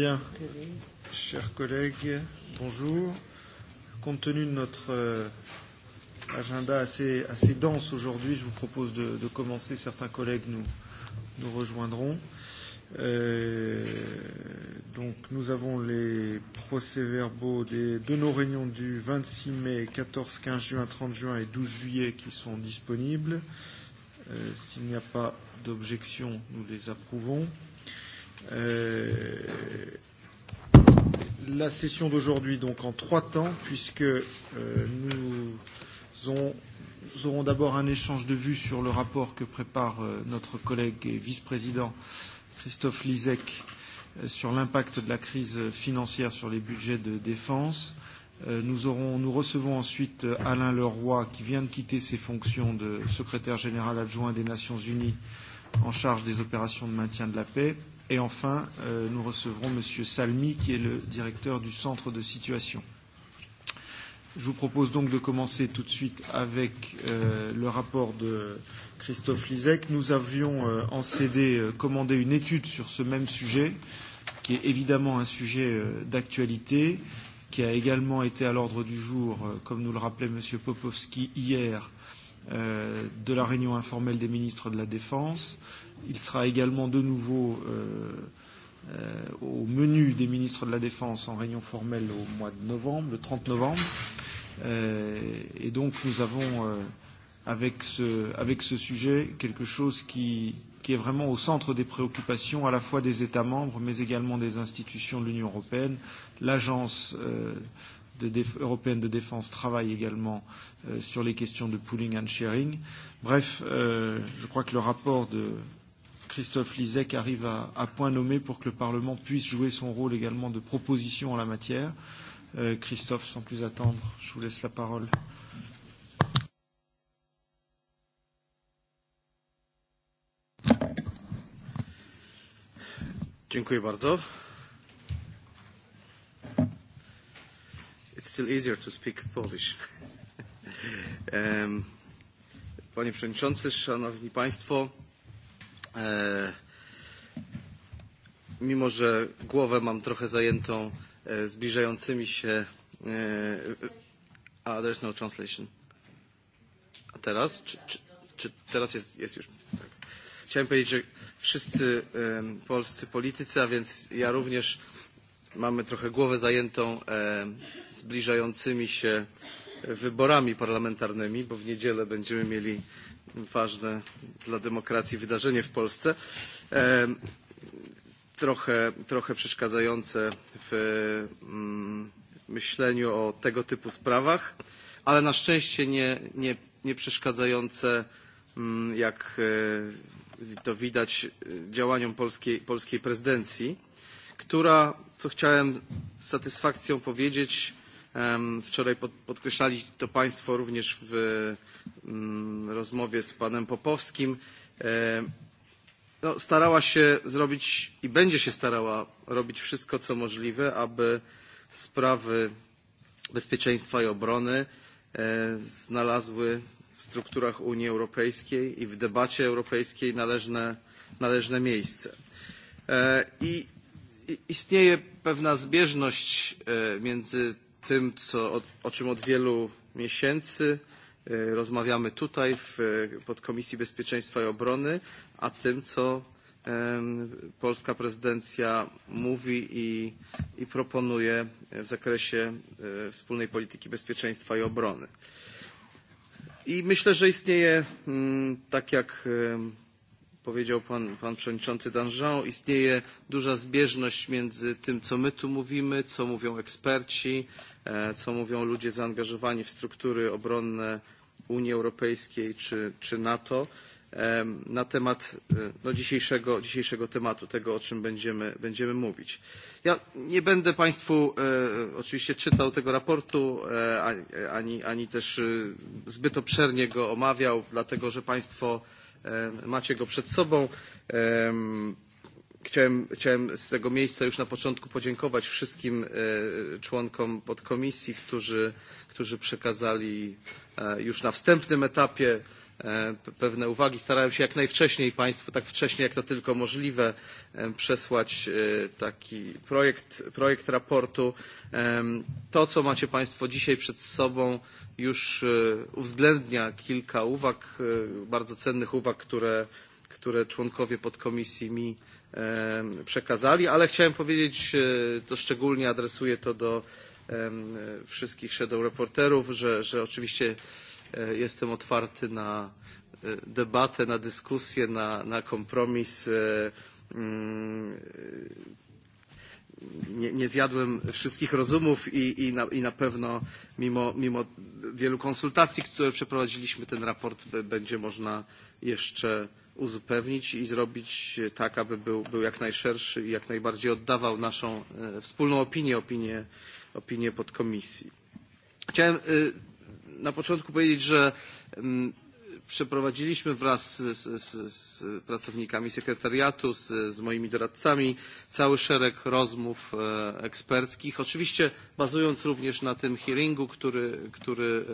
Bien, chers collègues, bonjour. Compte tenu de notre euh, agenda assez, assez dense aujourd'hui, je vous propose de, de commencer. Certains collègues nous, nous rejoindront. Euh, donc, nous avons les procès-verbaux de nos réunions du 26 mai, 14, 15 juin, 30 juin et 12 juillet qui sont disponibles. Euh, S'il n'y a pas d'objection, nous les approuvons. Euh, la session d'aujourd'hui donc en trois temps, puisque euh, nous, on, nous aurons d'abord un échange de vues sur le rapport que prépare euh, notre collègue et vice-président Christophe Lisek euh, sur l'impact de la crise financière sur les budgets de défense. nous, aurons, nous recevons ensuite Alain Leroy, qui vient de quitter ses fonctions de secrétaire général adjoint des Nations Unies en charge des opérations de maintien de la paix, Et enfin, euh, nous recevrons M. Salmi, qui est le directeur du centre de situation. Je vous propose donc de commencer tout de suite avec euh, le rapport de Christophe Lisek. Nous avions euh, en CD euh, commandé une étude sur ce même sujet, qui est évidemment un sujet euh, d'actualité, qui a également été à l'ordre du jour, euh, comme nous le rappelait M. Popovski hier, euh, de la réunion informelle des ministres de la Défense. Euh, Il sera également de nouveau euh, euh, au menu des ministres de la Défense en réunion formelle au mois de novembre, le 30 novembre. Euh, et donc nous avons euh, avec, ce, avec ce sujet quelque chose qui, qui est vraiment au centre des préoccupations à la fois des États membres mais également des institutions de l'Union européenne. L'agence euh, déf- européenne de défense travaille également euh, sur les questions de pooling and sharing. Bref, euh, je crois que le rapport de Christophe Lisek arrive à, à point nommé pour que le Parlement puisse jouer son rôle également de proposition en la matière. Euh, Christophe, sans plus attendre, je vous laisse la parole. Dziękuję bardzo. It's still easier to speak Polish. um, Panie Przewodniczący, Szanowni Państwo, mimo że głowę mam trochę zajętą zbliżającymi się. A, there's no translation. A teraz? Czy, czy, czy teraz jest, jest już? Tak. Chciałem powiedzieć, że wszyscy polscy politycy, a więc ja również mamy trochę głowę zajętą zbliżającymi się wyborami parlamentarnymi, bo w niedzielę będziemy mieli ważne dla demokracji wydarzenie w Polsce. Trochę, trochę przeszkadzające w myśleniu o tego typu sprawach, ale na szczęście nie, nie, nie przeszkadzające, jak to widać, działaniom polskiej, polskiej prezydencji, która, co chciałem z satysfakcją powiedzieć, Wczoraj podkreślali to Państwo również w rozmowie z panem Popowskim. starała się zrobić i będzie się starała robić wszystko, co możliwe, aby sprawy bezpieczeństwa i obrony znalazły w strukturach Unii Europejskiej i w debacie europejskiej należne, miejsce. I istnieje pewna zbieżność między tym, co, o, czym od wielu miesięcy rozmawiamy tutaj w podkomisji bezpieczeństwa i obrony, a tym, co polska prezydencja mówi i, proponuje w zakresie wspólnej polityki bezpieczeństwa i obrony. I myślę, że istnieje, tak jak powiedział pan, pan przewodniczący Danjean, istnieje duża zbieżność między tym, co my tu mówimy, co mówią eksperci, co mówią ludzie zaangażowani w struktury obronne Unii Europejskiej czy, czy NATO na temat dzisiejszego, tematu, tego o czym będziemy, mówić. Ja nie będę Państwu oczywiście czytał tego raportu, ani, też zbyt obszernie go omawiał, dlatego że Państwo Macie go przed sobą. Chciałem, chciałem z tego miejsca już na początku podziękować wszystkim członkom podkomisji, którzy, którzy przekazali już na wstępnym etapie pewne uwagi. Starałem się jak najwcześniej Państwu, tak wcześnie jak to tylko możliwe, przesłać taki projekt, projekt raportu. To, co macie Państwo dzisiaj przed sobą, już uwzględnia kilka uwag, bardzo cennych uwag, które, które członkowie podkomisji mi przekazali, ale chciałem powiedzieć, to szczególnie adresuję to do wszystkich shadow reporterów, że, że oczywiście jestem otwarty na debatę, na dyskusję, na, na kompromis. Nie, nie zjadłem wszystkich rozumów i, i, na, i na pewno mimo, mimo wielu konsultacji, które przeprowadziliśmy, ten raport będzie można jeszcze uzupełnić i zrobić tak, aby był, był jak najszerszy i jak najbardziej oddawał naszą wspólną opinię, opinię, opinię podkomisji. Chciałem na początku powiedzieć, że przeprowadziliśmy wraz z, pracownikami sekretariatu, z, moimi doradcami cały szereg rozmów eksperckich. Oczywiście bazując również na tym hearingu, który,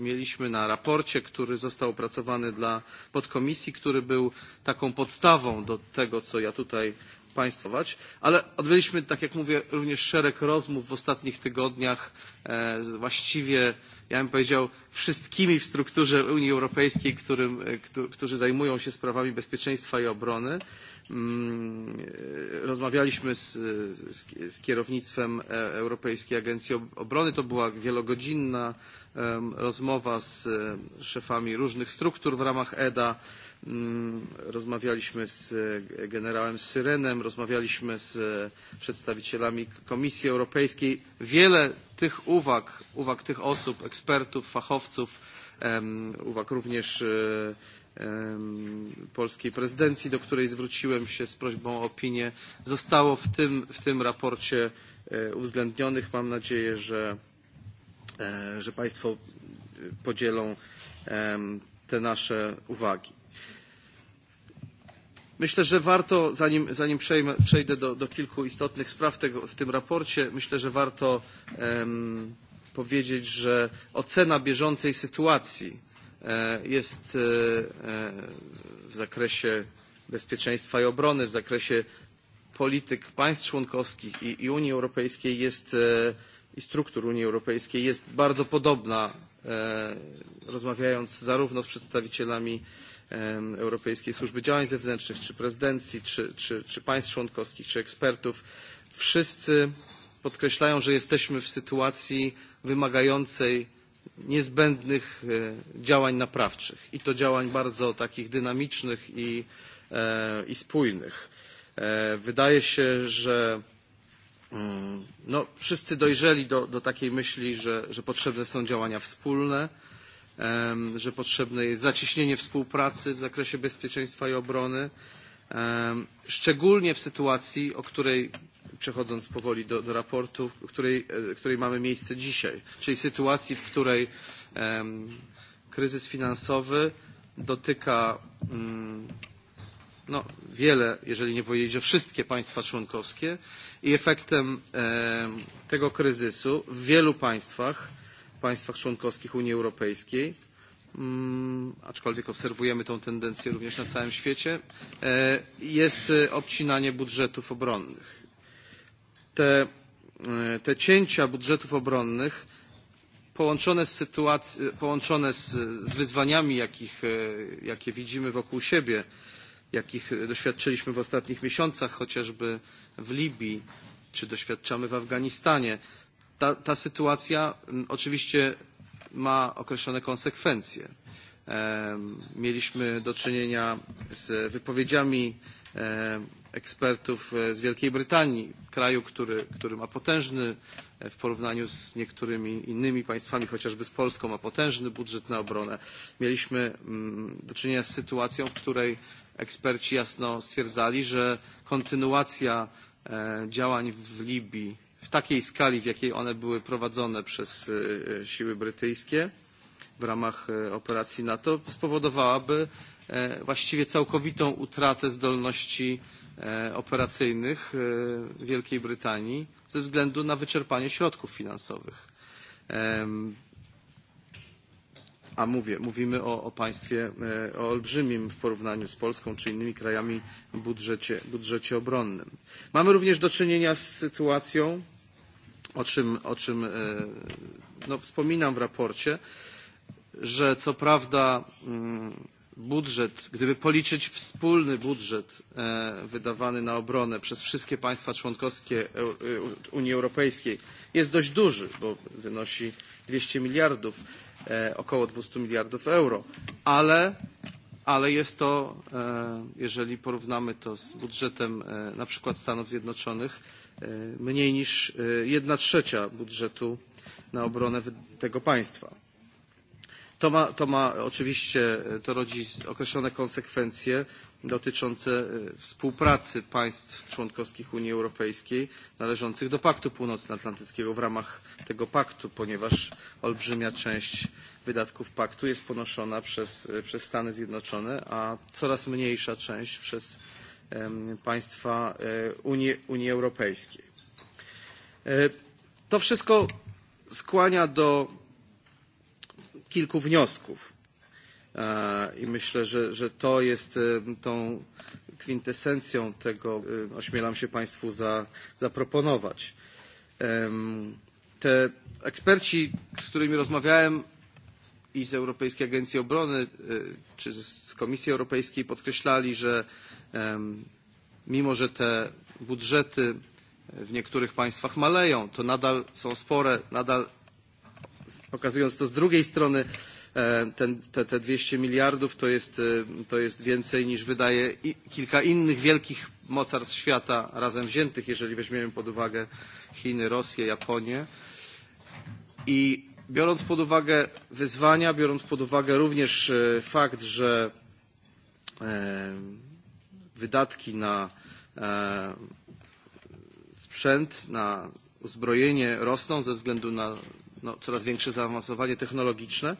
mieliśmy, na raporcie, który został opracowany dla podkomisji, który był taką podstawą do tego, co ja tutaj państwować, ale odbyliśmy, tak jak mówię, również szereg rozmów w ostatnich tygodniach właściwie ja bym powiedział, wszystkimi w strukturze Unii Europejskiej, którzy zajmują się sprawami bezpieczeństwa i obrony. Rozmawialiśmy z, kierownictwem Europejskiej Agencji Obrony. To była wielogodzinna rozmowa z szefami różnych struktur w ramach EDA Rozmawialiśmy z generałem Syrenem, rozmawialiśmy z przedstawicielami Komisji Europejskiej. Wiele tych uwag, uwag tych osób, ekspertów, fachowców, uwag również polskiej prezydencji, do której zwróciłem się z prośbą o opinię, zostało w tym, w tym raporcie uwzględnionych. Mam nadzieję, że, Państwo podzielą te nasze uwagi. Myślę, że warto, zanim, zanim przejmę, przejdę do, do kilku istotnych spraw tego, w tym raporcie, myślę, że warto em, powiedzieć, że ocena bieżącej sytuacji e, jest e, w zakresie bezpieczeństwa i obrony, w zakresie polityk państw członkowskich i, i Unii Europejskiej jest, e, i struktur Unii Europejskiej jest bardzo podobna, e, rozmawiając zarówno z przedstawicielami Europejskiej Służby Działań Zewnętrznych, czy prezydencji, czy państw członkowskich, czy ekspertów. Wszyscy podkreślają, że jesteśmy w sytuacji wymagającej niezbędnych działań naprawczych i to działań bardzo takich dynamicznych i, spójnych. Wydaje się, że wszyscy dojrzeli do, takiej myśli, że potrzebne są działania wspólne, że potrzebne jest zacieśnienie współpracy w zakresie bezpieczeństwa i obrony, szczególnie w sytuacji, o której przechodząc powoli do, do raportu, której, której mamy miejsce dzisiaj, czyli sytuacji, w której kryzys finansowy dotyka no, wiele, jeżeli nie powiedzieć, że wszystkie państwa członkowskie i efektem tego kryzysu w wielu państwach państwach członkowskich Unii Europejskiej, aczkolwiek obserwujemy tę tendencję również na całym świecie, jest obcinanie budżetów obronnych. Te, te cięcia budżetów obronnych połączone z, sytuac- połączone z, z wyzwaniami, jakich, jakie widzimy wokół siebie, jakich doświadczyliśmy w ostatnich miesiącach, chociażby w Libii, czy doświadczamy w Afganistanie, ta, sytuacja oczywiście ma określone konsekwencje. Mieliśmy do czynienia z wypowiedziami ekspertów z Wielkiej Brytanii, kraju, który, ma potężny w porównaniu z niektórymi innymi państwami, chociażby z Polską, ma potężny budżet na obronę. Mieliśmy do czynienia z sytuacją, w której eksperci jasno stwierdzali, że kontynuacja działań w Libii w takiej skali, w jakiej one były prowadzone przez siły brytyjskie w ramach operacji NATO, spowodowałaby właściwie całkowitą utratę zdolności operacyjnych Wielkiej Brytanii ze względu na wyczerpanie środków finansowych a mówię, mówimy o, o państwie o olbrzymim w porównaniu z Polską czy innymi krajami budżecie, budżecie obronnym. Mamy również do czynienia z sytuacją, o czym, o czym no, wspominam w raporcie, że co prawda budżet, gdyby policzyć wspólny budżet wydawany na obronę przez wszystkie państwa członkowskie Unii Europejskiej, jest dość duży, bo wynosi 200 miliardów około 200 miliardów euro, ale, jest to, jeżeli porównamy to z budżetem na przykład Stanów Zjednoczonych, mniej niż 1 trzecia budżetu na obronę tego państwa. To ma, oczywiście, to rodzi określone konsekwencje dotyczące współpracy państw członkowskich Unii Europejskiej należących do Paktu Północnoatlantyckiego w ramach tego paktu, ponieważ olbrzymia część wydatków paktu jest ponoszona przez, Stany Zjednoczone, a coraz mniejsza część przez państwa Unii Europejskiej. To wszystko skłania do kilku wniosków. I myślę, że, że to jest tą kwintesencją tego, ośmielam się Państwu za, zaproponować. Te eksperci, z którymi rozmawiałem i z Europejskiej Agencji Obrony, czy z Komisji Europejskiej podkreślali, że mimo, że te budżety w niektórych państwach maleją, to nadal są spore, nadal pokazując to z drugiej strony, te, 200 miliardów to jest, to jest więcej niż wydaje kilka innych wielkich mocarstw świata razem wziętych, jeżeli weźmiemy pod uwagę Chiny, Rosję, Japonię. I biorąc pod uwagę wyzwania, biorąc pod uwagę również fakt, że wydatki na sprzęt, na uzbrojenie rosną ze względu na coraz większe zaawansowanie technologiczne,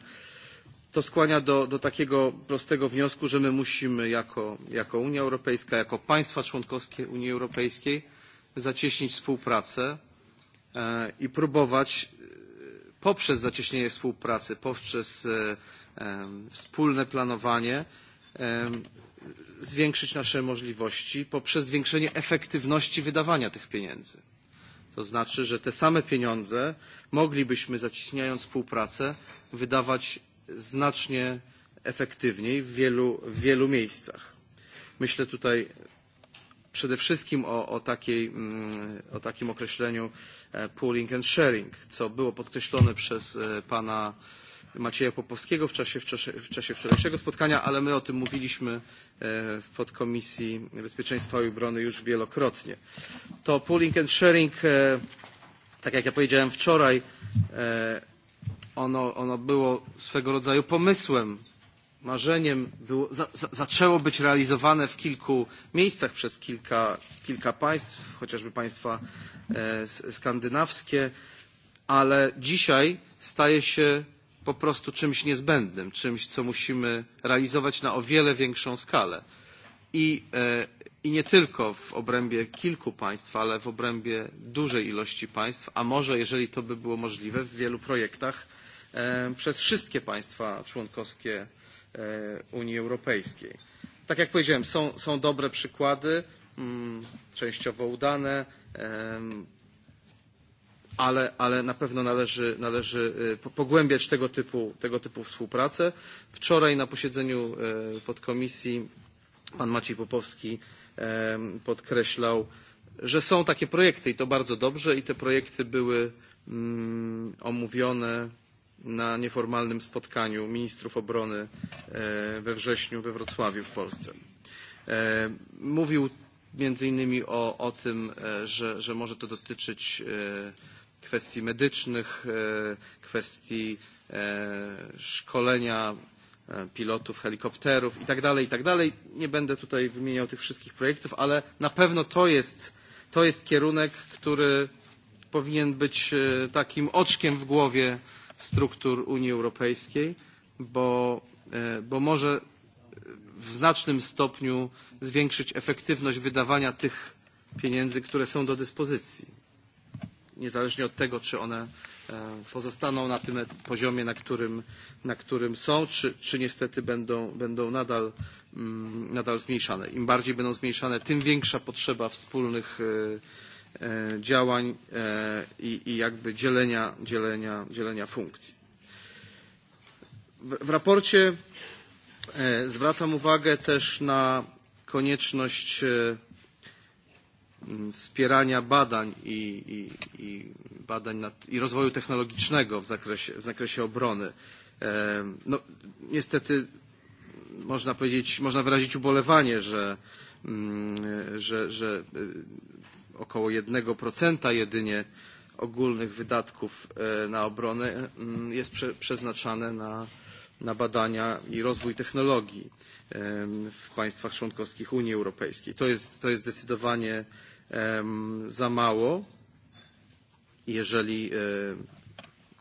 to skłania do, takiego prostego wniosku, że my musimy jako, Unia Europejska, jako państwa członkowskie Unii Europejskiej zacieśnić współpracę i próbować poprzez zacieśnienie współpracy, poprzez wspólne planowanie zwiększyć nasze możliwości poprzez zwiększenie efektywności wydawania tych pieniędzy. To znaczy, że te same pieniądze moglibyśmy, zacieśniając współpracę, wydawać znacznie efektywniej w wielu, miejscach. Myślę tutaj przede wszystkim o, takim określeniu pooling and sharing, co było podkreślone przez pana Macieja Popowskiego w czasie, wczorajszego spotkania, ale my o tym mówiliśmy w podkomisji bezpieczeństwa i obrony już wielokrotnie. To pooling and sharing, tak jak ja powiedziałem wczoraj, ono, było swego rodzaju pomysłem, marzeniem, zaczęło być realizowane w kilku miejscach przez kilka, państw, chociażby państwa skandynawskie, ale dzisiaj staje się po prostu czymś niezbędnym, czymś, co musimy realizować na o wiele większą skalę. I, nie tylko w obrębie kilku państw, ale w obrębie dużej ilości państw, a może, jeżeli to by było możliwe, w wielu projektach przez wszystkie państwa członkowskie Unii Europejskiej. Tak jak powiedziałem, są, dobre przykłady, częściowo udane, ale, na pewno należy, pogłębiać tego typu, współpracę. Wczoraj na posiedzeniu podkomisji pan Maciej Popowski podkreślał, że są takie projekty i to bardzo dobrze i te projekty były omówione na nieformalnym spotkaniu ministrów obrony we wrześniu we Wrocławiu w Polsce. Mówił między innymi o, tym, że, może to dotyczyć kwestii medycznych, kwestii szkolenia pilotów helikopterów itd. dalej. Nie będę tutaj wymieniał tych wszystkich projektów, ale na pewno to jest, to jest kierunek, który powinien być takim oczkiem w głowie struktur Unii Europejskiej, bo, może w znacznym stopniu zwiększyć efektywność wydawania tych pieniędzy, które są do dyspozycji, niezależnie od tego, czy one pozostaną na tym poziomie, na którym, są, czy, niestety będą, nadal, zmniejszane. Im bardziej będą zmniejszane, tym większa potrzeba wspólnych działań i jakby dzielenia, dzielenia, dzielenia funkcji. W raporcie zwracam uwagę też na konieczność wspierania badań i, badań nad, i rozwoju technologicznego w zakresie, w zakresie obrony. No, niestety można powiedzieć, można wyrazić ubolewanie, że, że, że około 1% jedynie ogólnych wydatków na obronę jest przeznaczane na, badania i rozwój technologii w państwach członkowskich Unii Europejskiej. To jest, to jest zdecydowanie za mało. Jeżeli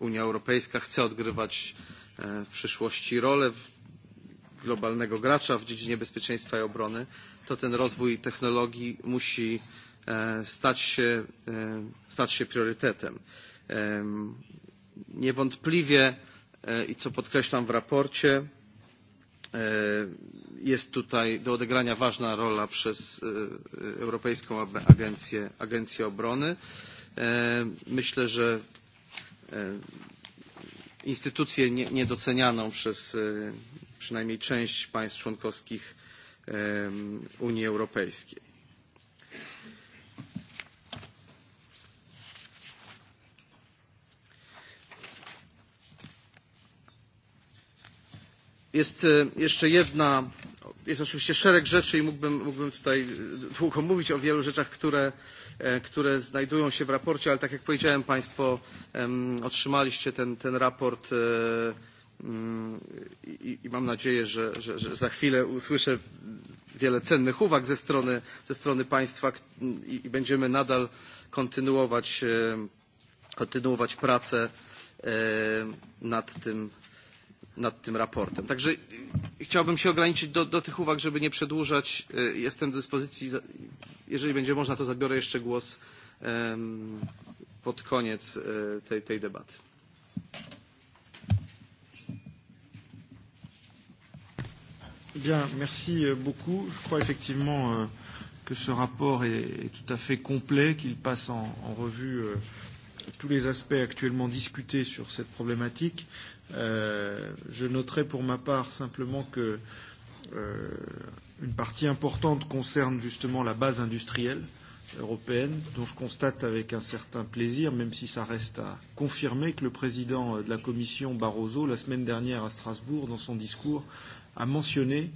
Unia Europejska chce odgrywać w przyszłości rolę globalnego gracza w dziedzinie bezpieczeństwa i obrony, to ten rozwój technologii musi stać się, stać się priorytetem. Niewątpliwie, i co podkreślam w raporcie, jest tutaj do odegrania ważna rola przez Europejską Agencję, Obrony. Myślę, że instytucję niedocenianą przez przynajmniej część państw członkowskich Unii Europejskiej. Jest jeszcze jedna, jest oczywiście szereg rzeczy i mógłbym, mógłbym tutaj długo mówić o wielu rzeczach, które, które znajdują się w raporcie, ale tak jak powiedziałem Państwo, otrzymaliście ten, ten raport i, mam nadzieję, że, za chwilę usłyszę wiele cennych uwag ze strony, państwa i, będziemy nadal kontynuować, kontynuować pracę nad tym nad tym raportem. Także chciałbym się ograniczyć do, tych uwag, żeby nie przedłużać. Jestem do dyspozycji, jeżeli będzie można, to zabiorę jeszcze głos pod koniec tej debaty. Bien, merci beaucoup. Je crois effectivement que ce rapport est tout à fait complet, qu'il passe en revue tous les aspects actuellement discutés sur cette problématique je noterai pour ma part simplement que euh, une partie importante concerne justement la base industrielle européenne, dont je constate avec un certain plaisir, même si ça reste à confirmer, que le président de la Commission Barroso, la semaine dernière à Strasbourg, dans son discours, a mentionné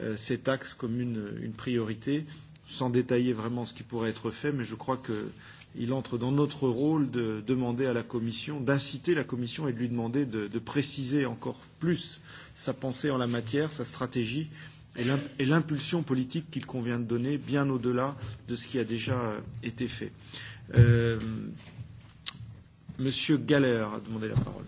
euh, cet axe comme une, une priorité, sans détailler vraiment ce qui pourrait être fait, mais je crois que il entre dans notre rôle de demander à la Commission, d'inciter la Commission et de lui demander de, de préciser encore plus sa pensée en la matière, sa stratégie et l'impulsion politique qu'il convient de donner bien au-delà de ce qui a déjà été fait. Euh, Monsieur Galler a demandé la parole.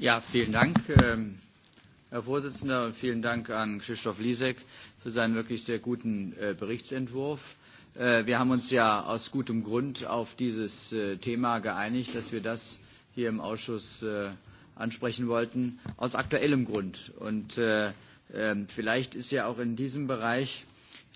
Ja, vielen Dank, Herr Vorsitzender, und vielen Dank an Christoph Lisek für seinen wirklich sehr guten Berichtsentwurf Wir haben uns ja aus gutem Grund auf dieses Thema geeinigt, dass wir das hier im Ausschuss ansprechen wollten, aus aktuellem Grund. Und vielleicht ist ja auch in diesem Bereich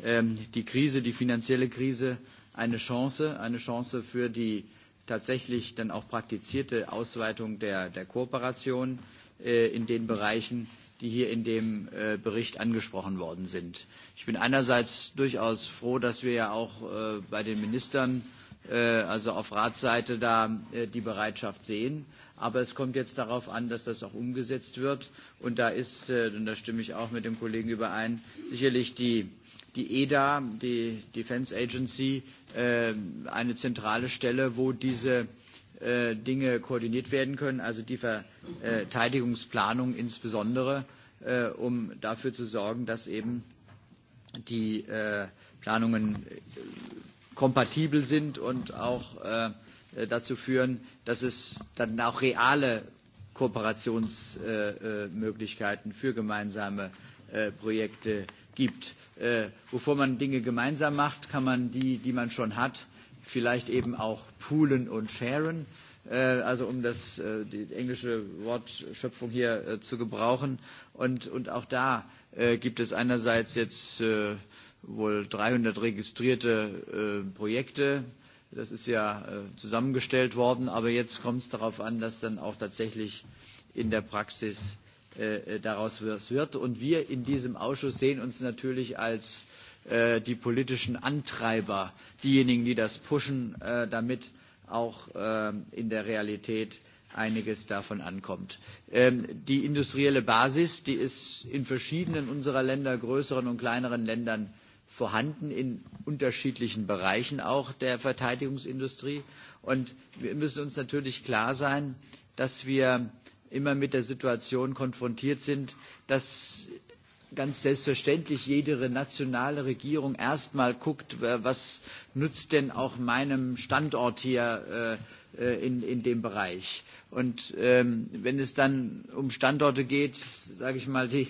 die Krise, die finanzielle Krise, eine Chance, eine Chance für die tatsächlich dann auch praktizierte Ausweitung der, Kooperation in den Bereichen, die hier in dem Bericht angesprochen worden sind. Ich bin einerseits durchaus froh, dass wir ja auch bei den Ministern, also auf Ratsseite, da die Bereitschaft sehen. Aber es kommt jetzt darauf an, dass das auch umgesetzt wird. Und da ist, und da stimme ich auch mit dem Kollegen überein, sicherlich die die EDA, die Defense Agency, eine zentrale Stelle, wo diese Dinge koordiniert werden können, also die Verteidigungsplanung insbesondere, um dafür zu sorgen, dass eben die Planungen kompatibel sind und auch dazu führen, dass es dann auch reale Kooperationsmöglichkeiten für gemeinsame Projekte gibt. Wovor man Dinge gemeinsam macht, kann man die, die man schon hat, vielleicht eben auch poolen und sharen, also um das, die englische Wortschöpfung hier zu gebrauchen. Und, und auch da gibt es einerseits jetzt wohl 300 registrierte Projekte, Das ist ja zusammengestellt worden, aber jetzt kommt es darauf an, dass dann auch tatsächlich in der Praxis daraus was wird. Und wir in diesem Ausschuss sehen uns natürlich als die politischen Antreiber, diejenigen, die das pushen, damit auch in der Realität einiges davon ankommt. die industrielle Basis, die ist in verschiedenen unserer Länder, größeren und kleineren Ländern vorhanden, in unterschiedlichen Bereichen auch der Verteidigungsindustrie. Und wir müssen uns natürlich klar sein, dass wir immer mit der Situation konfrontiert sind, dass ganz selbstverständlich jede nationale Regierung erst mal guckt, was nützt denn auch meinem Standort hier in, dem Bereich. Und wenn es dann um Standorte geht, sage ich mal, die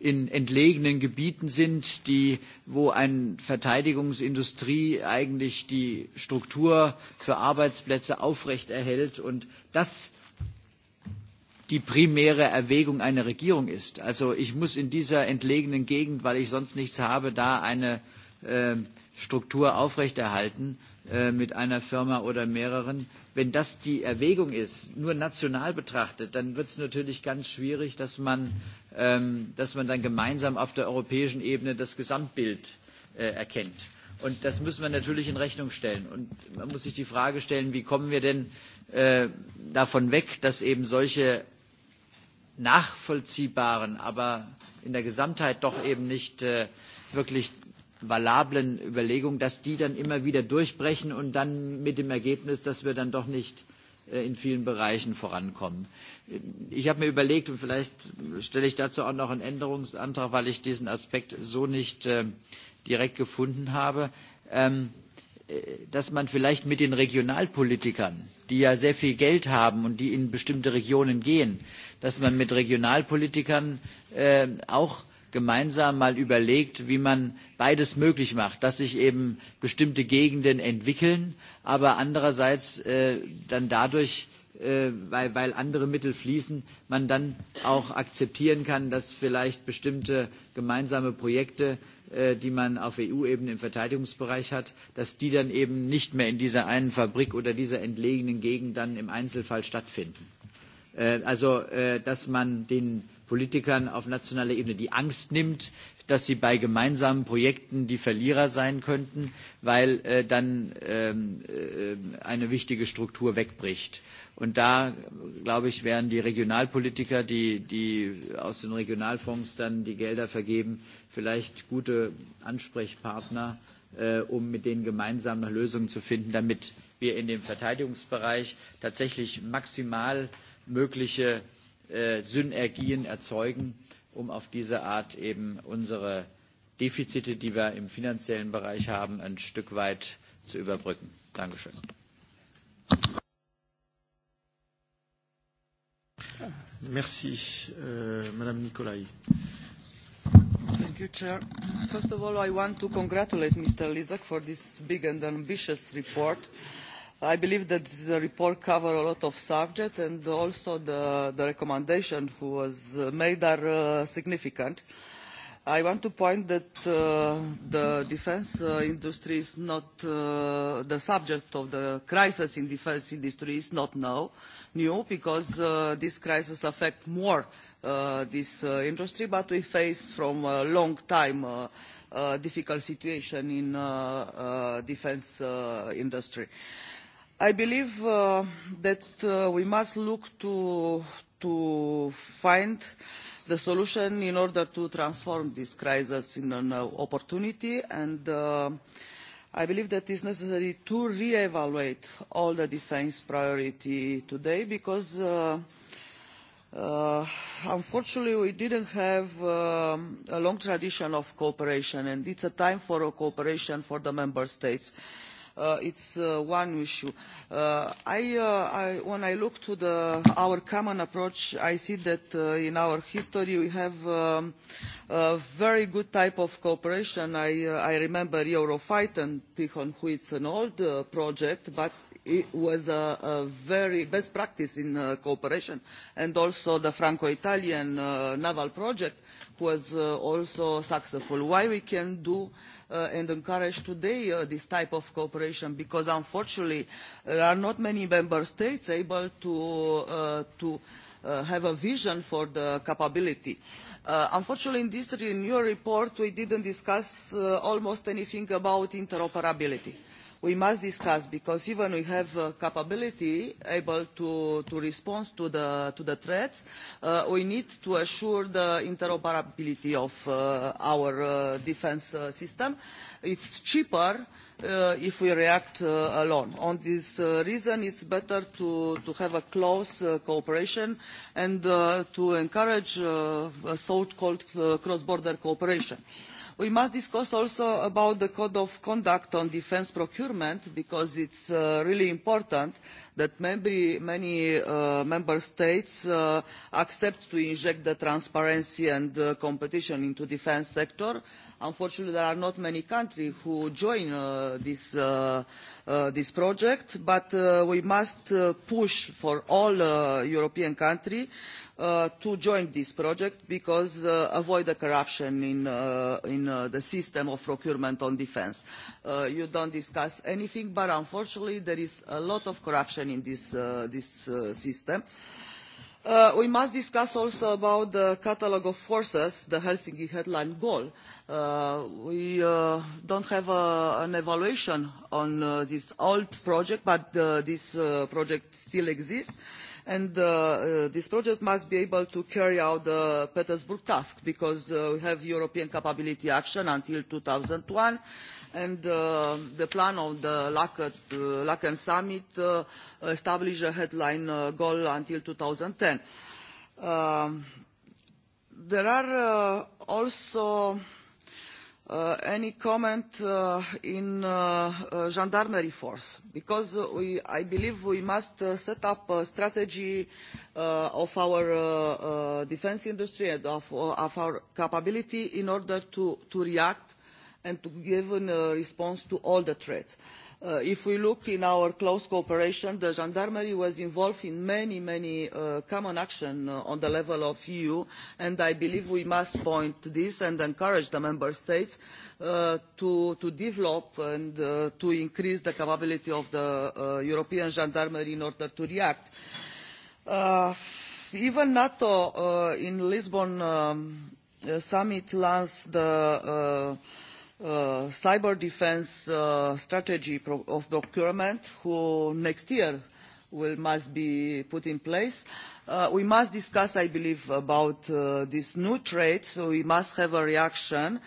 in entlegenen Gebieten sind, die, wo eine Verteidigungsindustrie eigentlich die Struktur für Arbeitsplätze aufrechterhält. Und das die primäre Erwägung einer Regierung ist. Also ich muss in dieser entlegenen Gegend, weil ich sonst nichts habe, da eine Struktur aufrechterhalten mit einer Firma oder mehreren. Wenn das die Erwägung ist, nur national betrachtet, dann wird es natürlich ganz schwierig, dass man, dann gemeinsam auf der europäischen Ebene das Gesamtbild erkennt. Und das müssen wir natürlich in Rechnung stellen. Und man muss sich die Frage stellen, wie kommen wir denn davon weg, dass eben solche nachvollziehbaren, aber in der Gesamtheit doch eben nicht wirklich valablen Überlegungen, dass die dann immer wieder durchbrechen und dann mit dem Ergebnis, dass wir dann doch nicht in vielen Bereichen vorankommen. Ich habe mir überlegt, und vielleicht stelle ich dazu auch noch einen Änderungsantrag, weil ich diesen Aspekt so nicht direkt gefunden habe, dass man vielleicht mit den Regionalpolitikern, die ja sehr viel Geld haben und die in bestimmte Regionen gehen, dass man mit Regionalpolitikern auch gemeinsam mal überlegt, wie man beides möglich macht, dass sich eben bestimmte Gegenden entwickeln, aber andererseits dann dadurch, weil, andere Mittel fließen, man dann auch akzeptieren kann, dass vielleicht bestimmte gemeinsame Projekte die man auf EU-Ebene im Verteidigungsbereich hat, dass die dann eben nicht mehr in dieser einen Fabrik oder dieser entlegenen Gegend dann im Einzelfall stattfinden. Also, dass man den Politikern auf nationaler Ebene die Angst nimmt, dass sie bei gemeinsamen Projekten die Verlierer sein könnten, weil dann eine wichtige Struktur wegbricht. Und da, glaube ich, wären die Regionalpolitiker, die, aus den Regionalfonds dann die Gelder vergeben, vielleicht gute Ansprechpartner, um mit denen gemeinsam nach Lösungen zu finden, damit wir in dem Verteidigungsbereich tatsächlich maximal mögliche Synergien erzeugen, um auf diese Art eben unsere Defizite, die wir im finanziellen Bereich haben, ein Stück weit zu überbrücken. Dankeschön. Merci, Madame Nicolai. Thank you, Chair. First of all, I want to congratulate Mr. Lizak for this big and ambitious report. Uh, I believe that the report covers a lot of subjects and also the, the recommendation who was made are uh, significant. I want to point that uh, the defense uh, industry is not, uh, the subject of the crisis in defense industry is not now, new because uh, this crisis affects more uh, this uh, industry, but we face from a long time uh, uh, difficult situation in uh, uh, defense uh, industry. Uh, I believe uh, that uh, we must look to, to find the solution in order to transform this crisis in an opportunity and uh, I believe that it is necessary to re-evaluate all the defence priority today because uh, uh, unfortunately we didn't have a long tradition of cooperation and it's a time for a cooperation for the member states uh, it's uh, one issue. Uh, I, uh, I, when I look to the, our common approach, I see that uh, in our history we have um, a very good type of cooperation. I, uh, I remember Eurofight and Tihon, who it's an old uh, project, but it was a, a very best practice in uh, cooperation, and also the Franco-Italian uh, naval project was uh, also successful. Why we can do uh, and encourage today this type of cooperation because unfortunately there are not many member states able to have a vision for the capability. unfortunately, in this renewal report, we did not discuss almost anything about interoperability we must discuss because even we have uh, capability able to, to respond to the, to the threats, uh, we need to assure the interoperability of uh, our uh, defense uh, system. It's cheaper uh, if we react uh, alone. On this uh, reason, it's better to, to have a close uh, cooperation and uh, to encourage uh, so-called uh, cross-border cooperation. Uh, We must discuss also about the code of conduct on defence procurement because it is really important that many, member states accept to inject the transparency and competition into the defence sector. Unfortunately, there are not many countries who join this, project, but we must push for all European countries to join this project because uh, avoid the corruption in, uh, in uh, the system of procurement on defense. Uh, you don't discuss anything, but unfortunately there is a lot of corruption in this, uh, this uh, system. Uh, we must discuss also about the catalogue of forces, the Helsinki headline goal. Uh, we uh, don't have a, an evaluation on uh, this old project, but uh, this uh, project still exists And this project must be able to carry out the Petersburg task because we have European Capability Action until two thousand one and the plan of the Laken Summit established a headline goal until 2010. There are also any comment in the gendarmerie force because I believe we must set up a strategy of our defence industry and of, our capability in order to, react and to give a response to all the threats. Uh, if we look in our close cooperation, the gendarmerie was involved in many, many common actions on the level of the EU, and I believe we must point this and encourage the member states to, develop and to increase the capability of the European gendarmerie in order to react. even NATO in Lisbon summit last the cyber defense strategy of procurement, who next year will must be put in place. we must discuss, I believe, about this new trade, so we must have a reaction.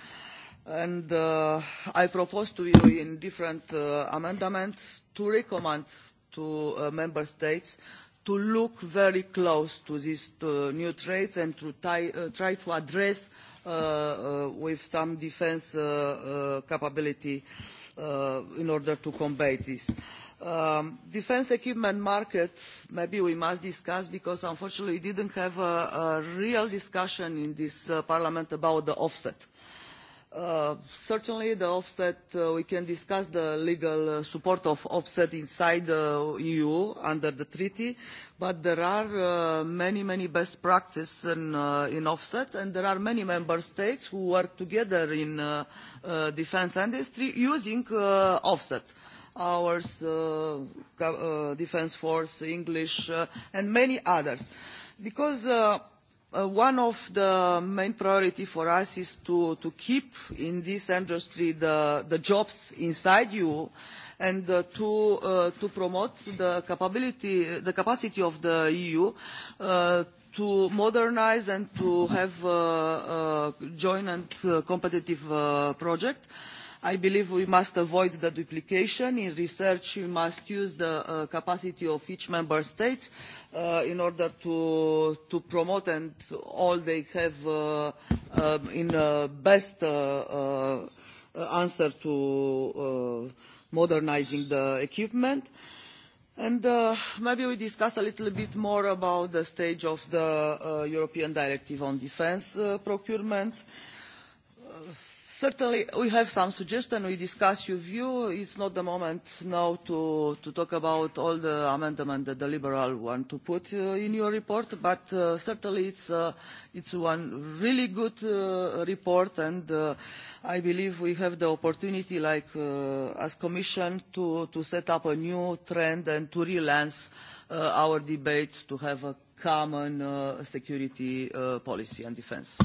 And I propose to you in different amendments to recommend to member states uh, to look very close to these new threats and to try to address with some defence capability in order to combat this. defence equipment market, maybe we must discuss because unfortunately we didn't have a, real discussion in this parliament about the offset. Uh, certainly the offset, we can discuss the legal support of offset inside the EU under the treaty, but there are many, many best practices in, offset, and there are many member states who work together in defence industry using offset ours, defence force, English, and many others. Because one of the main priority for us is to, to keep in this industry the, the jobs inside you and uh, to, uh, to promote the capability, the capacity of the EU uh, to modernize and to have a, a joint and competitive uh, project. Uh, I believe we must avoid the duplication. In research, we must use the capacity of each member state in order to, promote and all they have in the best answer to modernising the equipment. And maybe we discuss a little bit more about the stage of the European Directive on Defence Procurement. Certainly, we have some suggestions. We discuss your view. It's not the moment now to, to talk about all the amendments that the Liberal want to put uh, in your report, but uh, certainly it's, uh, it's one really good uh, report, and uh, I believe we have the opportunity, like uh, as Commission, to, to set up a new trend and to relance uh, our debate to have a common uh, security uh, policy and defense.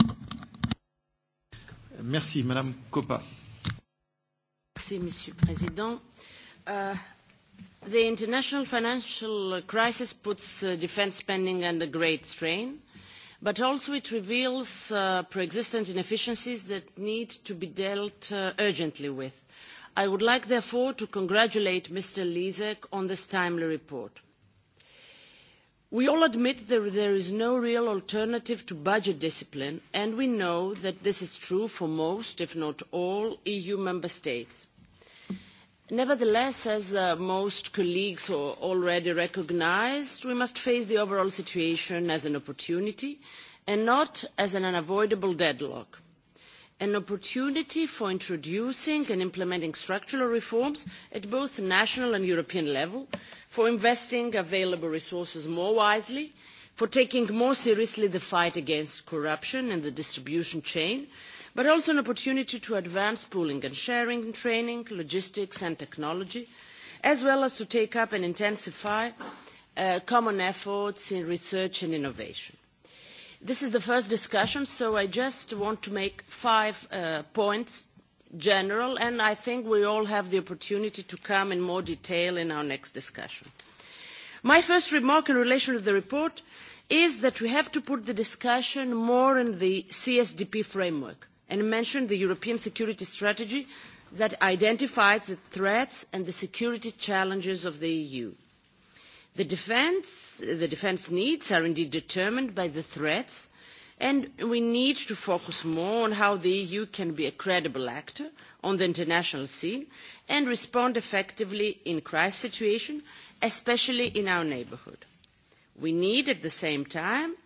Merci, Madame Coppa. Merci, Monsieur le Président. Uh, the international financial crisis puts uh, defense spending under great strain, but also it reveals uh, pre-existent inefficiencies that need to be dealt uh, urgently with. I would like, therefore, to congratulate Mr. Lisek on this timely report We all admit that there is no real alternative to budget discipline, and we know that this is true for most, if not all, EU member states. Nevertheless, as most colleagues already recognised, we must face the overall situation as an opportunity and not as an unavoidable deadlock an opportunity for introducing and implementing structural reforms at both national and European level, for investing available resources more wisely, for taking more seriously the fight against corruption in the distribution chain, but also an opportunity to advance pooling and sharing in training, logistics and technology, as well as to take up and intensify common efforts in research and innovation. This is the first discussion, so I just want to make five points general, and I think we all have the opportunity to come in more detail in our next discussion. My first remark in relation to the report is that we have to put the discussion more in the CSDP framework and mention the European security strategy that identifies the threats and the security challenges of the EU. The defence needs are indeed determined by the threats, and we need to focus more on how the EU can be a credible actor on the international scene and respond effectively in crisis situations, especially in our neighbourhood. We need, at the same time,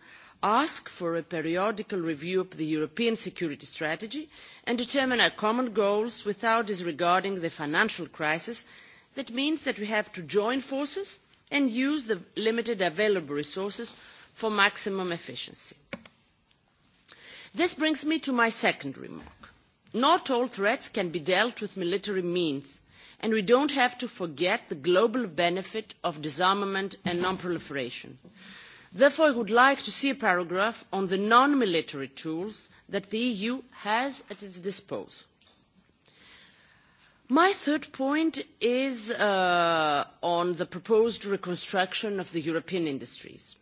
ask for a periodical review of the European security strategy and determine our common goals without disregarding the financial crisis. That means that we have to join forces and use the limited available resources for maximum efficiency. This brings me to my second remark. Not all threats can be dealt with military means, and we do not have to forget the global benefit of disarmament and non-proliferation. Therefore, I would like to see a paragraph on the non-military tools that the EU has at its disposal My third point is on the proposed reconstruction of the European industries.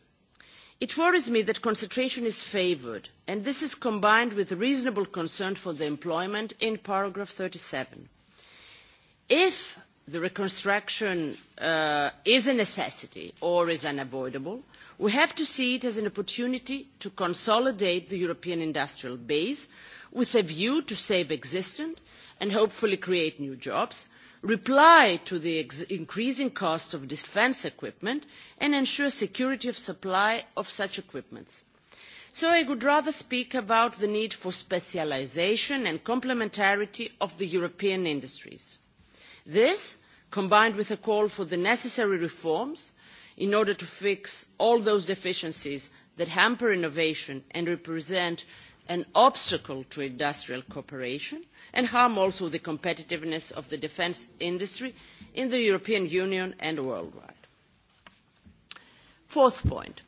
It worries me that concentration is favoured, and this is combined with reasonable concern for the employment in paragraph thirty seven. If the reconstruction is a necessity or is unavoidable, we have to see it as an opportunity to consolidate the European industrial base with a view to save existing and hopefully create new jobs, reply to the increasing cost of defence equipment and ensure security of supply of such equipment. So I would rather speak about the need for specialisation and complementarity of the European industries. This, combined with a call for the necessary reforms in order to fix all those deficiencies that hamper innovation and represent an obstacle to industrial cooperation, and harm also the competitiveness of the defence industry in the European Union and worldwide. Fourth point.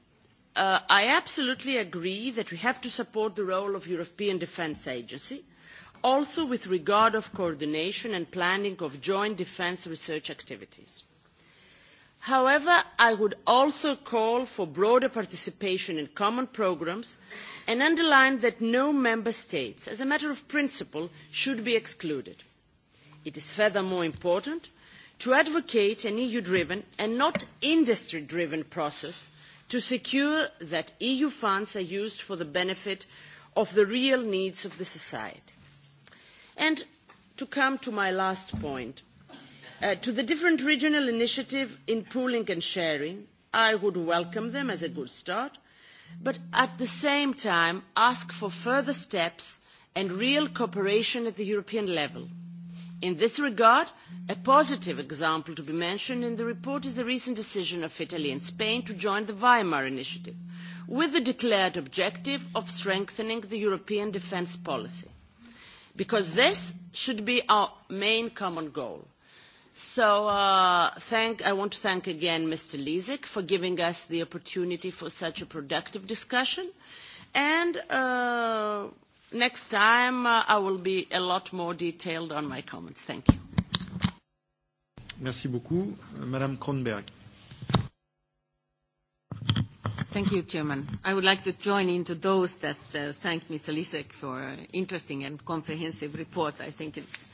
I absolutely agree that we have to support the role of the European Defence Agency, also with regard to coordination and planning of joint defence research activities However, I would also call for broader participation in common programmes and underline that no member states, as a matter of principle, should be excluded. It is furthermore important to advocate an EU-driven and not industry-driven process to secure that EU funds are used for the benefit of the real needs of society. And to come to my last point, to the different regional initiatives in pooling and sharing, I would welcome them as a good start, but at the same time ask for further steps and real cooperation at the European level. In this regard, a positive example to be mentioned in the report is the recent decision of Italy and Spain to join the Weimar Initiative, with the declared objective of strengthening the European defence policy, because this should be our main common goal. So I want to thank again Mr. Lisek for giving us the opportunity for such a productive discussion. And next time I will be a lot more detailed on my comments. Thank you. Merci beaucoup. Madame Kronberg. Thank you, Chairman. I would like to join in to those that thank Mr. Lisek for an interesting and comprehensive report. I think it's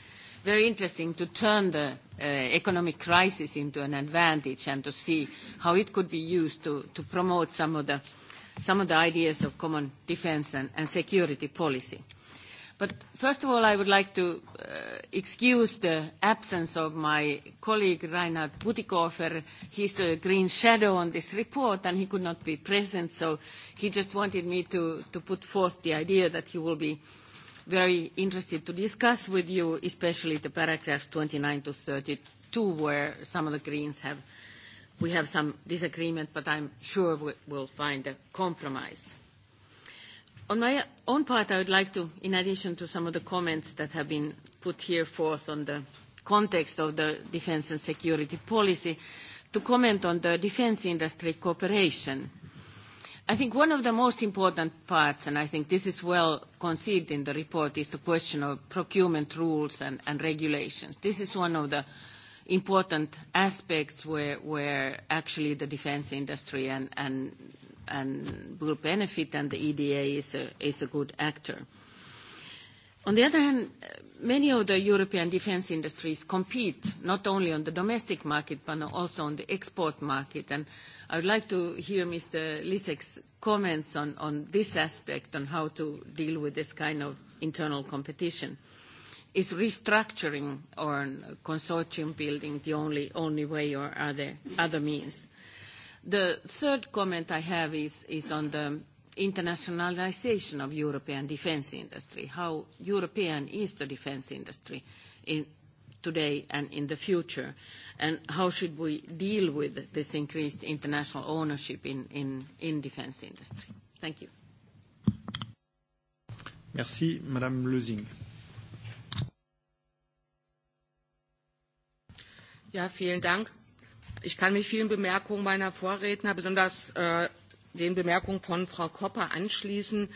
very interesting to turn the economic crisis into an advantage and to see how it could be used to to promote some of the some of the ideas of common defence and security policy. But first of all, I would like to excuse the absence of my colleague Reinhard Butikofer. He's the green shadow on this report, and he could not be present, so he just wanted me to put forth the idea that he will be very interested to discuss with you, especially the paragraphs 29 to 32, where some of the Greens have, we have some disagreement, but I'm sure we will find a compromise. On my own part, I would like to, in addition to some of the comments that have been put here forth on the context of the defence and security policy, to comment on the defence industry cooperation I think one of the most important parts, and I think this is well conceived in the report, is the question of procurement rules and, and regulations. This is one of the important aspects where, where actually the defense industry and, and, and will benefit, and the EDA is a, is a good actor. On the other hand, many of the European defence industries compete not only on the domestic market, but also on the export market. And I would like to hear Mr. Lisek's comments on this aspect, on how to deal with this kind of internal competition. Is restructuring or consortium building the only way, or are there other means? The third comment I have is on the internationalization of European defense industry, how European is the defense industry in today and in the future, and how should we deal with this increased international ownership in the defense industry? Thank you. Merci. Madame Ja, vielen Dank. Ich kann mich vielen Bemerkungen meiner Vorredner, besonders den Bemerkungen von Frau Kopper anschließen,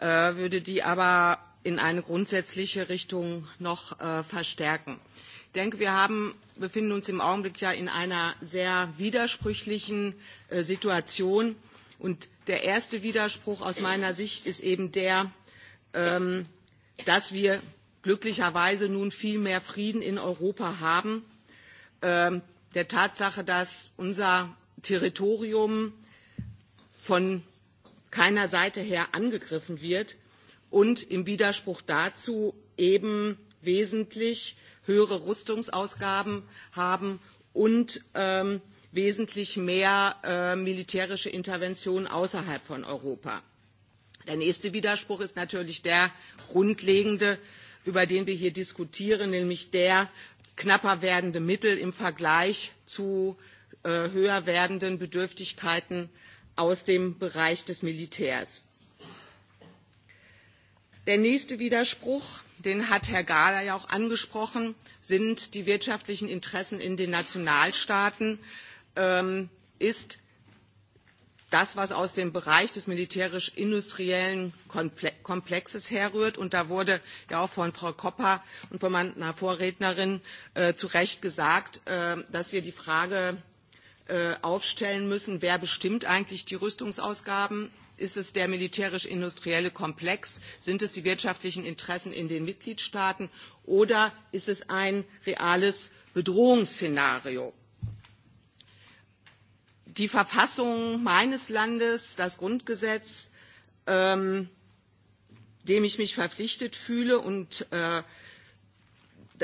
würde die aber in eine grundsätzliche Richtung noch verstärken. Ich denke, wir haben, befinden uns im Augenblick ja in einer sehr widersprüchlichen Situation. Und der erste Widerspruch aus meiner Sicht ist eben der, dass wir glücklicherweise nun viel mehr Frieden in Europa haben, der Tatsache, dass unser Territorium von keiner Seite her angegriffen wird und im Widerspruch dazu eben wesentlich höhere Rüstungsausgaben haben und wesentlich mehr militärische Interventionen außerhalb von Europa. Der nächste Widerspruch ist natürlich der grundlegende, über den wir hier diskutieren, nämlich der knapper werdende Mittel im Vergleich zu höher werdenden Bedürftigkeiten aus dem Bereich des Militärs. Der nächste Widerspruch, den hat Herr Gahler ja auch angesprochen, sind die wirtschaftlichen Interessen in den Nationalstaaten, ist das, was aus dem Bereich des militärisch-industriellen Komplexes herrührt. Und da wurde ja auch von Frau Koppa und von meiner Vorrednerin zu Recht gesagt, dass wir die Frage aufstellen müssen, wer bestimmt eigentlich die Rüstungsausgaben? Ist es der militärisch-industrielle Komplex? Sind es die wirtschaftlichen Interessen in den Mitgliedstaaten? Oder ist es ein reales Bedrohungsszenario? Die Verfassung meines Landes, das Grundgesetz, dem ich mich verpflichtet fühle und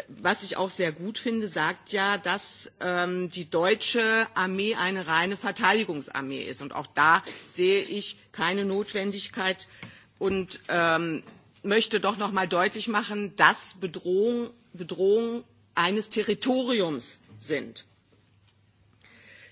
was ich auch sehr gut finde, sagt ja, dass die deutsche Armee eine reine Verteidigungsarmee ist. Und auch da sehe ich keine Notwendigkeit und möchte doch noch mal deutlich machen, dass Bedrohungen eines Territoriums sind.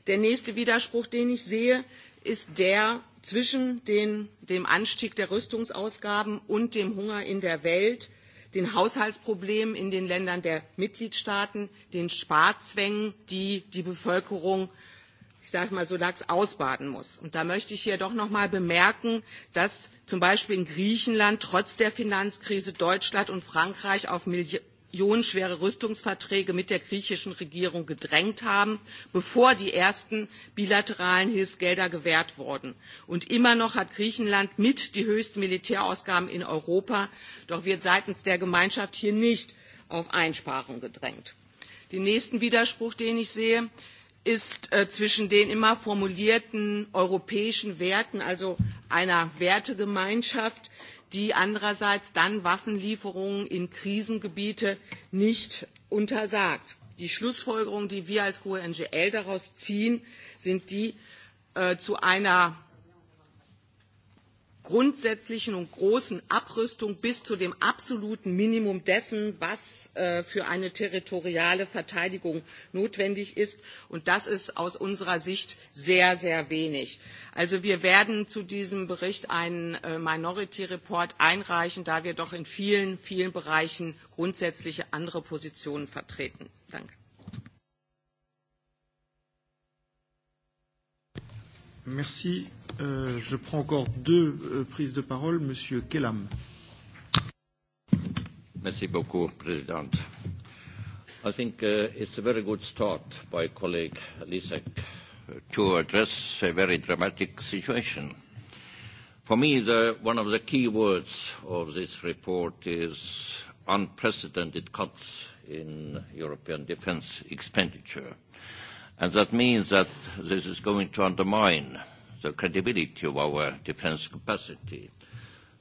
Der nächste Widerspruch, den ich sehe, ist der zwischen dem Anstieg der Rüstungsausgaben und dem Hunger in der Welt – den Haushaltsproblemen in den Ländern der Mitgliedstaaten, den Sparzwängen, die die Bevölkerung ich sage mal so lax ausbaden muss. Und da möchte ich hier doch noch mal bemerken, dass zum Beispiel in Griechenland trotz der Finanzkrise Deutschland und Frankreich auf schwere Rüstungsverträge mit der griechischen Regierung gedrängt haben, bevor die ersten bilateralen Hilfsgelder gewährt wurden. Und immer noch hat Griechenland mit die höchsten Militärausgaben in Europa, doch wird seitens der Gemeinschaft hier nicht auf Einsparungen gedrängt. Den nächsten Widerspruch, den ich sehe, ist zwischen den immer formulierten europäischen Werten, also einer Wertegemeinschaft, die andererseits dann Waffenlieferungen in Krisengebiete nicht untersagt. Die Schlussfolgerungen, die wir als GUE NGL daraus ziehen, sind die zu einer grundsätzlichen und großen Abrüstung bis zu dem absoluten Minimum dessen, was für eine territoriale Verteidigung notwendig ist. Und das ist aus unserer Sicht sehr, sehr wenig. Also wir werden zu diesem Bericht einen Minority Report einreichen, da wir doch in vielen, vielen Bereichen grundsätzliche andere Positionen vertreten. Danke. Merci. Euh, je prends encore deux euh, prises de parole. Monsieur Kellam. Merci beaucoup, Président. I think uh, it's a very good start by colleague Lisek to address a very dramatic situation. For me, the, one of the key words of this report is unprecedented cuts in European defense expenditure. And that means that this is going to undermine the credibility of our defense capacity.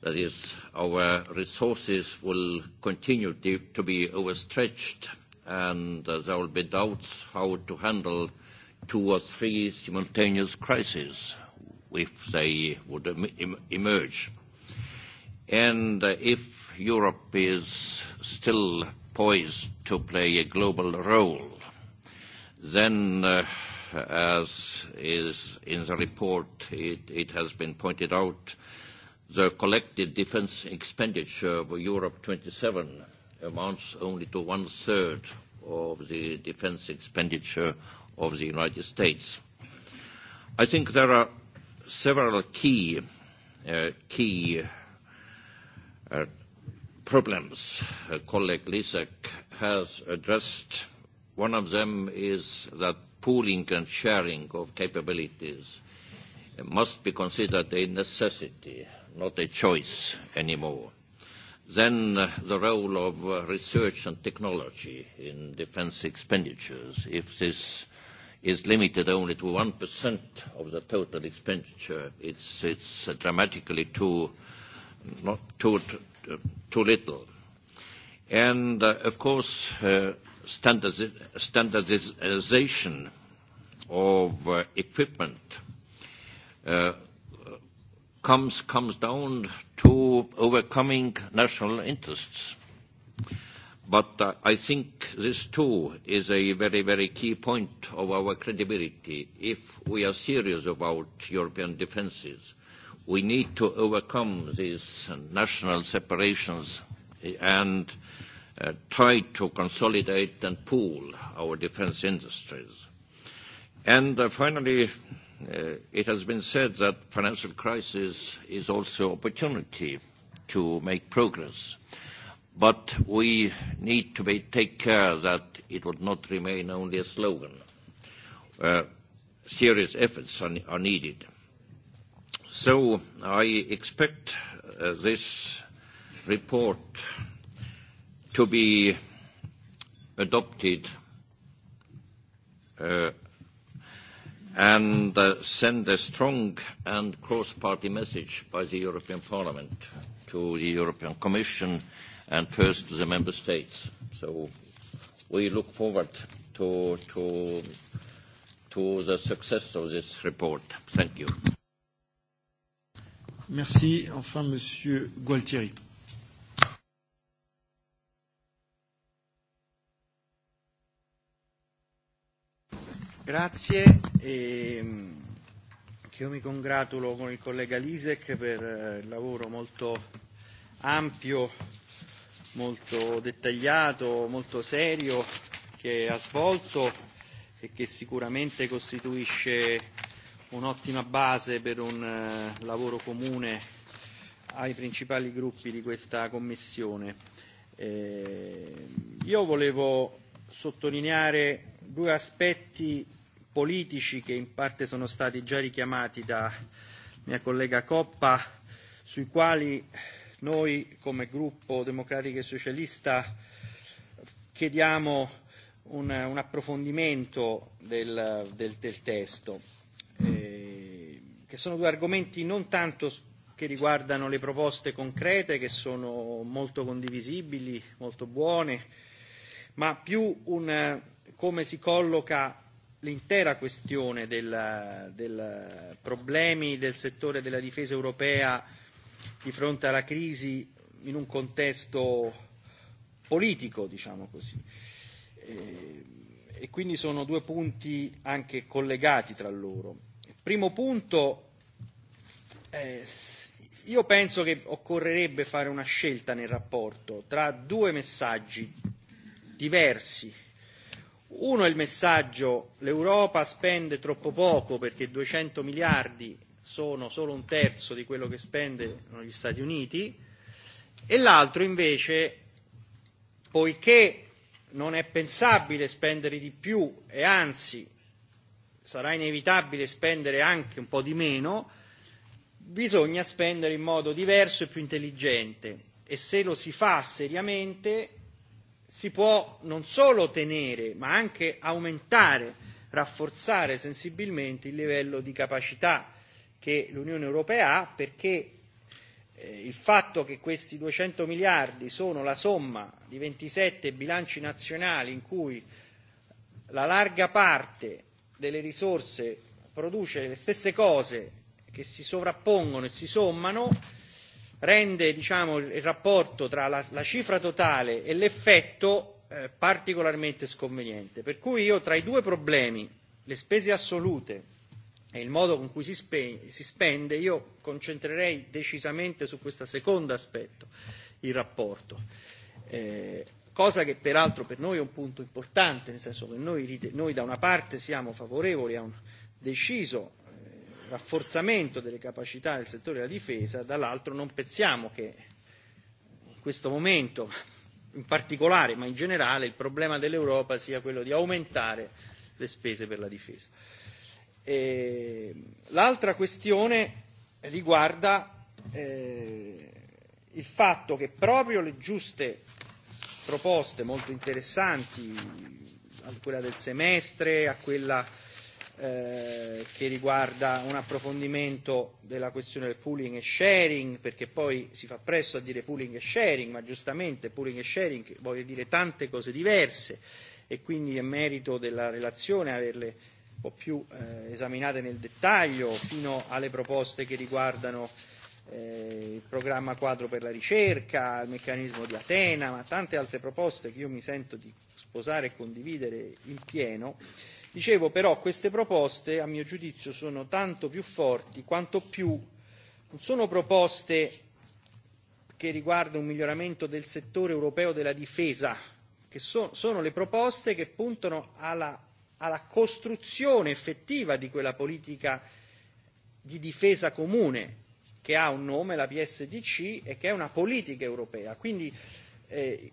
That is, our resources will continue to be overstretched, and there will be doubts how to handle two or three simultaneous crises if they would emerge. And if Europe is still poised to play a global role, Then, as is in the report, it has been pointed out, the collective defense expenditure of Europe 27 amounts only to one-third of the defense expenditure of the United States. I think there are several key problems colleague Lisek has addressed One of them is that pooling and sharing of capabilities must be considered a necessity, not a choice anymore. Then the role of research and technology in defense expenditures. If this is limited only to 1% of the total expenditure, it's it's dramatically too not too too little. And of course, standardization of equipment comes down to overcoming national interests. But I think this too is a very, very key point of our credibility. If we are serious about European defences, we need to overcome these national separations and try to consolidate and pool our defense industries. And Finally, it has been said that financial crisis is also opportunity to make progress. But We need to take care that it would not remain only a slogan. Serious efforts are needed. So I expect this report to be adopted and send a strong and cross-party message by the European Parliament to the European Commission and first to the member states. So we look forward to to to the success of this report. Thank you. Merci. Enfin, Monsieur Gualtieri. Grazie. E, io mi congratulo con il collega Lisek per il lavoro molto ampio, molto dettagliato, molto serio che ha svolto e che sicuramente costituisce un'ottima base per un lavoro comune ai principali gruppi di questa Commissione. io volevo sottolineare due aspetti politici che in parte sono stati già richiamati da mia collega Coppa, sui quali noi come gruppo democratico e socialista chiediamo un, un approfondimento del, del, del testo, eh, che sono due argomenti non tanto che riguardano le proposte concrete, che sono molto condivisibili, molto buone, ma più un, come si colloca l'intera questione dei problemi del settore della difesa europea di fronte alla crisi in un contesto politico, diciamo così. E quindi sono due punti anche collegati tra loro. Primo punto, eh, io penso che occorrerebbe fare una scelta nel rapporto tra due messaggi diversi Uno è il messaggio, l'Europa spende troppo poco perché 200 miliardi sono solo un terzo di quello che spendono gli Stati Uniti e l'altro invece, poiché non è pensabile spendere di più e anzi sarà inevitabile spendere anche un po' di meno, bisogna spendere in modo diverso e più intelligente e se lo si fa seriamente si può non solo tenere, ma anche aumentare, rafforzare sensibilmente il livello di capacità che l'Unione Europea ha perché il fatto che questi 200 miliardi sono la somma di 27 bilanci nazionali in cui la larga parte delle risorse produce le stesse cose che si sovrappongono e si sommano rende diciamo, il rapporto tra la, la cifra totale e l'effetto eh, particolarmente sconveniente. Per cui io tra i due problemi, le spese assolute e il modo con cui si, spe- si spende, io concentrerei decisamente su questo secondo aspetto, il rapporto. Eh, cosa che peraltro per noi è un punto importante, nel senso che noi, noi da una parte siamo favorevoli a un deciso rafforzamento delle capacità del settore della difesa, dall'altro non pensiamo che in questo momento, in particolare ma in generale, il problema dell'Europa sia quello di aumentare le spese per la difesa. l'altra questione riguarda eh, il fatto che proprio le giuste proposte molto interessanti, a quella del semestre, a quella che riguarda un approfondimento della questione del pooling e sharing, perché poi si fa presto a dire pooling e sharing, ma giustamente pooling e sharing voglio dire tante cose diverse e quindi è merito della relazione averle un po' più eh, esaminate nel dettaglio fino alle proposte che riguardano eh, il programma quadro per la ricerca, il meccanismo di Atena, ma tante altre proposte che io mi sento di sposare e condividere in pieno. Eh, Dicevo però queste proposte a mio giudizio sono tanto più forti quanto più non sono proposte che riguardano un miglioramento del settore europeo della difesa, che so, sono le proposte che puntano alla, alla costruzione effettiva di quella politica di difesa comune che ha un nome, la PSDC, e che è una politica europea. Quindi eh,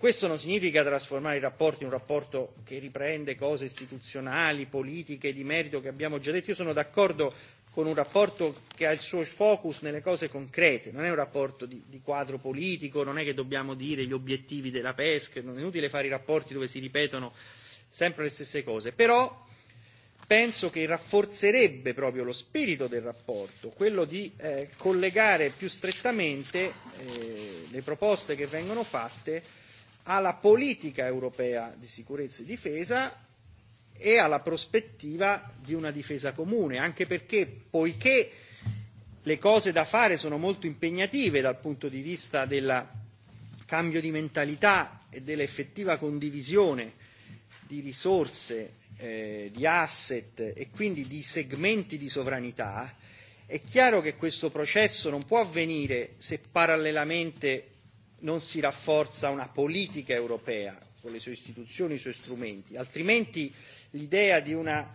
Questo non significa trasformare il rapporto in un rapporto che riprende cose istituzionali, politiche, di merito che abbiamo già detto. Io sono d'accordo con un rapporto che ha il suo focus nelle cose concrete, non è un rapporto di, di quadro politico, non è che dobbiamo dire gli obiettivi della pesca, non è inutile fare i rapporti dove si ripetono sempre le stesse cose, però penso che rafforzerebbe proprio lo spirito del rapporto, quello di eh, collegare più strettamente eh, le proposte che vengono fatte alla politica europea di sicurezza e difesa e alla prospettiva di una difesa comune, anche perché poiché le cose da fare sono molto impegnative dal punto di vista del cambio di mentalità e dell'effettiva condivisione di risorse, eh, di asset e quindi di segmenti di sovranità, è chiaro che questo processo non può avvenire se parallelamente non si rafforza una politica europea con le sue istituzioni, i suoi strumenti, altrimenti l'idea di una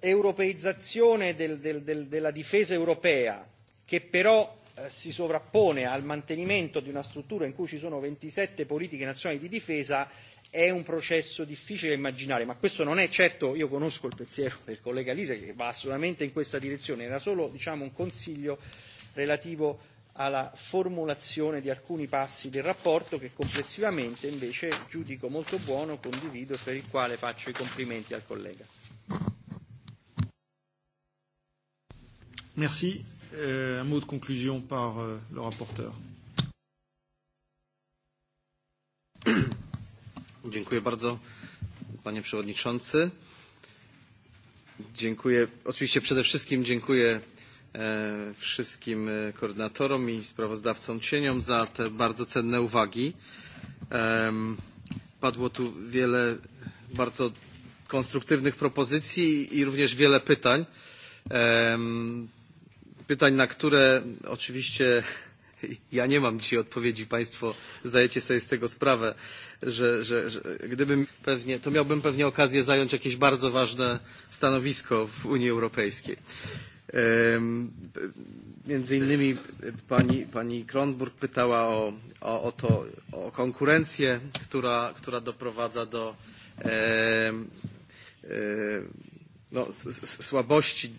europeizzazione del, del, del, della difesa europea che però si sovrappone al mantenimento di una struttura in cui ci sono ventisette politiche nazionali di difesa è un processo difficile da immaginare, ma questo non è certo, io conosco il pensiero del collega Lise che va assolutamente in questa direzione, era solo diciamo, un consiglio relativo alla formulazione di alcuni passi del rapporto che complessivamente invece giudico molto buono, condivido e per il quale faccio i complimenti al collega. Merci. Euh, un mot de conclusion par euh, le rapporteur. Dziękuję bardzo, panie przewodniczący. Dziękuję. Oczywiście przede wszystkim dziękuję wszystkim koordynatorom i sprawozdawcom cieniom za te bardzo cenne uwagi. Padło tu wiele bardzo konstruktywnych propozycji i również wiele pytań. Pytań, na które oczywiście ja nie mam dzisiaj odpowiedzi. Państwo zdajecie sobie z tego sprawę, że, że, że gdybym pewnie, to miałbym pewnie okazję zająć jakieś bardzo ważne stanowisko w Unii Europejskiej. Między innymi pani, pani Kronburg pytała o, o, o, to, o konkurencję, która, która doprowadza do no, słabości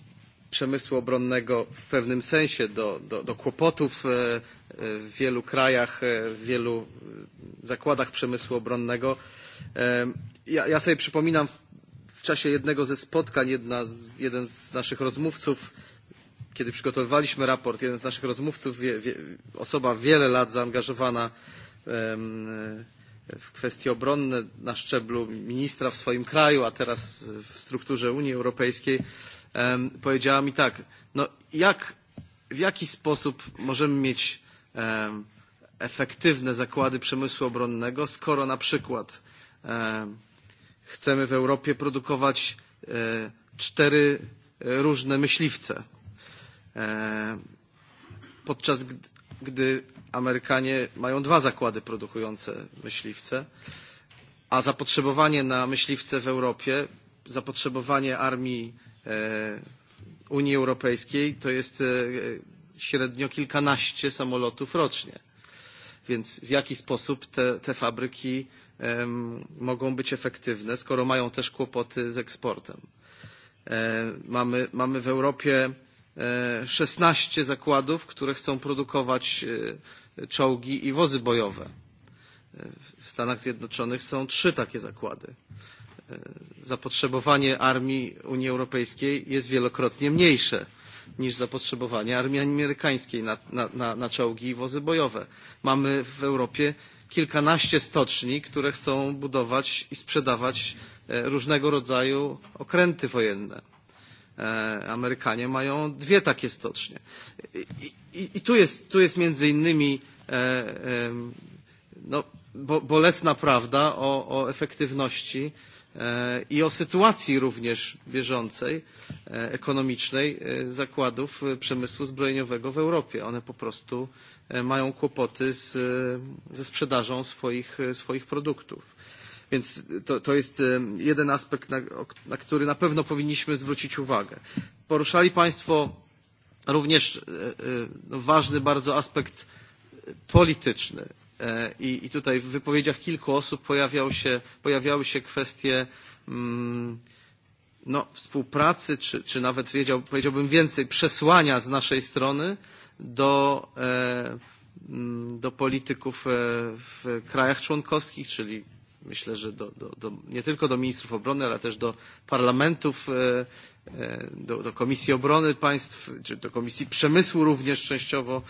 przemysłu obronnego w pewnym sensie do, do, do kłopotów w wielu krajach, w wielu zakładach przemysłu obronnego. Ja, ja sobie przypominam w czasie jednego ze spotkań jedna z, jeden z naszych rozmówców Kiedy przygotowywaliśmy raport, jeden z naszych rozmówców, wie, wie, osoba wiele lat zaangażowana w kwestie obronne na szczeblu ministra w swoim kraju, a teraz w strukturze Unii Europejskiej, powiedziała mi tak, no jak, w jaki sposób możemy mieć efektywne zakłady przemysłu obronnego, skoro na przykład chcemy w Europie produkować cztery różne myśliwce – podczas gdy Amerykanie mają dwa zakłady produkujące myśliwce, a zapotrzebowanie na myśliwce w Europie, zapotrzebowanie armii Unii Europejskiej to jest średnio kilkanaście samolotów rocznie. Więc w jaki sposób te, fabryki mogą być efektywne, skoro mają też kłopoty z eksportem? mamy w Europie szesnaście zakładów, które chcą produkować czołgi i wozy bojowe. W Stanach Zjednoczonych są trzy takie zakłady. Zapotrzebowanie armii Unii Europejskiej jest wielokrotnie mniejsze niż zapotrzebowanie armii amerykańskiej na, czołgi i wozy bojowe. Mamy w Europie kilkanaście stoczni, które chcą budować i sprzedawać różnego rodzaju okręty wojenne Amerykanie mają dwie takie stocznie. I, tu, jest, tu jest między innymi no, bolesna prawda o, o efektywności i o sytuacji również bieżącej, ekonomicznej zakładów przemysłu zbrojeniowego w Europie. One po prostu mają kłopoty ze sprzedażą swoich, produktów Więc to, to jest jeden aspekt, na, na który na pewno powinniśmy zwrócić uwagę. Poruszali Państwo również ważny bardzo aspekt polityczny. I, I tutaj w wypowiedziach kilku osób pojawiał się, pojawiały się kwestie no, współpracy, czy, czy nawet wiedział, powiedziałbym więcej, przesłania z naszej strony do, do polityków w krajach członkowskich, czyli myślę, że do, do, do, nie tylko do ministrów obrony, ale też do parlamentów, do, do Komisji Obrony Państw, czy do Komisji Przemysłu również częściowo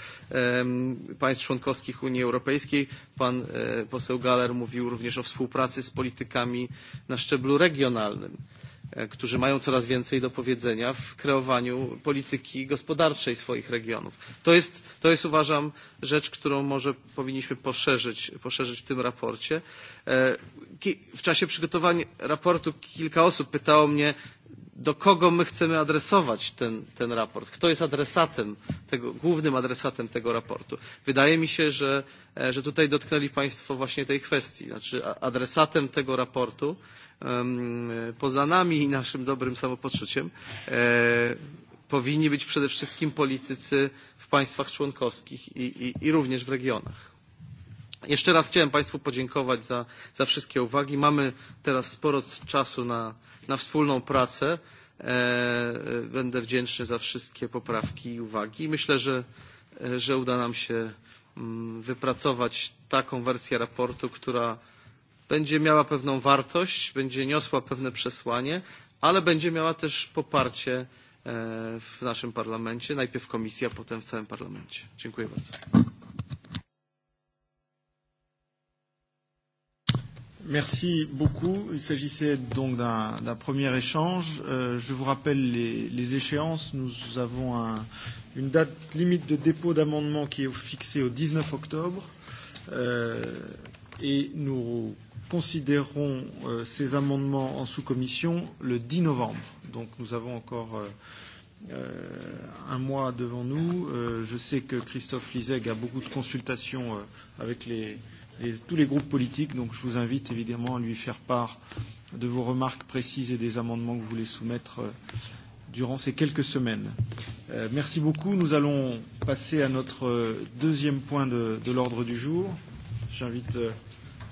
państw członkowskich Unii Europejskiej. Pan poseł Galer mówił również o współpracy z politykami na szczeblu regionalnym którzy mają coraz więcej do powiedzenia w kreowaniu polityki gospodarczej swoich regionów. To jest, to jest uważam, rzecz, którą może powinniśmy poszerzyć, poszerzyć w tym raporcie. W czasie przygotowania raportu kilka osób pytało mnie, do kogo my chcemy adresować ten, ten raport, kto jest adresatem tego, głównym adresatem tego raportu. Wydaje mi się, że, że tutaj dotknęli Państwo właśnie tej kwestii, znaczy adresatem tego raportu poza nami i naszym dobrym samopoczuciem powinni być przede wszystkim politycy w państwach członkowskich i również w regionach. Jeszcze raz chciałem Państwu podziękować za, za wszystkie uwagi. Mamy teraz sporo czasu na, na wspólną pracę. Będę wdzięczny za wszystkie poprawki i uwagi. Myślę, że, że uda nam się wypracować taką wersję raportu, która będzie miała pewną wartość, będzie niosła pewne przesłanie, ale będzie miała też poparcie w naszym parlamencie, najpierw w komisji, a potem w całym parlamencie. Dziękuję bardzo. Merci beaucoup. Il s'agissait donc d'un premier échange. Euh, je vous rappelle les, les échéances. Nous avons un, une date limite de dépôt d'amendements qui est fixée au 19 octobre. Euh, et nous considérons euh, ces amendements en sous-commission le 10 novembre. Donc nous avons encore euh, un mois devant nous. Euh, je sais que Christophe Liseg a beaucoup de consultations euh, avec les, les, tous les groupes politiques, donc je vous invite évidemment à lui faire part de vos remarques précises et des amendements que vous voulez soumettre euh, durant ces quelques semaines. Euh, merci beaucoup. Nous allons passer à notre deuxième point de, de l'ordre du jour. J'invite euh,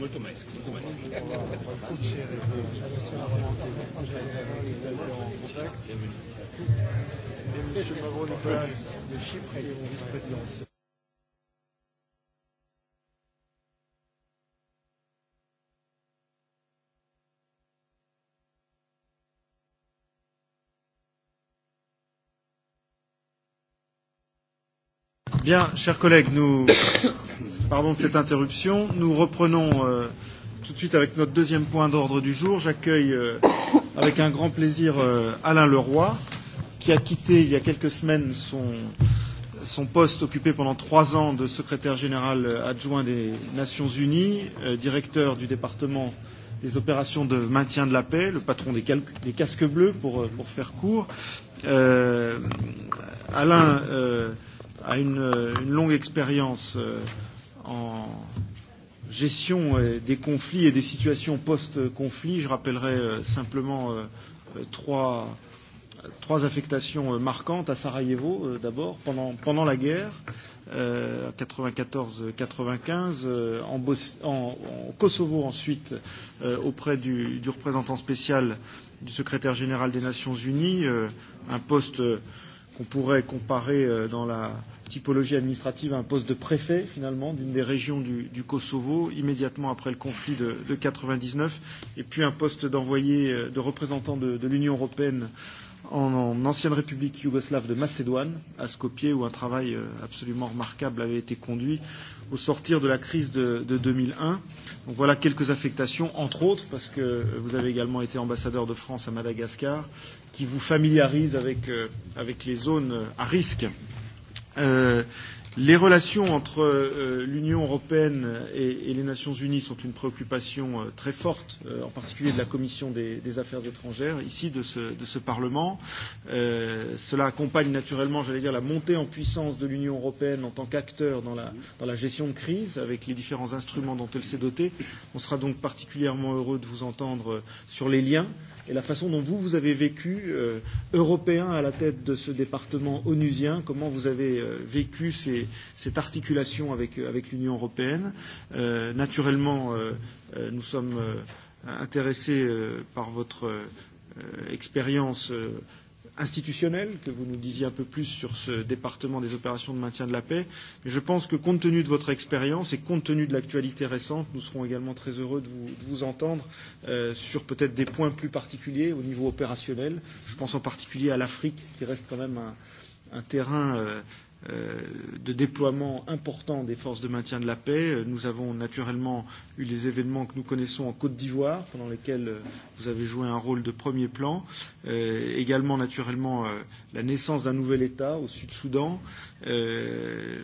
Muito mais, muito mais. Et Mavro Nicolas de Chypre est vice-président. Bien, chers collègues, nous pardon de cette interruption. Nous reprenons euh, tout de suite avec notre deuxième point d'ordre du jour. J'accueille euh, avec un grand plaisir euh, Alain Leroy, qui a quitté il y a quelques semaines son, son poste occupé pendant trois ans de secrétaire général adjoint des Nations Unies, euh, directeur du département des opérations de maintien de la paix, le patron des, des casques bleus pour, pour faire court. Euh, Alain euh, a une, une longue expérience euh, en gestion des conflits et des situations post-conflit. Je rappellerai simplement trois, trois affectations marquantes à Sarajevo, d'abord, pendant, pendant la guerre, euh, 94-95, euh, en, en, en Kosovo ensuite, euh, auprès du, du représentant spécial du secrétaire général des Nations Unies, euh, un poste qu'on pourrait comparer dans la typologie administrative à un poste de préfet, finalement, d'une des régions du, du Kosovo, immédiatement après le conflit de, de 99, et puis un poste d'envoyé de représentant de, de l'Union européenne en, en ancienne République yougoslave de Macédoine, à Skopje, où un travail absolument remarquable avait été conduit au sortir de la crise de, de 2001. Donc voilà quelques affectations, entre autres, parce que vous avez également été ambassadeur de France à Madagascar, qui vous familiarise avec, avec les zones à risque les relations entre l'Union européenne et, les Nations unies sont une préoccupation très forte, en particulier de la Commission des, affaires étrangères, ici de ce, Parlement. cela accompagne naturellement, j'allais dire, la montée en puissance de l'Union européenne en tant qu'acteur dans la, gestion de crise, avec les différents instruments dont elle s'est dotée. On sera donc particulièrement heureux de vous entendre sur les liens et la façon dont vous, vous avez vécu, euh, européen à la tête de ce département onusien, comment vous avez euh, vécu ces, cette articulation avec, avec l'Union européenne. Euh, naturellement, euh, euh, nous sommes euh, intéressés euh, par votre euh, expérience. Euh, institutionnelle, que vous nous disiez un peu plus sur ce département des opérations de maintien de la paix. Mais je pense que compte tenu de votre expérience et compte tenu de l'actualité récente, nous serons également très heureux de vous, de vous entendre euh, sur peut-être des points plus particuliers au niveau opérationnel. Je pense en particulier à l'Afrique, qui reste quand même un, un terrain euh, de déploiement important des forces de maintien de la paix. Nous avons naturellement eu les événements que nous connaissons en Côte d'Ivoire, pendant lesquels vous avez joué un rôle de premier plan. Euh, également, naturellement, euh, la naissance d'un nouvel État au Sud-Soudan. Euh,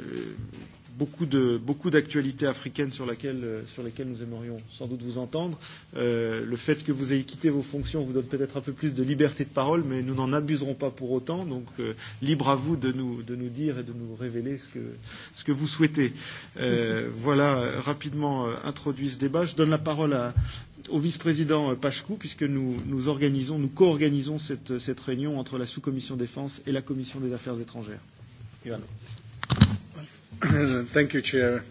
beaucoup de beaucoup d'actualités africaines sur laquelle sur lesquelles nous aimerions sans doute vous entendre. Euh, le fait que vous ayez quitté vos fonctions vous donne peut-être un peu plus de liberté de parole, mais nous n'en abuserons pas pour autant. Donc euh, libre à vous de nous de nous dire et de nous révéler ce que ce que vous souhaitez. Euh, voilà rapidement euh, introduit ce débat. Je donne la parole à, au vice-président Pachkou, puisque nous, nous organisons, nous co-organisons cette, cette réunion entre la sous-commission défense et la commission des affaires étrangères. Ivano. Thank you, Chair.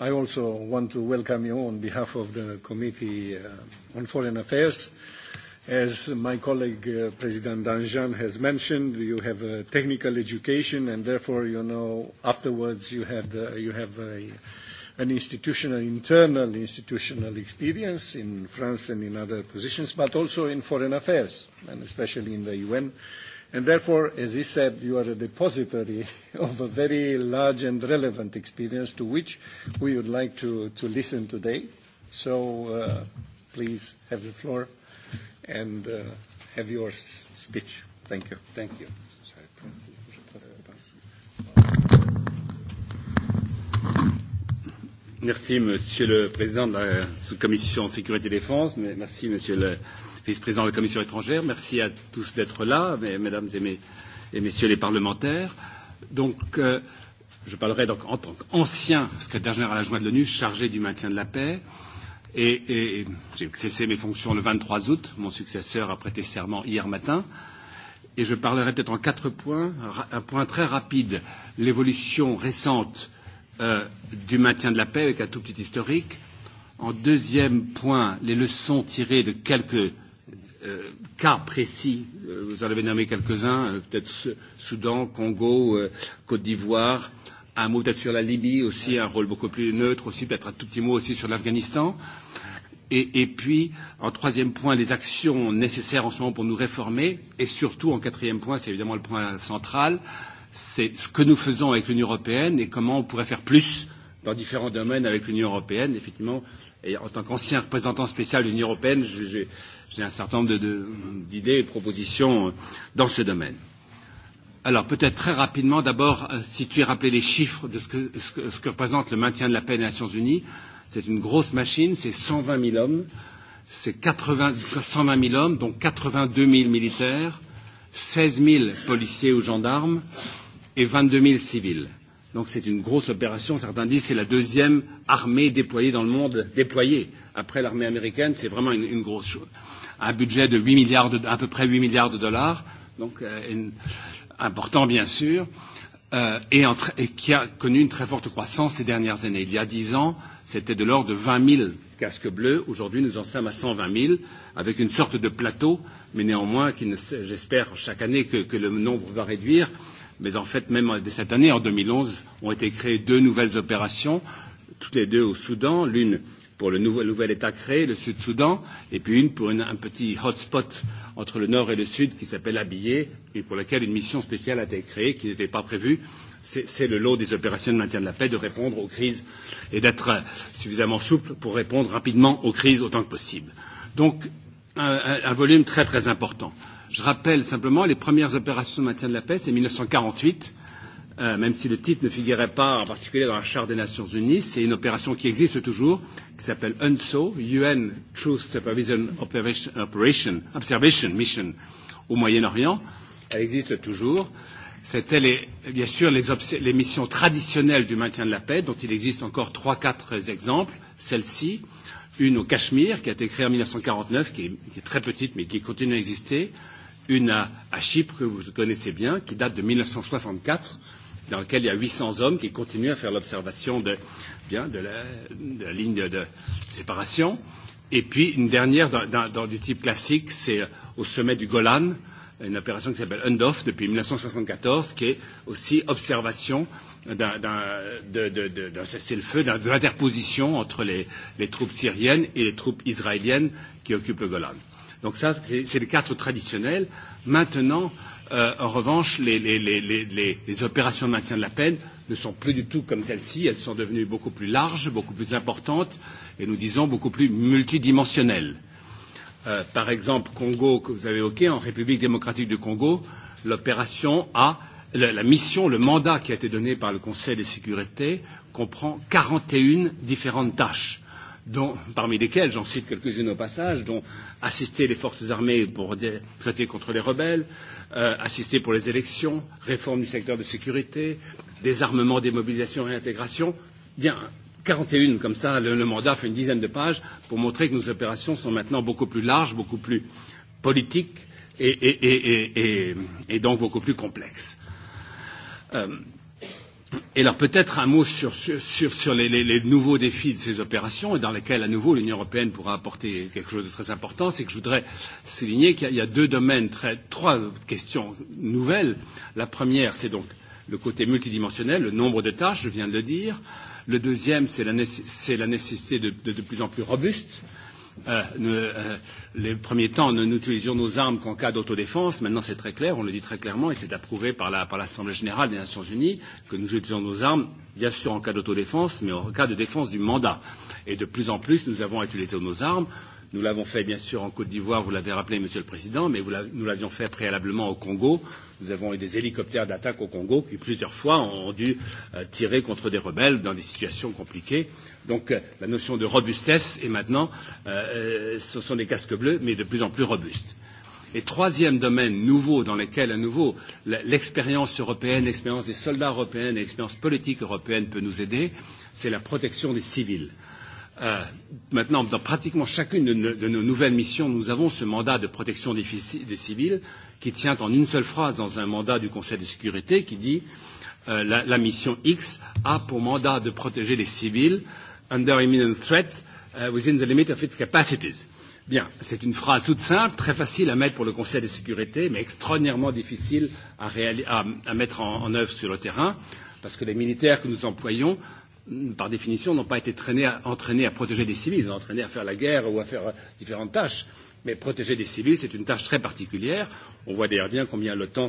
I also want to welcome you on behalf of the Committee on Foreign Affairs. As my colleague, President Danjan, has mentioned, you have a technical education, and therefore, you know, afterwards, you have an institutional, internal institutional experience in France and in other positions, but also in foreign affairs, and especially in the UN And therefore, as he said, you are a depository of a very large and relevant experience to which we would like to, to listen today. So uh, please have the floor and uh, have your speech. Thank you. Thank you. Merci, Monsieur le Président de la sous-commission Sécurité et Défense. Merci, Monsieur le vice-président de la Commission étrangère. Merci à tous d'être là, mesdames et, mes, et messieurs les parlementaires. Donc, euh, je parlerai donc en tant qu'ancien secrétaire général adjoint de l'ONU chargé du maintien de la paix. Et, et, et j'ai cessé mes fonctions le 23 août. Mon successeur a prêté serment hier matin. Et je parlerai peut-être en quatre points. Un point très rapide, l'évolution récente euh, du maintien de la paix avec un tout petit historique. En deuxième point, les leçons tirées de quelques cas précis. Vous en avez nommé quelques-uns, peut-être Soudan, Congo, Côte d'Ivoire. Un mot peut-être sur la Libye aussi, un rôle beaucoup plus neutre aussi, peut-être un tout petit mot aussi sur l'Afghanistan. Et, et puis, en troisième point, les actions nécessaires en ce moment pour nous réformer. Et surtout, en quatrième point, c'est évidemment le point central, c'est ce que nous faisons avec l'Union européenne et comment on pourrait faire plus dans différents domaines avec l'Union européenne. Effectivement, Et en tant qu'ancien représentant spécial de l'Union européenne, j'ai un certain nombre d'idées et de propositions dans ce domaine. Alors peut-être très rapidement, d'abord, situer, rappeler les chiffres de ce que, ce, que, ce que représente le maintien de la paix des Nations Unies. C'est une grosse machine, c'est 120 000 hommes, c'est 120 000 hommes, dont 82 000 militaires, 16 000 policiers ou gendarmes et 22 000 civils. Donc c'est une grosse opération. Certains disent que c'est la deuxième armée déployée dans le monde, déployée après l'armée américaine. C'est vraiment une, une grosse chose. Un budget de 8 milliards de, à peu près 8 milliards de dollars, donc euh, une, important bien sûr, euh, et, entre, et qui a connu une très forte croissance ces dernières années. Il y a 10 ans, c'était de l'ordre de 20 000 casques bleus. Aujourd'hui, nous en sommes à 120 000, avec une sorte de plateau, mais néanmoins, qui ne, j'espère chaque année que, que le nombre va réduire. Euh, Mais en fait, même dès cette année, en 2011, ont été créées deux nouvelles opérations, toutes les deux au Soudan, l'une pour le nouvel, nouvel État créé, le Sud-Soudan, et puis une pour une, un petit hotspot entre le nord et le sud qui s'appelle Abillé, et pour laquelle une mission spéciale a été créée qui n'était pas prévue. C'est le lot des opérations de maintien de la paix de répondre aux crises et d'être suffisamment souple pour répondre rapidement aux crises autant que possible. Donc, un, un volume très très important. Je rappelle simplement les premières opérations de maintien de la paix, c'est 1948, euh, même si le titre ne figurait pas en particulier dans la Charte des Nations Unies. C'est une opération qui existe toujours, qui s'appelle UNSO, UN Truth Supervision Operation, Operation Observation Mission au Moyen-Orient. Elle existe toujours. C'était les, bien sûr les, les missions traditionnelles du maintien de la paix, dont il existe encore trois, quatre exemples. Celle-ci, une au Cachemire, qui a été créée en 1949, qui est, qui est très petite, mais qui continue à exister. Euh, une à, à Chypre que vous connaissez bien, qui date de 1964, dans laquelle il y a 800 hommes qui continuent à faire l'observation de, de, la, de la ligne de, de séparation. Et puis une dernière dans, dans, dans du type classique, c'est au sommet du Golan, une opération qui s'appelle UNDOF depuis 1974, qui est aussi observation d'un cessez-le-feu, de l'interposition entre les, les troupes syriennes et les troupes israéliennes qui occupent le Golan. Donc ça, c'est les cartes traditionnelles. Maintenant, euh, en revanche, les, les, les, les, les opérations de maintien de la peine ne sont plus du tout comme celles-ci. Elles sont devenues beaucoup plus larges, beaucoup plus importantes et nous disons beaucoup plus multidimensionnelles. Euh, par exemple, Congo, que vous avez évoqué, en République démocratique du Congo, l'opération a la, la mission, le mandat qui a été donné par le Conseil de sécurité comprend 41 différentes tâches dont, parmi lesquelles, j'en cite quelques-unes au passage, dont assister les forces armées pour traiter contre les rebelles, euh, assister pour les élections, réforme du secteur de sécurité, désarmement, démobilisation, réintégration. Bien, 41 comme ça, le, le mandat fait une dizaine de pages pour montrer que nos opérations sont maintenant beaucoup plus larges, beaucoup plus politiques et, et, et, et, et, et donc beaucoup plus complexes. Euh, Et alors peut-être un mot sur, sur, sur les, les, les nouveaux défis de ces opérations et dans lesquels à nouveau l'Union européenne pourra apporter quelque chose de très important, c'est que je voudrais souligner qu'il y, a deux domaines, très, trois questions nouvelles. La première, c'est donc le côté multidimensionnel, le nombre de tâches, je viens de le dire. Le deuxième, c'est la, la nécessité de, de, de plus en plus robuste euh, euh, ne, euh, les premiers temps, nous n'utilisions nos armes qu'en cas d'autodéfense. Maintenant, c'est très clair, on le dit très clairement, et c'est approuvé par l'Assemblée la, par générale des Nations Unies, que nous utilisons nos armes, bien sûr, en cas d'autodéfense, mais en cas de défense du mandat. Et de plus en plus, nous avons utilisé nos armes Nous l'avons fait bien sûr en Côte d'Ivoire, vous l'avez rappelé Monsieur le Président, mais nous l'avions fait préalablement au Congo. Nous avons eu des hélicoptères d'attaque au Congo qui plusieurs fois ont dû tirer contre des rebelles dans des situations compliquées. Donc la notion de robustesse est maintenant, ce sont des casques bleus, mais de plus en plus robustes. Et troisième domaine nouveau dans lequel, à nouveau, l'expérience européenne, l'expérience des soldats européens et l'expérience politique européenne peut nous aider, c'est la protection des civils maintenant, dans pratiquement chacune de nos, nouvelles missions, nous avons ce mandat de protection des, civils qui tient en une seule phrase dans un mandat du Conseil de sécurité qui dit la, mission X a pour mandat de protéger les civils under imminent threat within the limit of its capacities. Bien, c'est une phrase toute simple, très facile à mettre pour le Conseil de sécurité, mais extraordinairement difficile à, mettre en, œuvre sur le terrain, parce que les militaires que nous employons par définition, n'ont pas été traînés à, entraînés à protéger des civils, ils ont entraînés à faire la guerre ou à faire différentes tâches. Mais protéger des civils, c'est une tâche très particulière. On voit d'ailleurs bien combien l'OTAN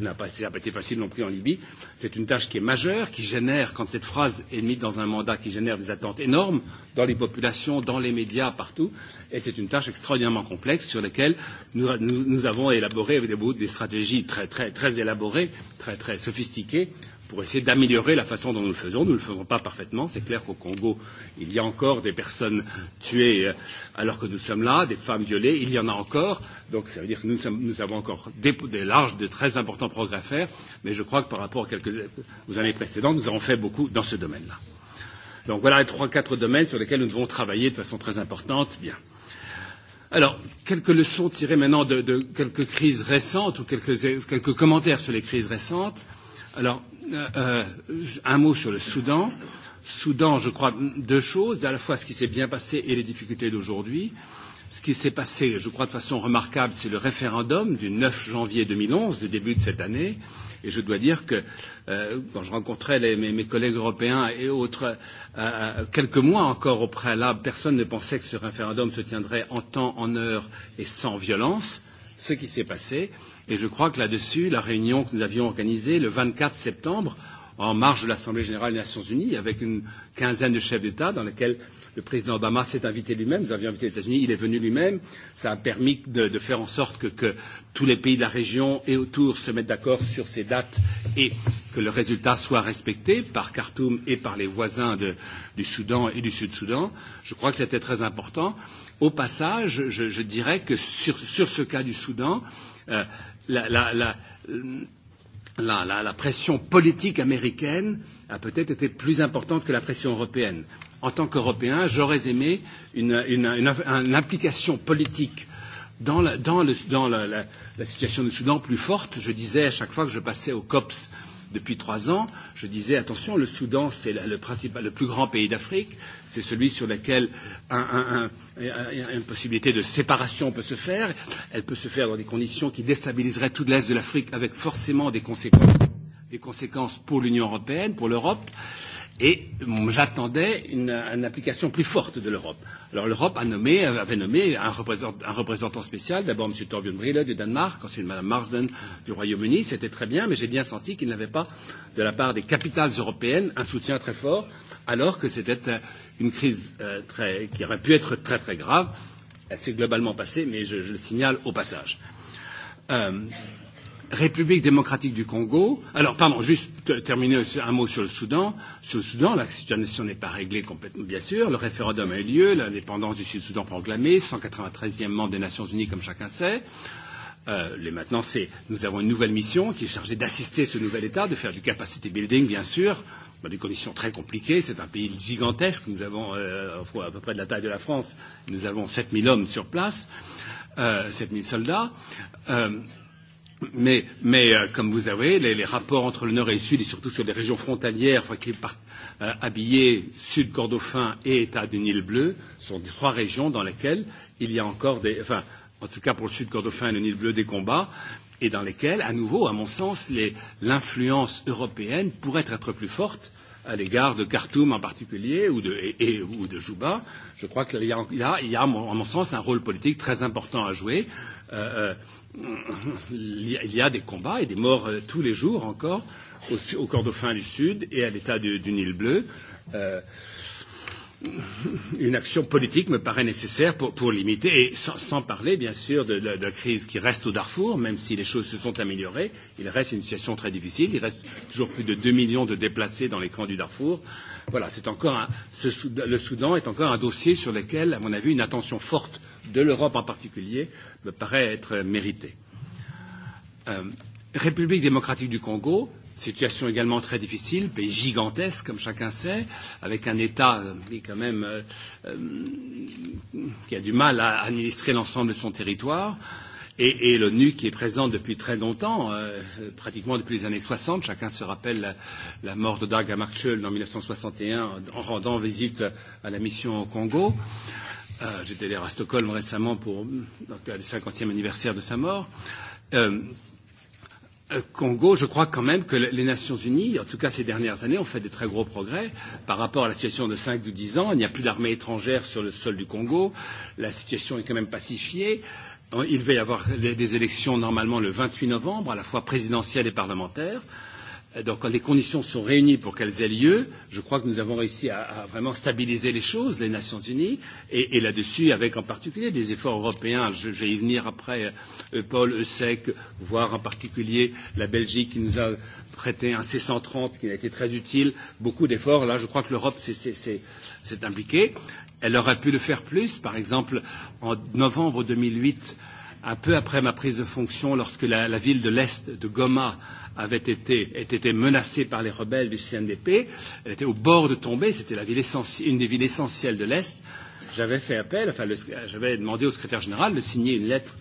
n'a pas, pas été facile non plus en Libye. C'est une tâche qui est majeure, qui génère, quand cette phrase est mise dans un mandat, qui génère des attentes énormes dans les populations, dans les médias, partout. Et c'est une tâche extraordinairement complexe sur laquelle nous, nous, nous avons élaboré des, des stratégies très, très, très élaborées, très, très sophistiquées pour essayer d'améliorer la façon dont nous le faisons. Nous ne le faisons pas parfaitement. C'est clair qu'au Congo, il y a encore des personnes tuées alors que nous sommes là, des femmes violées, il y en a encore. Donc ça veut dire que nous, sommes, nous avons encore des, des larges, de très importants progrès à faire. Mais je crois que par rapport à quelques, aux années précédentes, nous avons fait beaucoup dans ce domaine-là. Donc voilà les trois, quatre domaines sur lesquels nous devons travailler de façon très importante. Bien. Alors, quelques leçons tirées maintenant de, de quelques crises récentes ou quelques, quelques commentaires sur les crises récentes. Euh, Alors, euh, un mot sur le Soudan. Soudan, je crois, deux choses, à la fois ce qui s'est bien passé et les difficultés d'aujourd'hui. Ce qui s'est passé, je crois, de façon remarquable, c'est le référendum du 9 janvier 2011, du début de cette année. Et je dois dire que euh, quand je rencontrais les, mes, mes collègues européens et autres, euh, quelques mois encore au préalable, personne ne pensait que ce référendum se tiendrait en temps, en heure et sans violence. Ce qui s'est passé, euh, Et je crois que là-dessus, la réunion que nous avions organisée le 24 septembre, en marge de l'Assemblée générale des Nations unies, avec une quinzaine de chefs d'État, dans laquelle le président Obama s'est invité lui-même, nous avions invité les États-Unis, il est venu lui-même, ça a permis de, de faire en sorte que, que tous les pays de la région et autour se mettent d'accord sur ces dates et que le résultat soit respecté par Khartoum et par les voisins de, du Soudan et du Sud-Soudan. Je crois que c'était très important. Au passage, je, je dirais que sur, sur ce cas du Soudan, euh, la, la, la, la, la, la pression politique américaine a peut-être été plus importante que la pression européenne. En tant qu'Européen, j'aurais aimé une, une, une, une implication politique dans, la, dans, le, dans la, la, la situation du Soudan plus forte. Je disais à chaque fois que je passais au COPS euh, depuis trois ans, je disais attention, le Soudan, c'est le, le plus grand pays d'Afrique, c'est celui sur lequel un, un, un, une possibilité de séparation peut se faire. Elle peut se faire dans des conditions qui déstabiliseraient tout l'Est de l'Afrique, avec forcément des conséquences, des conséquences pour l'Union européenne, pour l'Europe. Euh, Et j'attendais une, une application plus forte de l'Europe. Alors l'Europe a nommé, avait nommé un représentant, un représentant spécial, d'abord M. Torbjörn Brille du Danemark, ensuite Mme Marsden du Royaume-Uni. C'était très bien, mais j'ai bien senti qu'il n'avait pas, de la part des capitales européennes, un soutien très fort, alors que c'était une crise euh, très, qui aurait pu être très très grave. Elle s'est globalement passée, mais je, je le signale au passage. Euh, République démocratique du Congo. Alors, pardon, juste terminer un mot sur le Soudan. Sur le Soudan, la situation n'est pas réglée complètement, bien sûr. Le référendum a eu lieu, l'indépendance du Sud-Soudan proclamée, 193e membre des Nations Unies, comme chacun sait. Euh, les maintenant, c'est nous avons une nouvelle mission qui est chargée d'assister ce nouvel État, de faire du capacity building, bien sûr, dans des conditions très compliquées. C'est un pays gigantesque. Nous avons euh, à peu près de la taille de la France. Nous avons 7000 hommes sur place, euh, 7000 soldats. Euh, Mais, mais euh, comme vous savez, les, les rapports entre le Nord et le Sud, et surtout sur les régions frontalières, enfin, qui partent euh, habillées Sud, Cordofin et État du Nil Bleu, sont des trois régions dans lesquelles il y a encore des, enfin, en tout cas pour le Sud, Cordofin et le Nil Bleu, des combats, et dans lesquels, à nouveau, à mon sens, l'influence européenne pourrait être plus forte à l'égard de Khartoum en particulier ou de, et, et, ou de Juba. Je crois qu'il y a, il y a, à mon sens, un rôle politique très important à jouer. Euh, il y a des combats et des morts euh, tous les jours encore au, au Cordofin du Sud et à l'état du, du Nil bleu. Euh, une action politique me paraît nécessaire pour, pour limiter, et sans, sans parler bien sûr de, de, de la crise qui reste au Darfour, même si les choses se sont améliorées, il reste une situation très difficile, il reste toujours plus de 2 millions de déplacés dans les camps du Darfour, euh, Voilà, c'est encore un, ce, le Soudan est encore un dossier sur lequel, à mon avis, une attention forte de l'Europe en particulier me paraît être méritée. Euh, République démocratique du Congo, situation également très difficile, pays gigantesque, comme chacun sait, avec un État qui, quand même, euh, qui a du mal à administrer l'ensemble de son territoire. Euh, et, et l'ONU qui est présente depuis très longtemps, euh, pratiquement depuis les années 60. Chacun se rappelle la, la mort de Dag Hammarskjöld en 1961 en rendant visite à la mission au Congo. Euh, J'étais d'ailleurs à Stockholm récemment pour donc, le 50e anniversaire de sa mort. Euh, Congo, je crois quand même que les Nations Unies, en tout cas ces dernières années, ont fait de très gros progrès par rapport à la situation de 5 ou 10 ans. Il n'y a plus d'armée étrangère sur le sol du Congo. La situation est quand même pacifiée. Euh, il va y avoir des élections normalement le 28 novembre, à la fois présidentielles et parlementaires. Donc quand les conditions sont réunies pour qu'elles aient lieu, je crois que nous avons réussi à, à vraiment stabiliser les choses, les Nations Unies, et, et là-dessus, avec en particulier des efforts européens, je, je vais y venir après, Paul Eusek, voire en particulier la Belgique qui nous a prêté un C-130 qui a été très utile, beaucoup d'efforts, là je crois que l'Europe s'est impliquée. Elle aurait pu le faire plus, par exemple en novembre 2008, un peu après ma prise de fonction, lorsque la, la ville de l'Est de Goma avait été, était été menacée par les rebelles du CNDP, elle était au bord de tomber, c'était la ville une des villes essentielles de l'Est. J'avais fait appel, enfin, j'avais demandé au secrétaire général de signer une lettre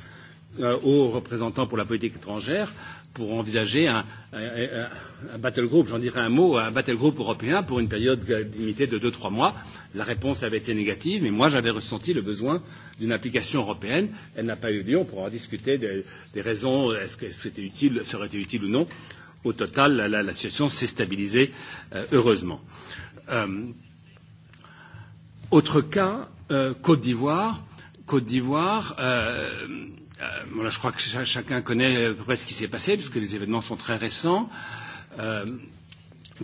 euh, aux représentants pour la politique étrangère pour envisager un, un, un battle group, j'en dirais un mot, un battle group européen pour une période limitée de deux, trois mois. La réponse avait été négative, mais moi j'avais ressenti le besoin d'une application européenne. Elle n'a pas eu lieu, on pourra en discuter des, des raisons, est-ce que c'était utile, serait utile ou non. Au total, la, la, la situation s'est stabilisée, euh, heureusement. Euh, autre cas, euh, Côte d'Ivoire. Côte d'Ivoire, euh, voilà, je crois que ch chacun connaît à peu près ce qui s'est passé, puisque les événements sont très récents. Euh,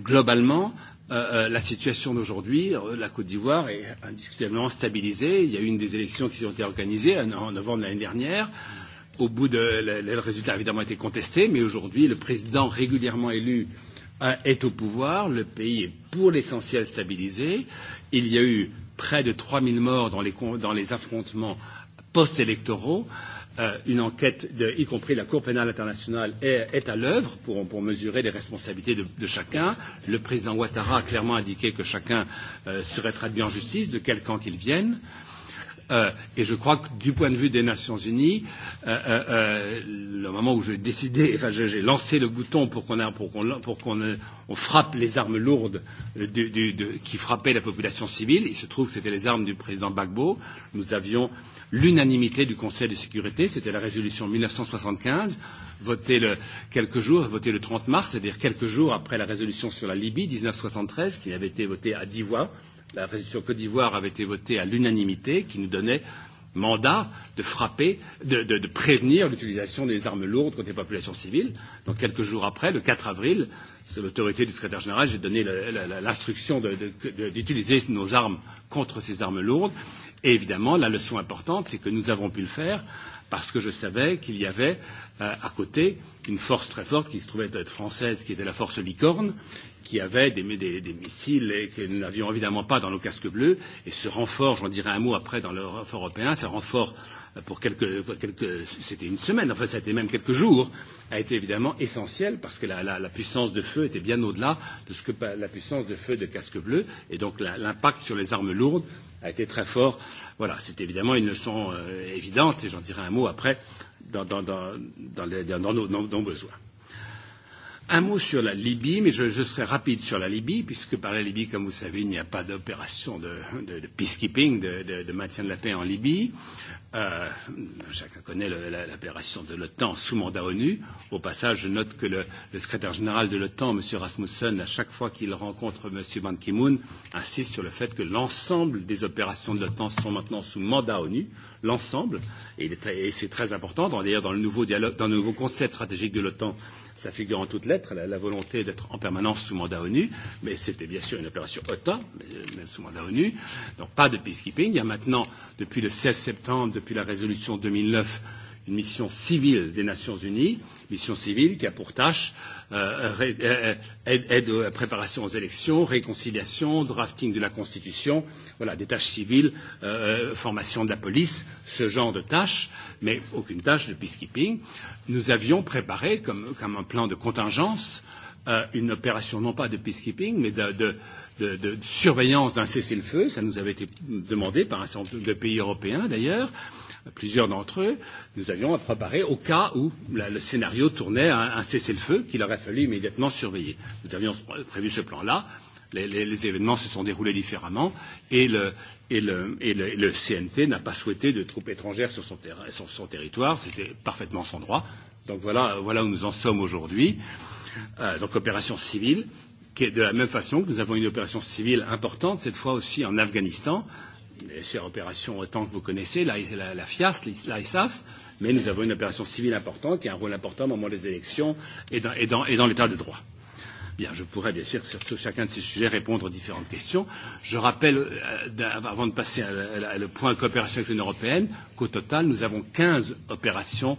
globalement, euh, la situation d'aujourd'hui, la Côte d'Ivoire est indiscutablement stabilisée. Il y a eu une des élections qui ont été organisées en novembre de l'année dernière. Au bout de, le, le résultat a évidemment été contesté, mais aujourd'hui, le président régulièrement élu est au pouvoir. Le pays est pour l'essentiel stabilisé. Il y a eu près de 3000 morts dans les, dans les affrontements post-électoraux. Euh, une enquête, de, y compris la Cour pénale internationale, est, est à l'œuvre pour, pour mesurer les responsabilités de, de chacun. Le président Ouattara a clairement indiqué que chacun euh, serait traduit en justice, de quel camp qu'il vienne. Euh, et je crois que du point de vue des Nations Unies, euh, euh, le moment où j'ai décidé, enfin j'ai lancé le bouton pour qu'on pour qu'on on frappe les armes lourdes du, du, de, qui frappaient la population civile, il se trouve que c'était les armes du président Gbagbo. Nous avions euh, l'unanimité du Conseil de sécurité. C'était la résolution 1975, votée le, quelques jours, votée le 30 mars, c'est-à-dire quelques jours après la résolution sur la Libye 1973, qui avait été votée à dix voix. La résolution Côte d'Ivoire avait été votée à l'unanimité, qui nous donnait mandat de frapper, de, de, de prévenir l'utilisation des armes lourdes contre les populations civiles. Donc quelques jours après, le 4 avril, sous l'autorité du secrétaire général, j'ai donné l'instruction d'utiliser nos armes contre ces armes lourdes. Et évidemment, la leçon importante, c'est que nous avons pu le faire parce que je savais qu'il y avait euh, à côté une force très forte qui se trouvait être française, qui était la force Licorne, qui avait des, des, des missiles et que nous n'avions évidemment pas dans nos casques bleus. Et ce renfort, j'en dirai un mot après dans le renfort européen, ce renfort pour quelques, quelques c'était une semaine, enfin c'était même quelques jours, a été évidemment essentiel parce que la, la, la puissance de feu était bien au-delà de ce que la puissance de feu de casque bleu et donc l'impact sur les armes lourdes a été très fort. Voilà, c'est évidemment une leçon euh, évidente, et j'en dirai un mot après dans, dans, dans, dans, les, dans, nos, dans nos besoins. Un mot sur la Libye, mais je, je serai rapide sur la Libye, puisque par la Libye, comme vous savez, il n'y a pas d'opération de, de, de peacekeeping, de, de, de maintien de la paix en Libye. Euh, chacun connaît l'opération de l'OTAN sous mandat ONU. Au passage, je note que le, le secrétaire général de l'OTAN, M. Rasmussen, à chaque fois qu'il rencontre M. Ban Ki-moon, insiste sur le fait que l'ensemble des opérations de l'OTAN sont maintenant sous mandat ONU l'ensemble. Et, c'est très important. D'ailleurs, dans le nouveau dialogue, dans le nouveau concept stratégique de l'OTAN, ça figure en toutes lettres la, la volonté d'être en permanence sous mandat ONU. Mais c'était bien sûr une opération OTAN, mais, même sous mandat ONU. Donc pas de peacekeeping. Il y a maintenant, depuis le 16 septembre, depuis la résolution 2009, une mission civile des Nations Unies mission civile qui a pour tâche euh, aide, aide à préparation aux élections, réconciliation, drafting de la Constitution, voilà, des tâches civiles, euh, formation de la police, ce genre de tâches, mais aucune tâche de peacekeeping. Nous avions préparé comme, comme un plan de contingence euh, une opération non pas de peacekeeping, mais de, de, de, de surveillance d'un cessez-le-feu. Ça nous avait été demandé par un certain nombre de pays européens d'ailleurs. Euh, plusieurs d'entre eux, nous avions à préparer au cas où la, le scénario tournait à un cessez-le-feu qu'il aurait fallu immédiatement surveiller. Nous avions prévu ce plan-là. Les, les, les événements se sont déroulés différemment et le, et le, et le, et le CNT n'a pas souhaité de troupes étrangères sur son, ter sur son territoire. C'était parfaitement son droit. Donc voilà, voilà où nous en sommes aujourd'hui. Euh, donc opération civile, qui est de la même façon que nous avons une opération civile importante, cette fois aussi en Afghanistan. Euh, sur opération autant que vous connaissez, la, la, la FIAS, l'ISAF, mais nous avons une opération civile importante qui a un rôle important au moment des élections et dans, et dans, et dans l'état de droit. Bien, je pourrais bien sûr sur tout chacun de ces sujets répondre aux différentes questions. Je rappelle, avant de passer à le point coopération avec l'Union européenne, qu'au total, nous avons 15 opérations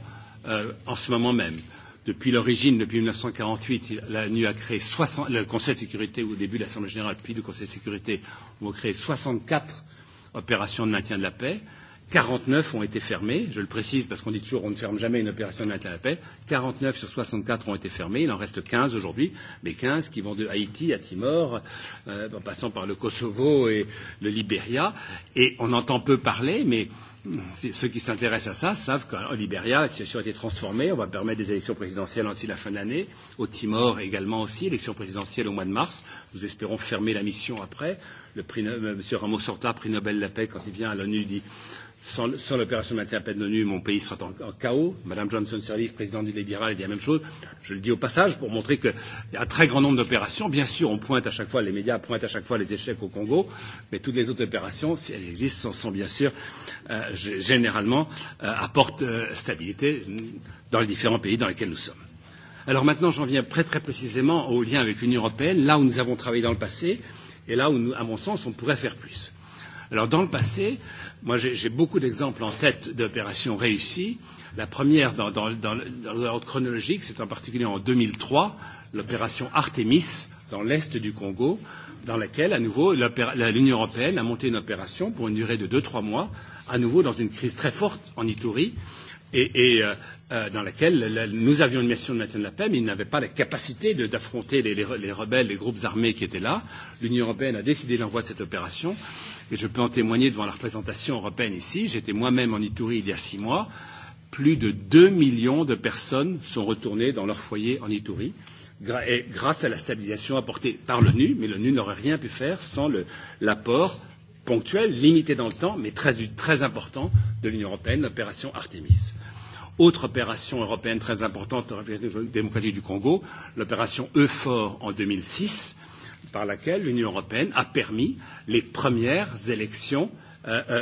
euh, en ce moment même. Depuis l'origine, depuis 1948, la a créé 60, le Conseil de sécurité, au début de l'Assemblée générale, puis le Conseil de sécurité, ont créé 64 opérations de maintien de la paix. 49 ont été fermées, je le précise parce qu'on dit toujours on ne ferme jamais une opération de maintien de la paix. 49 sur 64 ont été fermées, il en reste 15 aujourd'hui, mais 15 qui vont de Haïti à Timor, euh, en passant par le Kosovo et le Libéria. Et on entend peu parler, mais euh, ceux qui s'intéressent à ça savent qu'en Libéria, la situation a été transformée. On va permettre des élections présidentielles aussi la fin d'année. Au Timor également aussi, élections présidentielles au mois de mars. Nous espérons fermer la mission après. Le prix, M. Ramos Horta, prix Nobel de la paix, quand il vient à l'ONU, dit sans, l'opération maintien à peine l'ONU, mon pays sera en, chaos. Madame Johnson Sirleaf, présidente du Libéral, a dit la même chose. Je le dis au passage pour montrer qu'il y a un très grand nombre d'opérations. Bien sûr, on pointe à chaque fois, les médias pointent à chaque fois les échecs au Congo, mais toutes les autres opérations, si elles existent, sont, bien sûr, généralement, apportent stabilité dans les différents pays dans lesquels nous sommes. Alors maintenant, j'en viens très très précisément au lien avec l'Union européenne, là où nous avons travaillé dans le passé, et là où, nous, à mon sens, on pourrait faire plus. Alors dans le passé, euh, Moi, j'ai beaucoup d'exemples en tête d'opérations réussies. La première, dans, dans, dans, dans l'ordre chronologique, c'est en particulier en 2003, l'opération Artemis dans l'est du Congo, dans laquelle, à nouveau, l'Union européenne a monté une opération pour une durée de 2-3 mois, à nouveau dans une crise très forte en Itourie, et, et euh, dans laquelle la, nous avions une mission de maintien de la paix, mais ils n'avaient pas la capacité d'affronter les, les, les rebelles, les groupes armés qui étaient là. L'Union européenne a décidé l'envoi de cette opération et je peux en témoigner devant la représentation européenne ici, j'étais moi-même en Itourie il y a six mois, plus de 2 millions de personnes sont retournées dans leur foyer en Itourie, et grâce à la stabilisation apportée par l'ONU, mais l'ONU n'aurait rien pu faire sans l'apport ponctuel, limité dans le temps, mais très, très important de l'Union européenne, l'opération Artemis. Autre opération européenne très importante, l'opération démocratique du Congo, l'opération EUFOR en 2006, par laquelle l'Union européenne a permis les premières élections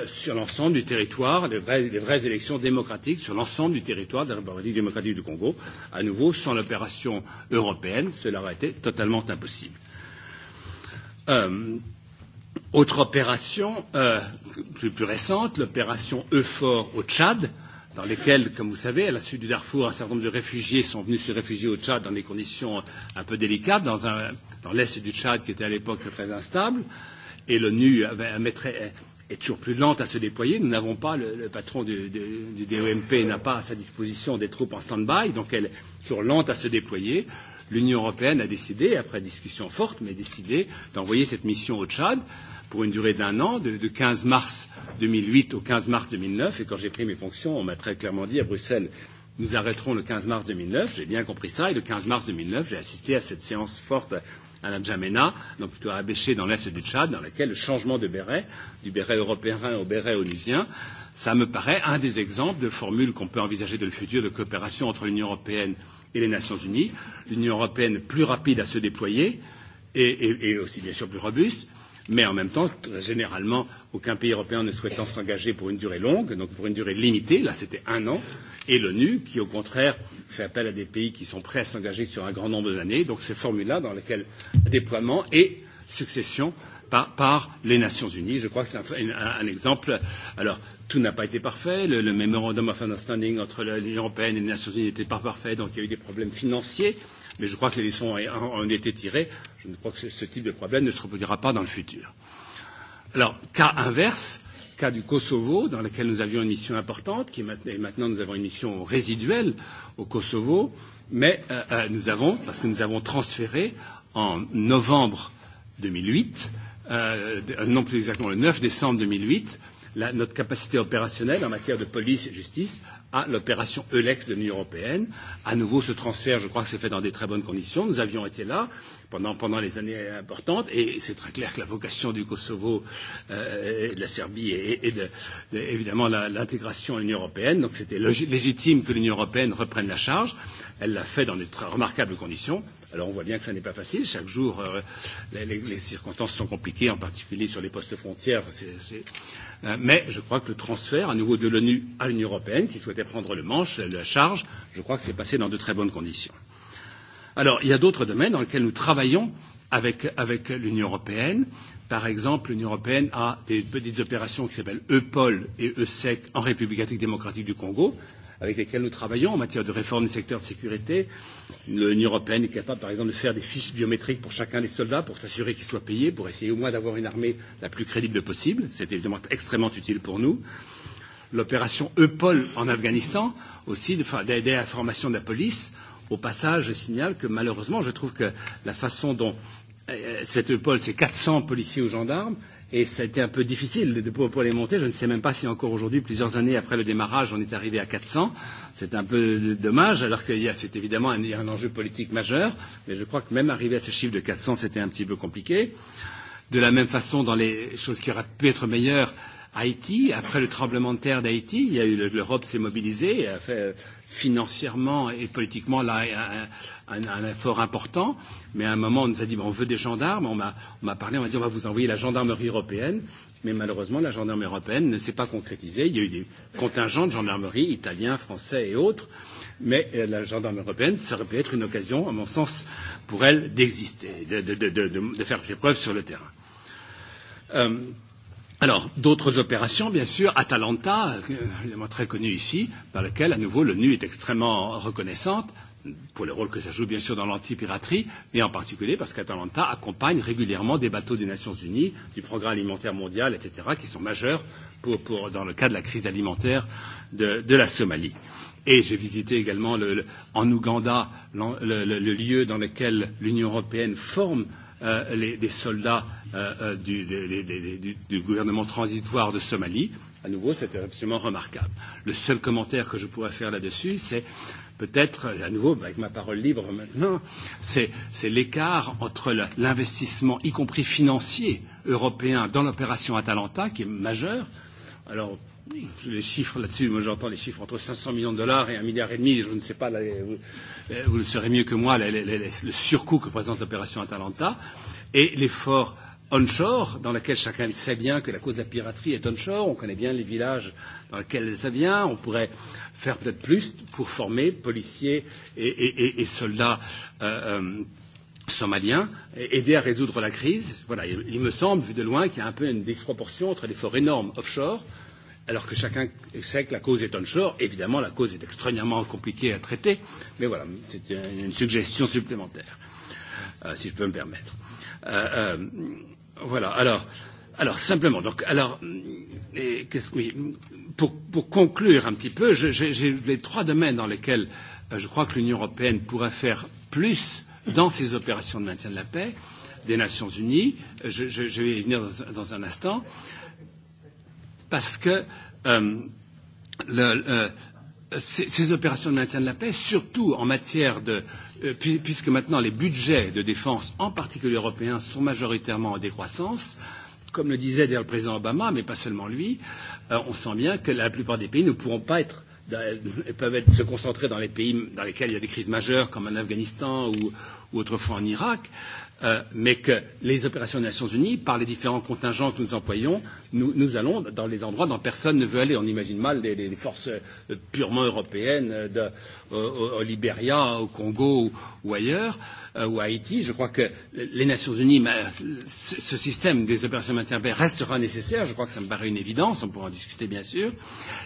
sur l'ensemble du territoire, les vraies, les vraies élections démocratiques sur l'ensemble du territoire de la République démocratique du Congo. À nouveau, sans l'opération européenne, cela aurait été totalement impossible. Euh, autre opération euh, plus, plus récente, l'opération Euphor au Tchad, euh, dans lesquelles, comme vous savez, à la suite du Darfour, un certain nombre de réfugiés sont venus se réfugier au Tchad dans des conditions un peu délicates, dans, dans l'est du Tchad qui était à l'époque très instable, et l'ONU est toujours plus lente à se déployer. Nous n'avons pas, le, le patron du, du, du DOMP n'a pas à sa disposition des troupes en stand-by, donc elle est toujours lente à se déployer l'Union européenne a décidé, après discussion forte, mais décidé d'envoyer cette mission au Tchad pour une durée d'un an, de, de 15 mars 2008 au 15 mars 2009. Et quand j'ai pris mes fonctions, on m'a très clairement dit à Bruxelles, nous arrêterons le 15 mars 2009. J'ai bien compris ça. Et le 15 mars 2009, j'ai assisté à cette séance forte à la N'Djamena, donc plutôt à Abéché dans l'est du Tchad, dans laquelle le changement de béret, du béret européen au béret onusien, ça me paraît un des exemples de formules qu'on peut envisager de le futur de coopération entre l'Union européenne et les Nations unies. L'Union européenne plus rapide à se déployer et, et, et aussi bien sûr plus robuste, mais en même temps, généralement, aucun pays européen ne souhaitant s'engager pour une durée longue, donc pour une durée limitée, là c'était un an, et l'ONU qui, au contraire, fait appel à des pays qui sont prêts à s'engager sur un grand nombre d'années, donc ces formules-là dans lesquelles déploiement et succession par, par les Nations Unies. Je crois que c'est un, un, un exemple. Alors, tout n'a pas été parfait. Le, le Memorandum of Understanding entre l'Union Européenne et les Nations Unies n'était pas parfait, donc il y a eu des problèmes financiers mais je crois que les leçons ont été tirées. Je crois que ce type de problème ne se reproduira pas dans le futur. Alors, cas inverse, cas du Kosovo, dans lequel nous avions une mission importante, qui maintenant, et maintenant nous avons une mission résiduelle au Kosovo, mais euh, euh, nous avons, parce que nous avons transféré en novembre 2008, euh, non plus exactement le 9 décembre 2008, la, notre capacité opérationnelle en matière de police et justice à l'opération Eulex de l'Union européenne. À nouveau, ce transfert, je crois que c'est fait dans des très bonnes conditions. Nous avions été là pendant, pendant les années importantes et c'est très clair que la vocation du Kosovo euh, et de la Serbie et, et de, de, évidemment l'intégration à l'Union européenne. Donc c'était légitime que l'Union européenne reprenne la charge. Elle l'a fait dans de très remarquables conditions. Alors on voit bien que ça n'est pas facile. Chaque jour, euh, les, les, circonstances sont compliquées, en particulier sur les postes frontières. c est, mais je crois que le transfert à nouveau de l'ONU à l'Union européenne, qui souhaitait prendre le manche, la charge, je crois que c'est passé dans de très bonnes conditions. Alors, il y a d'autres domaines dans lesquels nous travaillons avec, avec l'Union européenne. Par exemple, l'Union européenne a des petites opérations qui s'appellent EPOL et ESEC en République démocratique du Congo avec lesquels nous travaillons en matière de réforme du secteur de sécurité. L'Union européenne est capable, par exemple, de faire des fiches biométriques pour chacun des soldats pour s'assurer qu'ils soient payés, pour essayer au moins d'avoir une armée la plus crédible possible. C'est évidemment extrêmement utile pour nous. L'opération EUPOL en Afghanistan, aussi d'aider à la formation de la police. Au passage, je signale que malheureusement, je trouve que la façon dont cette EUPOL, c'est 400 policiers ou gendarmes, Et ça a été un peu difficile de, pour, pour les monter. Je ne sais même pas si encore aujourd'hui, plusieurs années après le démarrage, on est arrivé à 400. C'est un peu dommage, alors que c'est évidemment un, un enjeu politique majeur. Mais je crois que même arriver à ce chiffre de 400, c'était un petit peu compliqué. De la même façon, dans les choses qui auraient pu être meilleures, Haïti, après le tremblement de terre d'Haïti, l'Europe s'est mobilisée, et a fait financièrement et politiquement là un, un, un effort important, mais à un moment on nous a dit bon, on veut des gendarmes, on m'a, on m'a parlé, on m'a dit on va vous envoyer la gendarmerie européenne, mais malheureusement la gendarmerie européenne ne s'est pas concrétisée. Il y a eu des contingents de gendarmerie italiens, français et autres, mais la gendarmerie européenne, ça aurait pu être une occasion, à mon sens, pour elle d'exister, de, de, de, de, de faire ses preuves sur le terrain. Euh, Alors, d'autres opérations, bien sûr, Atalanta, évidemment très connue ici, par laquelle, à nouveau, l'ONU est extrêmement reconnaissante pour le rôle que ça joue, bien sûr, dans l'antipiraterie, mais en particulier parce qu'Atalanta accompagne régulièrement des bateaux des Nations Unies, du Programme alimentaire mondial, etc., qui sont majeurs pour, pour, dans le cas de la crise alimentaire de, de la Somalie. Et j'ai visité également le, le, en Ouganda le, le, le lieu dans lequel l'Union européenne forme euh, euh, les, des soldats euh, du, des, des, du, du gouvernement transitoire de Somalie. À nouveau, c'était absolument remarquable. Le seul commentaire que je pourrais faire là-dessus, c'est peut-être, à nouveau, avec ma parole libre maintenant, c'est l'écart entre l'investissement, y compris financier, européen dans l'opération Atalanta, qui est majeur. Alors, Oui, les chiffres là-dessus, moi j'entends les chiffres entre 500 millions de dollars et un milliard et demi, je ne sais pas, là, vous, vous le saurez mieux que moi, là, là, là, le surcoût que présente l'opération Atalanta et l'effort onshore, dans lequel chacun sait bien que la cause de la piraterie est onshore, on connaît bien les villages dans lesquels ça vient, on pourrait faire peut-être plus pour former policiers et, et, et, et soldats euh, euh, somaliens, et aider à résoudre la crise. Voilà, il, il me semble, vu de loin, qu'il y a un peu une disproportion entre l'effort énorme offshore alors que chacun sait que la cause est onshore. Évidemment, la cause est extrêmement compliquée à traiter, mais voilà, c'est une suggestion supplémentaire, euh, si je peux me permettre. Euh, euh, voilà, alors, alors simplement, donc, alors, et, oui, pour, pour conclure un petit peu, j'ai les trois domaines dans lesquels je crois que l'Union européenne pourrait faire plus dans ses opérations de maintien de la paix des Nations unies. Je, je, je vais y venir dans, dans un instant. Euh, parce que euh, le, euh, ces opérations de maintien de la paix, surtout en matière de puisque maintenant les budgets de défense, en particulier européens, sont majoritairement en décroissance, comme le disait d'ailleurs le président Obama, mais pas seulement lui, on sent bien que la plupart des pays ne pourront pas être peuvent être, se concentrer dans les pays dans lesquels il y a des crises majeures, comme en Afghanistan ou, ou autrefois en Irak mais que les opérations des Nations Unies, par les différents contingents que nous employons, nous, nous allons dans les endroits dont personne ne veut aller. On imagine mal les, les forces purement européennes de, au, au Libéria, au Congo ou, ou ailleurs, euh, ou à Haïti. Je crois que les Nations Unies, ce, ce système des opérations de maintien de paix restera nécessaire. Je crois que ça me paraît une évidence. On pourra en discuter, bien sûr.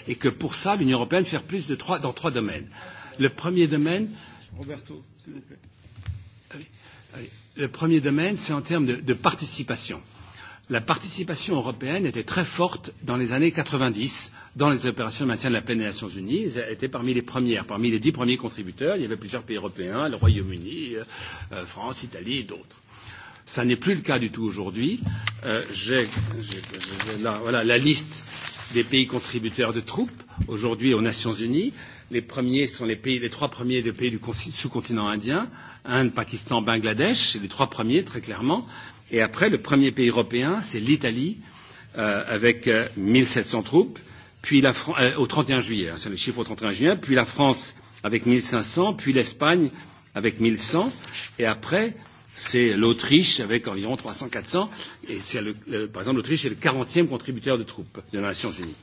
Et que pour ça, l'Union européenne fait plus de trois, dans trois domaines. Le premier domaine. Roberto, s'il vous plaît. Allez, allez. Le premier domaine, c'est en termes de, de participation. La participation européenne était très forte dans les années 90 dans les opérations de maintien de la paix des Nations Unies. Elle était parmi les premières, parmi les dix premiers contributeurs. Il y avait plusieurs pays européens, le Royaume-Uni, euh, France, Italie et d'autres. Ça n'est plus le cas du tout aujourd'hui. Euh, j'ai, voilà la liste des pays contributeurs de troupes aujourd'hui aux Nations Unies. Les premiers sont les pays, les trois premiers des pays du sous-continent indien, Inde, Pakistan, Bangladesh, c'est les trois premiers très clairement. Et après, le premier pays européen, c'est l'Italie, euh, avec euh, 1700 troupes, puis la Fran- euh, au 31 juillet, hein, c'est le chiffre au 31 juillet, puis la France avec 1500, puis l'Espagne avec 1100, et après, c'est l'Autriche avec environ 300-400, et c'est le, le, par exemple, l'Autriche est le 40e contributeur de troupes de la Nations Unies.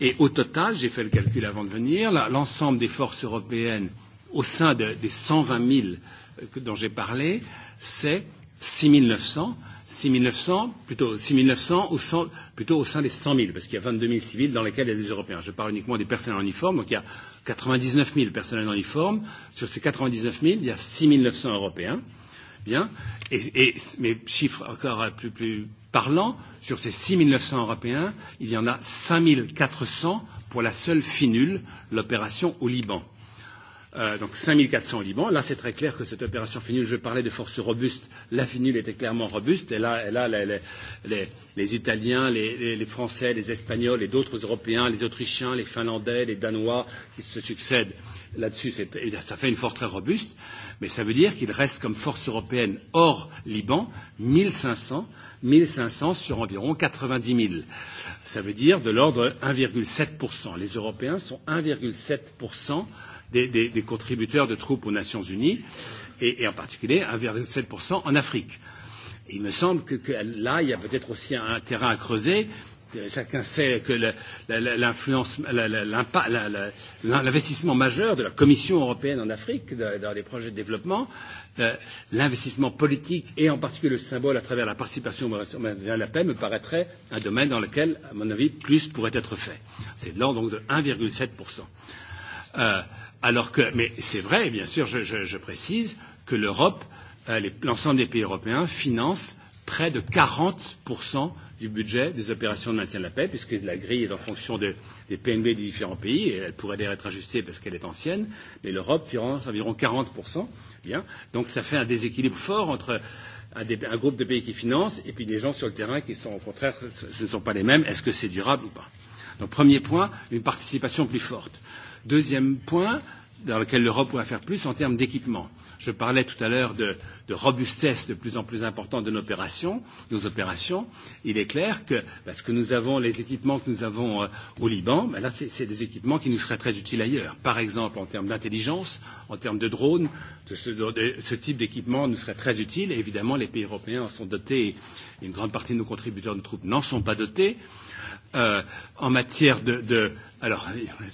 Et au total, j'ai fait le calcul avant de venir, l'ensemble des forces européennes au sein de, des 120 000 dont j'ai parlé, c'est 6 900, 6 900, plutôt 6 900 au, sein, plutôt au sein des 100 000, parce qu'il y a 22 000 civils dans lesquels il y a des Européens. Je parle uniquement des personnes en uniforme, donc il y a 99 000 personnes en uniforme. Sur ces 99 000, il y a 6 900 Européens. Bien. Et, et mes chiffres encore plus, plus, parlant, sur ces 6 900 Européens, il y en a 5 400 pour la seule finule, l'opération au Liban. Euh, donc 5 400 au Liban. Là, c'est très clair que cette opération finule, je parlais de force robuste, la finule était clairement robuste. Et là, et là les, les, les, les Italiens, les, les, les Français, les Espagnols et d'autres Européens, les Autrichiens, les Finlandais, les Danois qui se succèdent là-dessus, ça fait une force très robuste. Mais ça veut dire qu'il reste comme force européenne hors Liban 500. 1500 sur environ 90 000. Ça veut dire de l'ordre 1,7%. Les Européens sont 1,7% des, des, des contributeurs de troupes aux Nations Unies, et, et en particulier 1,7% en Afrique. il me semble que, que là, il y a peut-être aussi un, un terrain à creuser. Chacun sait que l'influence, l'investissement majeur de la Commission européenne en Afrique dans les projets de développement, l'investissement politique et en particulier le symbole à travers la participation à la paix me paraîtrait un domaine dans lequel, à mon avis, plus pourrait être fait. C'est de l'ordre donc de 1,7%. Euh, alors que, mais c'est vrai, bien sûr, je, je, je précise que l'Europe, euh, l'ensemble des pays européens financent près de 40% du budget des opérations de maintien de la paix, puisque la grille est en fonction de, des PNB des différents pays, et elle pourrait d'ailleurs être ajustée parce qu'elle est ancienne, mais l'Europe finance environ 40%. Bien. Donc ça fait un déséquilibre fort entre un, des, un groupe de pays qui financent et puis des gens sur le terrain qui sont au contraire, ce ne sont pas les mêmes. Est-ce que c'est durable ou pas Donc premier point, une participation plus forte. Deuxième point, dans lequel l'Europe pourrait faire plus en termes d'équipement. Je parlais tout à l'heure de, de robustesse de plus en plus importante de nos opérations. Nos opérations. Il est clair que parce que nous avons les équipements que nous avons euh, au Liban, ben là c'est des équipements qui nous seraient très utiles ailleurs. Par exemple en termes d'intelligence, en termes de drones, de ce, de, ce type d'équipement nous serait très utile. Et évidemment les pays européens en sont dotés. Et une grande partie de nos contributeurs de troupes n'en sont pas dotés. Euh, en matière de, de, Alors,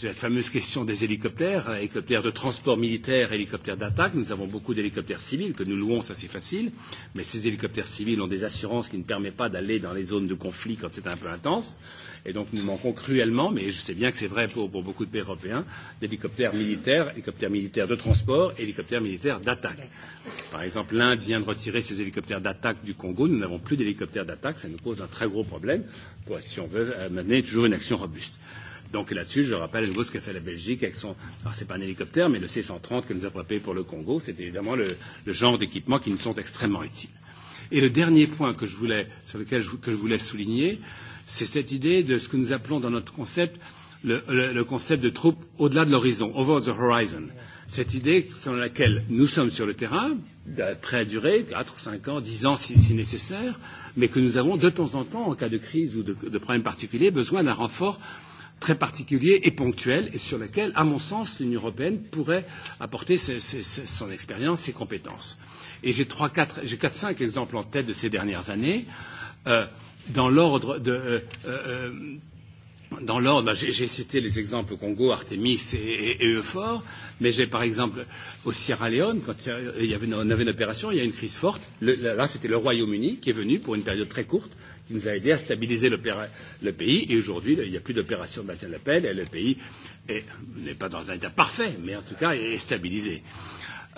la fameuse question des hélicoptères, hélicoptères de transport militaire, hélicoptères d'attaque. Nous avons beaucoup d'hélicoptères civils que nous louons, ça c'est facile. Mais ces hélicoptères civils ont des assurances qui ne permettent pas d'aller dans les zones de conflit quand c'est un peu intense. Et donc nous manquons cruellement, mais je sais bien que c'est vrai pour, pour beaucoup de pays européens, d'hélicoptères militaires, hélicoptères militaires de transport, hélicoptères militaires d'attaque. Par exemple, l'Inde vient de retirer ses hélicoptères d'attaque du Congo. Nous n'avons plus d'hélicoptères d'attaque. Ça nous pose un très gros problème pour, si on veut mener toujours une action robuste. Donc là-dessus, je rappelle à nouveau ce qu'a fait la Belgique avec son. Alors, c'est pas un hélicoptère, mais le C-130 que nous avons payé pour le Congo, c'est évidemment le, le genre d'équipement qui nous sont extrêmement utiles. Et le dernier point que je voulais, sur lequel je, que je voulais souligner, c'est cette idée de ce que nous appelons dans notre concept le, le, le concept de troupes au-delà de l'horizon, over the horizon. Cette idée selon laquelle nous sommes sur le terrain, prêt à durer, 4, 5 ans, 10 ans si, si nécessaire, mais que nous avons de temps en temps, en cas de crise ou de, de problème particulier, besoin d'un renfort euh, très particulier et ponctuel et sur lequel, à mon sens, l'Union européenne pourrait apporter ses, ses, ses, son expérience, ses compétences. Et j'ai trois, quatre, j'ai quatre, cinq exemples en tête de ces dernières années. Euh, dans l'ordre de euh, euh, dans l'ordre, j'ai cité les exemples au Congo, Artemis et, et, Euphor, mais j'ai par exemple au Sierra Leone, quand il y avait, on avait une opération, il y a une crise forte. Le, là, c'était le Royaume-Uni qui est venu pour une période très courte qui nous a aidés à stabiliser le, pays. Et aujourd'hui, il n'y a plus d'opération de Bastien Lapel et le pays n'est pas dans un état parfait, mais en tout cas est stabilisé.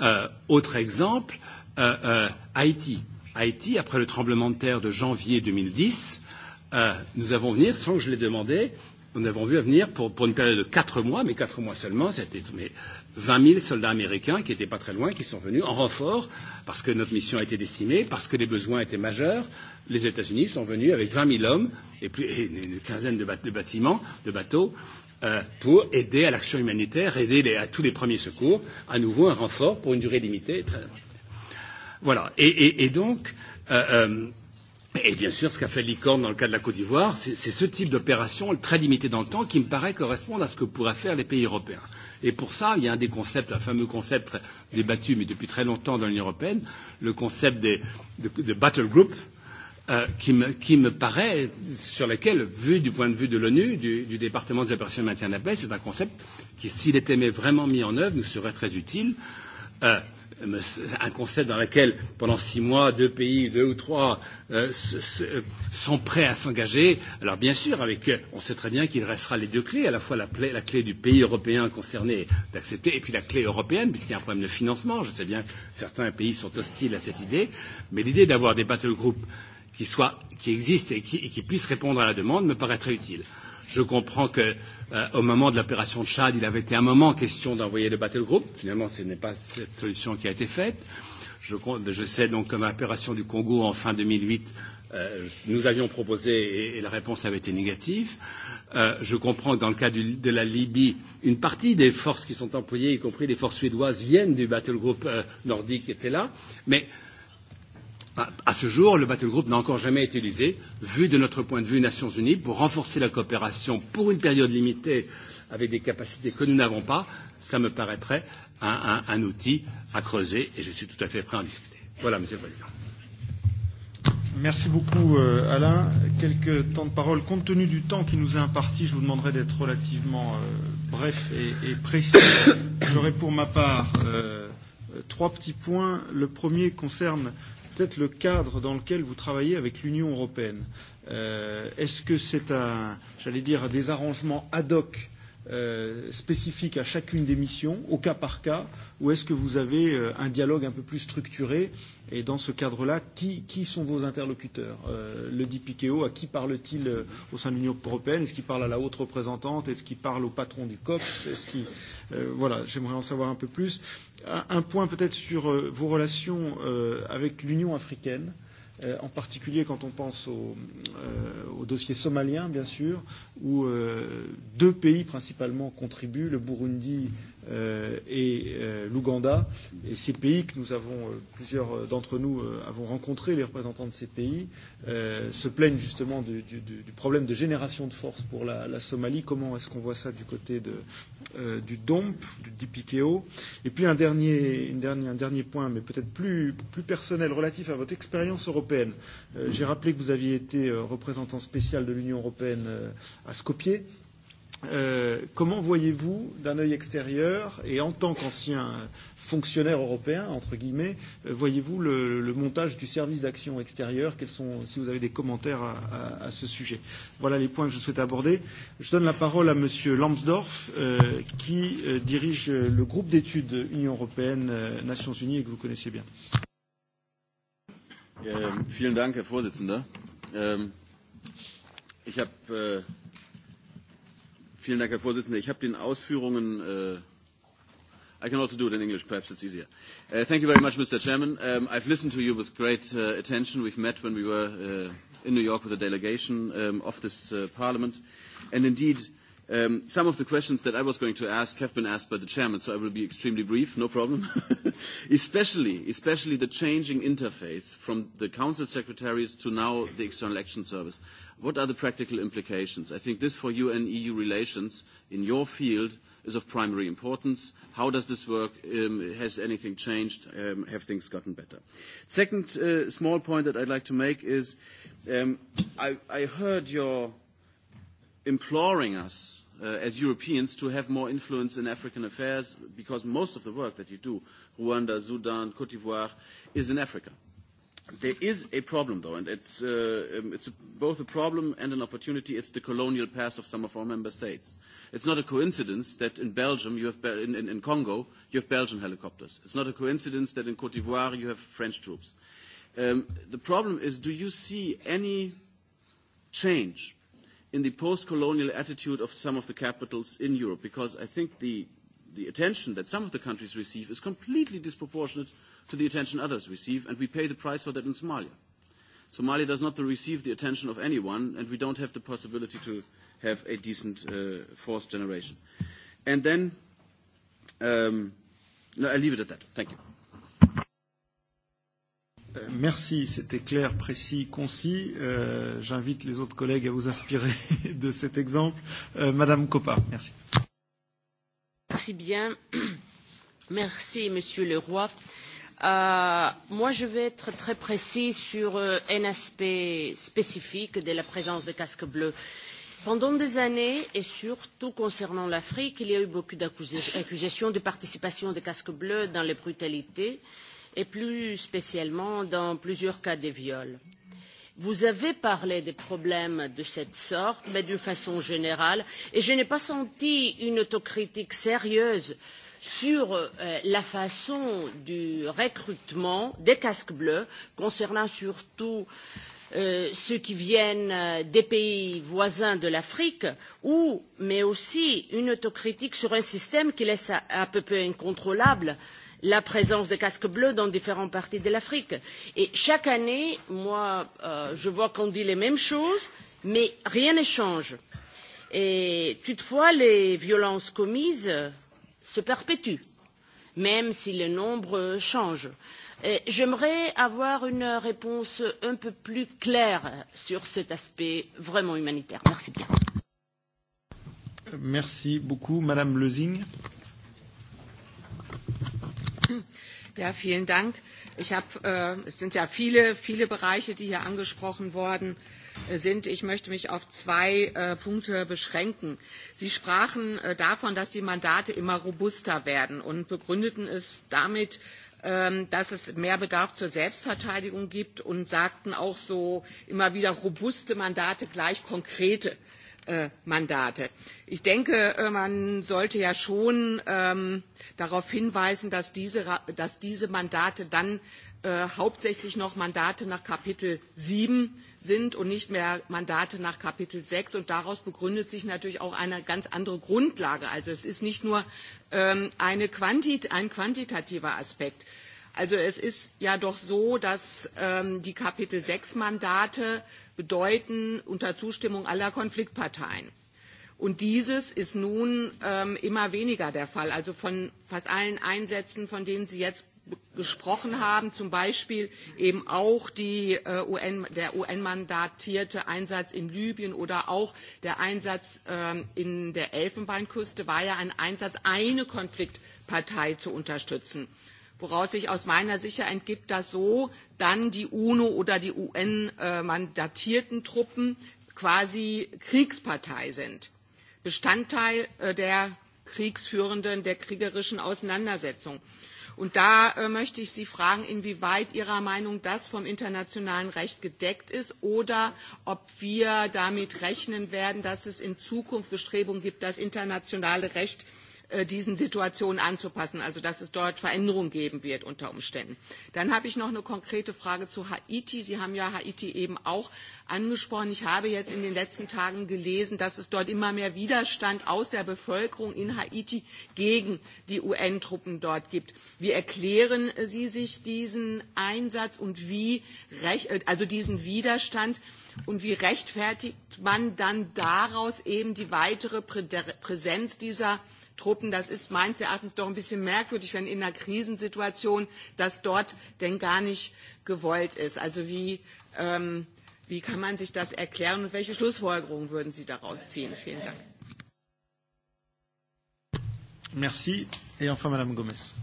Euh, autre exemple, euh, euh, Haïti. Haïti, après le tremblement de terre de janvier 2010, euh, nous avons venir, sans que je l'ai demandé, nous avons vu à venir pour, pour une période de quatre mois, mais quatre mois seulement, c'était 20 000 soldats américains qui n'étaient pas très loin, qui sont venus en renfort, parce que notre mission a été décimée, parce que les besoins étaient majeurs. Les États-Unis sont venus avec 20 000 hommes et, plus, et une quinzaine de, bat, de bâtiments, de bateaux, euh, pour aider à l'action humanitaire, aider les, à tous les premiers secours. À nouveau, un renfort pour une durée limitée. Très... Voilà. Et, et, et donc, euh, euh, Et bien sûr, ce qu'a fait Licorne dans le cas de la Côte d'Ivoire, c'est ce type d'opération très limitée dans le temps qui me paraît correspondre à ce que pourraient faire les pays européens. Et pour ça, il y a un des concepts, un fameux concept débattu, mais depuis très longtemps dans l'Union européenne, le concept des, de, de battle group, euh, qui, me, qui me paraît, sur lequel, vu du point de vue de l'ONU, du, du département des opérations de maintien de la paix, c'est un concept qui, s'il était vraiment mis en œuvre, nous serait très utile. Euh, un concept dans lequel, pendant six mois, deux pays, deux ou trois, euh, sont prêts à s'engager. Alors bien sûr, avec, on sait très bien qu'il restera les deux clés, à la fois la, la clé du pays européen concerné d'accepter, et puis la clé européenne, puisqu'il y a un problème de financement. Je sais bien que certains pays sont hostiles à cette idée, mais l'idée d'avoir des battle groups qui, soient, qui existent et qui, et qui puissent répondre à la demande me paraît très utile. Je comprends que euh, Euh, au moment de l'opération Tchad, il avait été un moment question d'envoyer le battle group. Finalement, ce n'est pas cette solution qui a été faite. Je, je sais donc que l'opération du Congo en fin 2008, euh, nous avions proposé et, et la réponse avait été négative. Euh, je comprends que dans le cas du, de la Libye, une partie des forces qui sont employées, y compris des forces suédoises, viennent du battle group euh, nordique qui était là. Mais euh, À ce jour, le battle group n'a encore jamais été utilisé, vu de notre point de vue Nations Unies, pour renforcer la coopération pour une période limitée avec des capacités que nous n'avons pas. Ça me paraîtrait un, un, un outil à creuser et je suis tout à fait prêt à en discuter. Voilà, Monsieur le Président. Merci beaucoup, euh, Alain. Quelques temps de parole. Compte tenu du temps qui nous est imparti, je vous demanderai d'être relativement euh, bref et, et précis. J'aurai pour ma part euh, trois petits points. Le premier concerne euh, peut-être le cadre dans lequel vous travaillez avec l'Union européenne. Euh, Est-ce que c'est un, j'allais dire, des arrangements ad hoc spécifique à chacune des missions, au cas par cas, ou est-ce que vous avez un dialogue un peu plus structuré Et dans ce cadre-là, qui, qui sont vos interlocuteurs euh, Le DPKO, à qui parle-t-il au sein de l'Union européenne Est-ce qu'il parle à la haute représentante Est-ce qu'il parle au patron du COPS Est-ce euh, Voilà, j'aimerais en savoir un peu plus. Un, un point peut-être sur euh, vos relations euh, avec l'Union africaine. Euh, euh, en particulier quand on pense au, euh, au dossier somalien, bien sûr, où euh, deux pays principalement contribuent, le Burundi et l'Ouganda. Et ces pays que nous avons, plusieurs d'entre nous avons rencontré les représentants de ces pays, se plaignent justement du, du, du problème de génération de force pour la, la Somalie. Comment est-ce qu'on voit ça du côté de, euh, du DOMP, du DPKO Et puis un dernier, une dernière, un dernier point, mais peut-être plus, plus personnel, relatif à votre expérience européenne. Euh, J'ai rappelé que vous aviez été représentant spécial de l'Union européenne à Skopje comment voyez-vous, d'un œil extérieur et en tant qu'ancien fonctionnaire européen, entre guillemets, voyez-vous le, le montage du service d'action extérieure Quels sont, si vous avez des commentaires à, à, à ce sujet Voilà les points que je souhaite aborder. Je donne la parole à Monsieur Lambsdorff, euh, qui euh, dirige le groupe d'études Union européenne euh, Nations Unies et que vous connaissez bien. Euh, vielen Dank, Herr Vorsitzender. Euh, ich hab, euh... Vielen Dank, Herr Vorsitzender. Ich habe den Ausführungen I can also do it in English, perhaps it's easier. Uh, thank you very much, Mr. Chairman. Um, I've listened to you with great uh, attention. We've met when we were uh, in New York with a delegation um, of this uh, Parliament. And indeed, Some of the questions that I was going to ask have been asked by the chairman, so I will be extremely brief, no problem. Especially the changing interface from the council secretariat to now the External Action Service. What are the practical implications? I think this for you and EU relations in your field is of primary importance. How does this work? Has anything changed? Have things gotten better? Second small point that I'd like to make is, I heard your imploring us as Europeans to have more influence in African affairs because most of the work that you do, Rwanda, Sudan, Cote d'Ivoire, is in Africa. There is a problem, though, and it's, uh, it's both a problem and an opportunity. It's the colonial past of some of our member states. It's not a coincidence that in Belgium, you have in, in, in Congo, you have Belgian helicopters. It's not a coincidence that in Cote d'Ivoire, you have French troops. Um, the problem is, do you see any change in the post-colonial attitude of some of the capitals in Europe, because I think the, the attention that some of the countries receive is completely disproportionate to the attention others receive, and we pay the price for that in Somalia. Somalia does not receive the attention of anyone, and we don't have the possibility to have a decent uh, fourth generation. And then, um, no, I leave it at that. Thank you. Merci, c'était clair, précis, concis. Euh, J'invite les autres collègues à vous inspirer de cet exemple. Euh, Madame Coppa, merci. Merci bien. Merci, Monsieur Leroy. Euh, moi, je vais être très précis sur euh, un aspect spécifique de la présence des casques bleus. Pendant des années, et surtout concernant l'Afrique, il y a eu beaucoup d'accusations de participation des casques bleus dans les brutalités. Euh, et plus spécialement dans plusieurs cas de viol. Vous avez parlé des problèmes de cette sorte, mais d'une façon générale, et je n'ai pas senti une autocritique sérieuse sur la façon du recrutement des casques bleus, concernant surtout ceux qui viennent des pays voisins de l'Afrique, mais aussi une autocritique sur un système qui laisse à peu près incontrôlable euh, la présence des casques bleus dans différentes parties de l'Afrique. Et chaque année, moi, je vois qu'on dit les mêmes choses, mais rien ne change. Et toutefois, les violences commises se perpétuent, même si le nombre change. J'aimerais avoir une réponse un peu plus claire sur cet aspect vraiment humanitaire. Merci bien. Merci beaucoup, Madame Lezing. Ja, vielen Dank. Ich hab, äh, es sind ja viele, viele Bereiche, die hier angesprochen worden sind. Ich möchte mich auf zwei äh, Punkte beschränken. Sie sprachen äh, davon, dass die Mandate immer robuster werden und begründeten es damit, dass es mehr Bedarf zur Selbstverteidigung gibt und sagten auch so immer wieder robuste Mandate gleich konkrete Mandate. Ich denke, man sollte ja schon darauf hinweisen, dass diese, Mandate dann hauptsächlich noch Mandate nach Kapitel sieben sind und nicht mehr Mandate nach Kapitel sechs, Und daraus begründet sich natürlich auch eine ganz andere Grundlage. Also es ist nicht nur ein quantitativer Aspekt. Also es ist ja doch so, dass die Kapitel sechs Mandate bedeuten unter Zustimmung aller Konfliktparteien. Und dieses ist nun immer weniger der Fall. Also von fast allen Einsätzen, von denen Sie jetzt gesprochen haben, zum Beispiel eben auch der UN-mandatierte Einsatz in Libyen oder auch der Einsatz in der Elfenbeinküste, war ja ein Einsatz, eine Konfliktpartei zu unterstützen woraus sich aus meiner Sicht entgibt, dass so dann die UNO oder die UN mandatierten Truppen quasi Kriegspartei sind, Bestandteil der kriegsführenden, der kriegerischen Auseinandersetzung. Und da möchte ich Sie fragen, inwieweit Ihrer Meinung das vom internationalen Recht gedeckt ist oder ob wir damit rechnen werden, dass es in Zukunft Bestrebungen gibt, das internationale Recht diesen Situationen anzupassen, also dass es dort Veränderungen geben wird unter Umständen. Dann habe ich noch eine konkrete Frage zu Haiti. Sie haben ja Haiti eben auch angesprochen. Ich habe jetzt in den letzten Tagen gelesen, dass es dort immer mehr Widerstand aus der Bevölkerung in Haiti gegen die UN-Truppen dort gibt. Wie erklären Sie sich diesen Einsatz und wie, also diesen Widerstand? Und wie rechtfertigt man dann daraus eben die weitere Präsenz dieser Truppen. Das ist meines Erachtens doch ein bisschen merkwürdig, wenn in einer Krisensituation das dort denn gar nicht gewollt ist. Also wie, kann man sich das erklären und welche Schlussfolgerungen würden Sie daraus ziehen? Vielen Dank. Merci. Et enfin, Madame Gomez.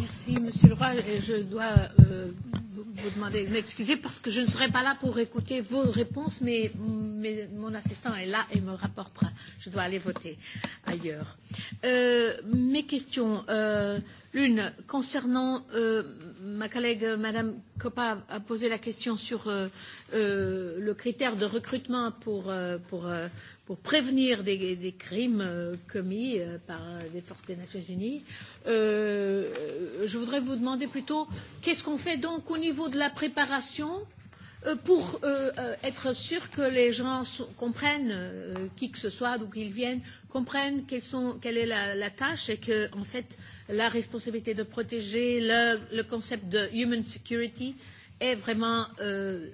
Merci, Monsieur Roi. Je dois euh, vous demander de m'excuser parce que je ne serai pas là pour écouter vos réponses, mais, mais mon assistant est là et me rapportera. Je dois aller voter ailleurs. Euh, mes questions. Euh, L'une concernant euh, ma collègue Madame Coppa a posé la question sur euh, euh, le critère de recrutement pour, euh, pour euh, pour prévenir des, des crimes commis par des forces des Nations Unies. Euh, je voudrais vous demander plutôt qu'est-ce qu'on fait donc au niveau de la préparation euh, pour euh, être sûr que les gens comprennent, euh, qui que ce soit, d'où qu'ils viennent, comprennent quelles sont, quelle est la, la tâche et que, en fait, la responsabilité de protéger le, le concept de human security est vraiment euh,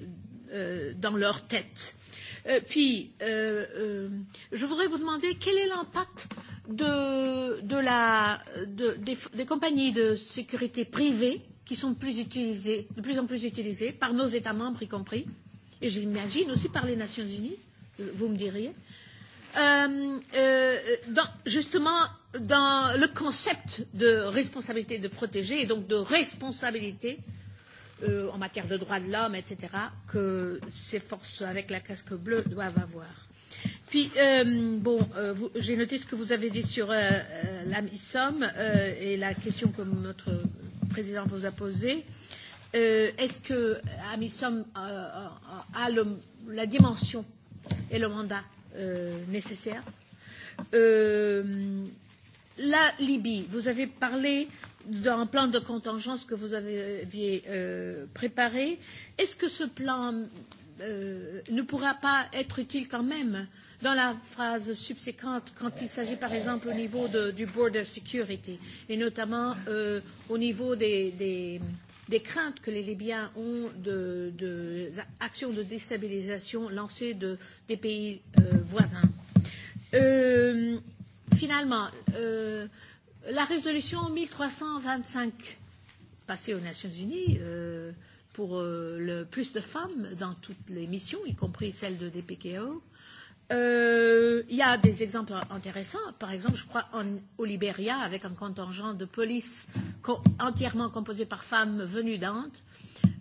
euh, dans leur tête. Euh, puis, je voudrais vous demander quel est l'impact des, compagnies de sécurité privées qui sont de plus en plus utilisées par nos États membres y compris, et j'imagine aussi par les Nations Unies, vous me diriez, justement dans le concept de responsabilité de protéger et donc de responsabilité euh, en matière de droits de l'homme, etc., que ces forces avec la casque bleue doivent avoir. Puis, euh, bon, euh, j'ai noté ce que vous avez dit sur euh, la MISOM euh, et la question que notre président vous a posée. Euh, Est-ce que la MISOM euh, a le, la dimension et le mandat euh, nécessaires euh, La Libye, vous avez parlé d'un plan de contingence que vous aviez euh, préparé. Est-ce que ce plan euh, ne pourra pas être utile quand même dans la phrase subséquente quand il s'agit par exemple au niveau de, du border security et notamment euh, au niveau des, des, des craintes que les Libyens ont de, de actions de déstabilisation lancées de, des pays euh, voisins. Euh, finalement, euh, La résolution 1325 passée aux Nations Unies euh, pour euh, le plus de femmes dans toutes les missions, y compris celle de DPKO. Euh, il y a des exemples intéressants. Par exemple, je crois en, au Libéria, avec un contingent de police co entièrement composé par femmes venues d'Inde.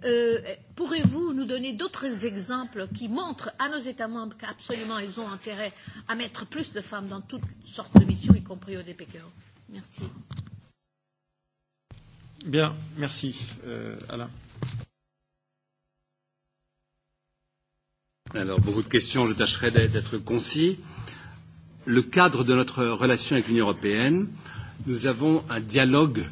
Euh, Pourrez-vous nous donner d'autres exemples qui montrent à nos États membres qu'absolument ils ont intérêt à mettre plus de femmes dans toutes sortes de missions, y compris au DPKO Merci. Bien, merci euh, Alain. Alors, beaucoup de questions, je tâcherai d'être concis. Le cadre de notre relation avec l'Union européenne, nous avons un dialogue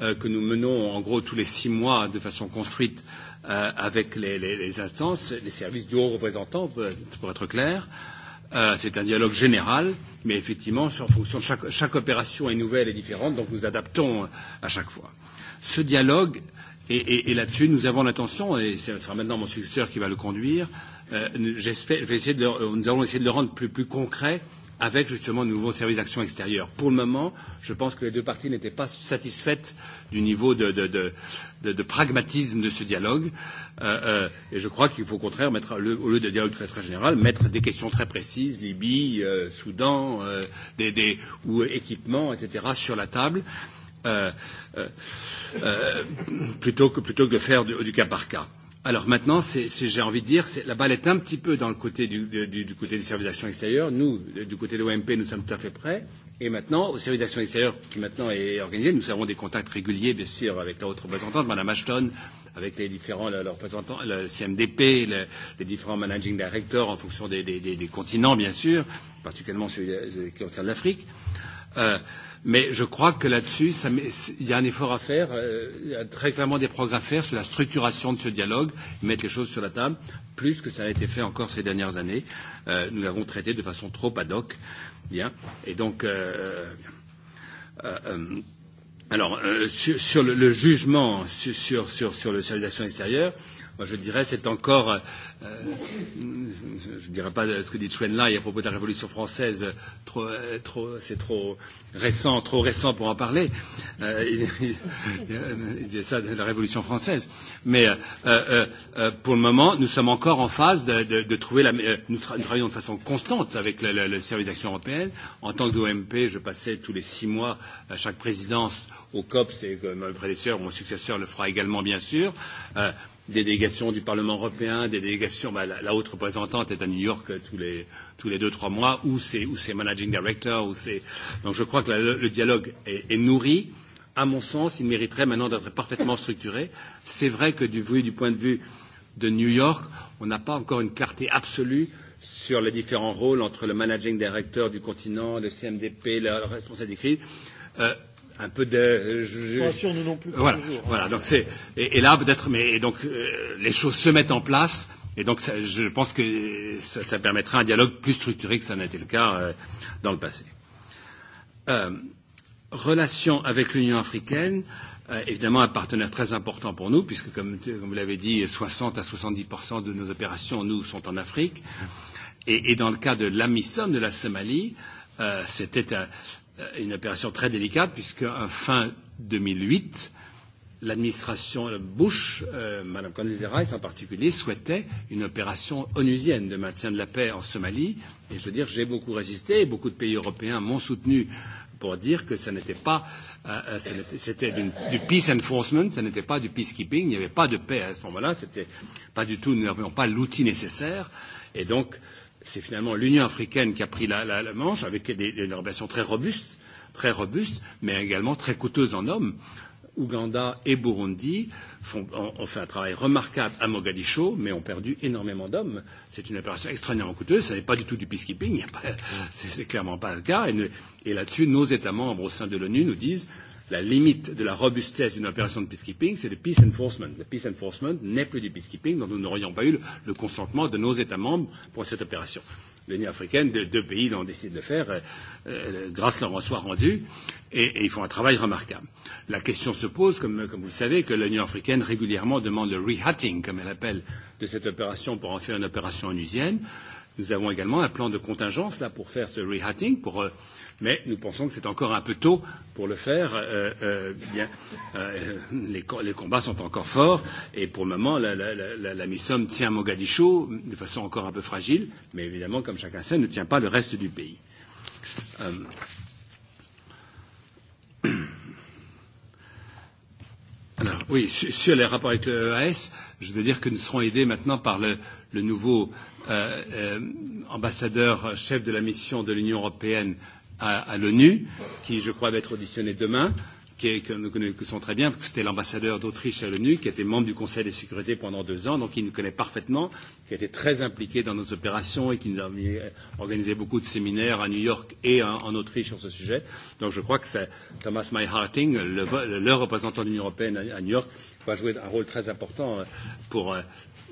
euh, que nous menons en gros tous les six mois de façon construite euh, avec les, les, les instances, les services du haut représentant, pour être clair. Euh, c'est un dialogue général, mais effectivement, en fonction de chaque, chaque opération est nouvelle et différente, donc nous adaptons à chaque fois. Ce dialogue, et, et, et là-dessus, nous avons l'intention, et ce sera maintenant mon successeur qui va le conduire, euh, j'espère, je vais essayer de le, nous allons essayer de le rendre plus, plus concret avec justement de nouveaux services d'action extérieure. Pour le moment, je pense que les deux parties n'étaient pas satisfaites du niveau de, de, de, de, de pragmatisme de ce dialogue. Euh, euh, et je crois qu'il faut au contraire, mettre, au lieu de dialogue très, très général, mettre des questions très précises, Libye, euh, Soudan, euh, des, des, ou équipements, etc., sur la table. Euh, euh, euh, plutôt que plutôt que faire du, du cas par cas. Euh, Alors maintenant, j'ai envie de dire, la balle est un petit peu dans le côté du, du, du côté du service d'action extérieure. Nous, du côté de l'OMP, nous sommes tout à fait prêts. Et maintenant, au service d'action extérieure qui maintenant est organisé, nous avons des contacts réguliers, bien sûr, avec la haute représentante, Madame Ashton, avec les différents le, représentants, le CMDP, le, les différents managing directors en fonction des, des, des, des continents, bien sûr, particulièrement celui qui concerne l'Afrique. Euh, Mais je crois que là-dessus, il y a un effort à faire, euh, il y a très clairement des progrès à faire sur la structuration de ce dialogue, mettre les choses sur la table, plus que ça a été fait encore ces dernières années. Euh, nous l'avons traité de façon trop ad hoc. Bien. Et donc, euh, euh, alors, euh, sur, sur le, le jugement sur, sur, sur, sur le service d'action extérieure, euh, moi je dirais, c'est encore, euh, je ne dirais pas ce que dit Chuen Lai à propos de la Révolution française, trop, trop, c'est trop récent, trop récent pour en parler. Euh, il, il disait ça de la Révolution française. Mais euh, euh, euh, pour le moment, nous sommes encore en phase de, de, de trouver la. Euh, nous, tra nous travaillons de façon constante avec le, le, le service d'action européenne. En tant que OMP, je passais tous les six mois à chaque présidence au COPS et comme mon prédécesseur, mon successeur le fera également, bien sûr. Euh, des délégations du Parlement européen, des délégations, bah, la, la haute représentante est à New York tous les, tous les deux, trois mois, ou c'est, ou c'est managing director, ou c'est, donc je crois que la, le dialogue est, est nourri. À mon sens, il mériterait maintenant d'être parfaitement structuré. C'est vrai que du, du point de vue de New York, on n'a pas encore une clarté absolue sur les différents rôles entre le managing director du continent, le CMDP, la responsable des crises. Euh, un peu de. Je, je... Pas sûr, nous non plus. Voilà, toujours, voilà. Donc c'est et, et là peut-être, mais et donc euh, les choses se mettent en place. Et donc, ça, je pense que ça, ça permettra un dialogue plus structuré que ça n'a été le cas euh, dans le passé. Euh, relation avec l'Union africaine, euh, évidemment un partenaire très important pour nous, puisque comme, comme vous l'avez dit, 60 à 70% de nos opérations, nous, sont en Afrique. Et, et dans le cas de l'AMISOM de la Somalie, euh, c'était un, une opération très délicate, puisque fin 2008, l'administration Bush, euh, Mme Condoleezza Rice en particulier, souhaitait une opération onusienne de maintien de la paix en Somalie. Et je veux dire, j'ai beaucoup résisté et beaucoup de pays européens m'ont soutenu pour dire que ce n'était pas, euh, c'était du peace enforcement, ce n'était pas du peacekeeping, il n'y avait pas de paix à ce moment-là, c'était pas du tout, nous n'avions pas l'outil nécessaire. Et donc, euh, c'est finalement l'Union africaine qui a pris la, la, la manche avec des, des relations très robustes, très robustes, mais également très coûteuses en hommes. Ouganda et Burundi font, ont, ont fait un travail remarquable à Mogadiscio, mais ont perdu énormément d'hommes. C'est une opération extrêmement coûteuse. Ce n'est pas du tout du peacekeeping. Ce n'est clairement pas le cas. Et, et là-dessus, nos États membres au sein de l'ONU nous disent la limite de la robustesse d'une opération de peacekeeping, c'est le peace enforcement. Le peace enforcement n'est plus du peacekeeping, dont nous n'aurions pas eu le consentement de nos États membres pour cette opération. L'Union africaine, deux, deux pays l'ont décidé de le faire, euh, grâce leur en soit rendu et, et ils font un travail remarquable. La question se pose, comme, comme vous le savez, que l'Union africaine régulièrement demande le rehatting, comme elle appelle, de cette opération pour en faire une opération onusienne. Nous avons également un plan de contingence là pour faire ce rehatting, pour euh, mais nous pensons que c'est encore un peu tôt pour le faire. Euh, euh, bien, euh, les, les combats sont encore forts et pour le moment, la, la, la, la MISOM tient Mogadiscio de façon encore un peu fragile, mais évidemment, comme chacun sait, ne tient pas le reste du pays. Euh, Alors, oui, sur les rapports avec le EAS, je veux dire que nous serons aidés maintenant par le, le nouveau euh, euh, ambassadeur chef de la mission de l'Union européenne à, à l'ONU, qui je crois va être auditionné demain, qui que nous connaissons très bien, parce que c'était l'ambassadeur d'Autriche à l'ONU, qui était membre du Conseil de sécurité pendant deux ans, donc il nous connaît parfaitement, qui a été très impliqué dans nos opérations et qui nous a organisé beaucoup de séminaires à New York et en, en Autriche sur ce sujet. Donc je crois que c'est Thomas Mayharting, le, le, le représentant de l'Union européenne à, à New York, va jouer un rôle très important pour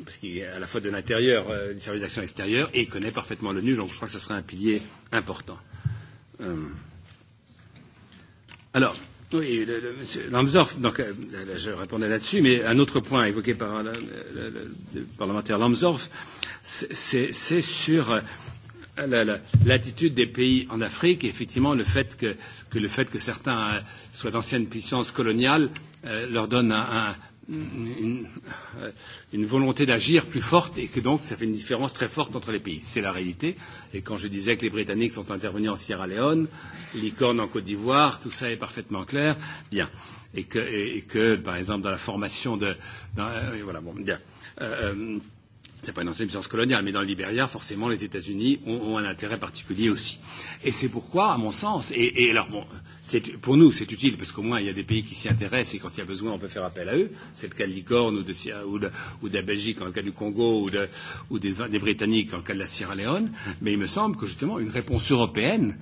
parce qu'il est à la fois de l'intérieur, euh, du service d'action extérieure, et il connaît parfaitement l'ONU, donc je crois que ce sera un pilier important. Alors, oui, le, le, Monsieur Lambsdorff, donc, euh, je répondais là-dessus, mais un autre point évoqué par le, le, le, le parlementaire Lambsdorff, c'est sur l'attitude des pays en Afrique, et effectivement, le fait que, que le fait que certains soient d'anciennes puissances coloniales euh, leur donne un, un, une, une volonté d'agir plus forte et que donc ça fait une différence très forte entre les pays. C'est la réalité. Et quand je disais que les Britanniques sont intervenus en Sierra Leone, licorne en Côte d'Ivoire, tout ça est parfaitement clair. Bien. Et que, et, et que par exemple, dans la formation de. Dans, euh, voilà, bon, bien. Euh, c'est pas une ancienne puissance coloniale, mais dans le Libéria, forcément, les États-Unis ont, ont un intérêt particulier aussi. Et c'est pourquoi, à mon sens, et, et alors bon, pour nous, c'est utile parce qu'au moins il y a des pays qui s'y intéressent et quand il y a besoin, on peut faire appel à eux. C'est le cas de Licorne ou de, ou de, ou de la Belgique en le cas du Congo ou, de, ou des, des Britanniques en le cas de la Sierra Leone. Mais il me semble que justement une réponse européenne,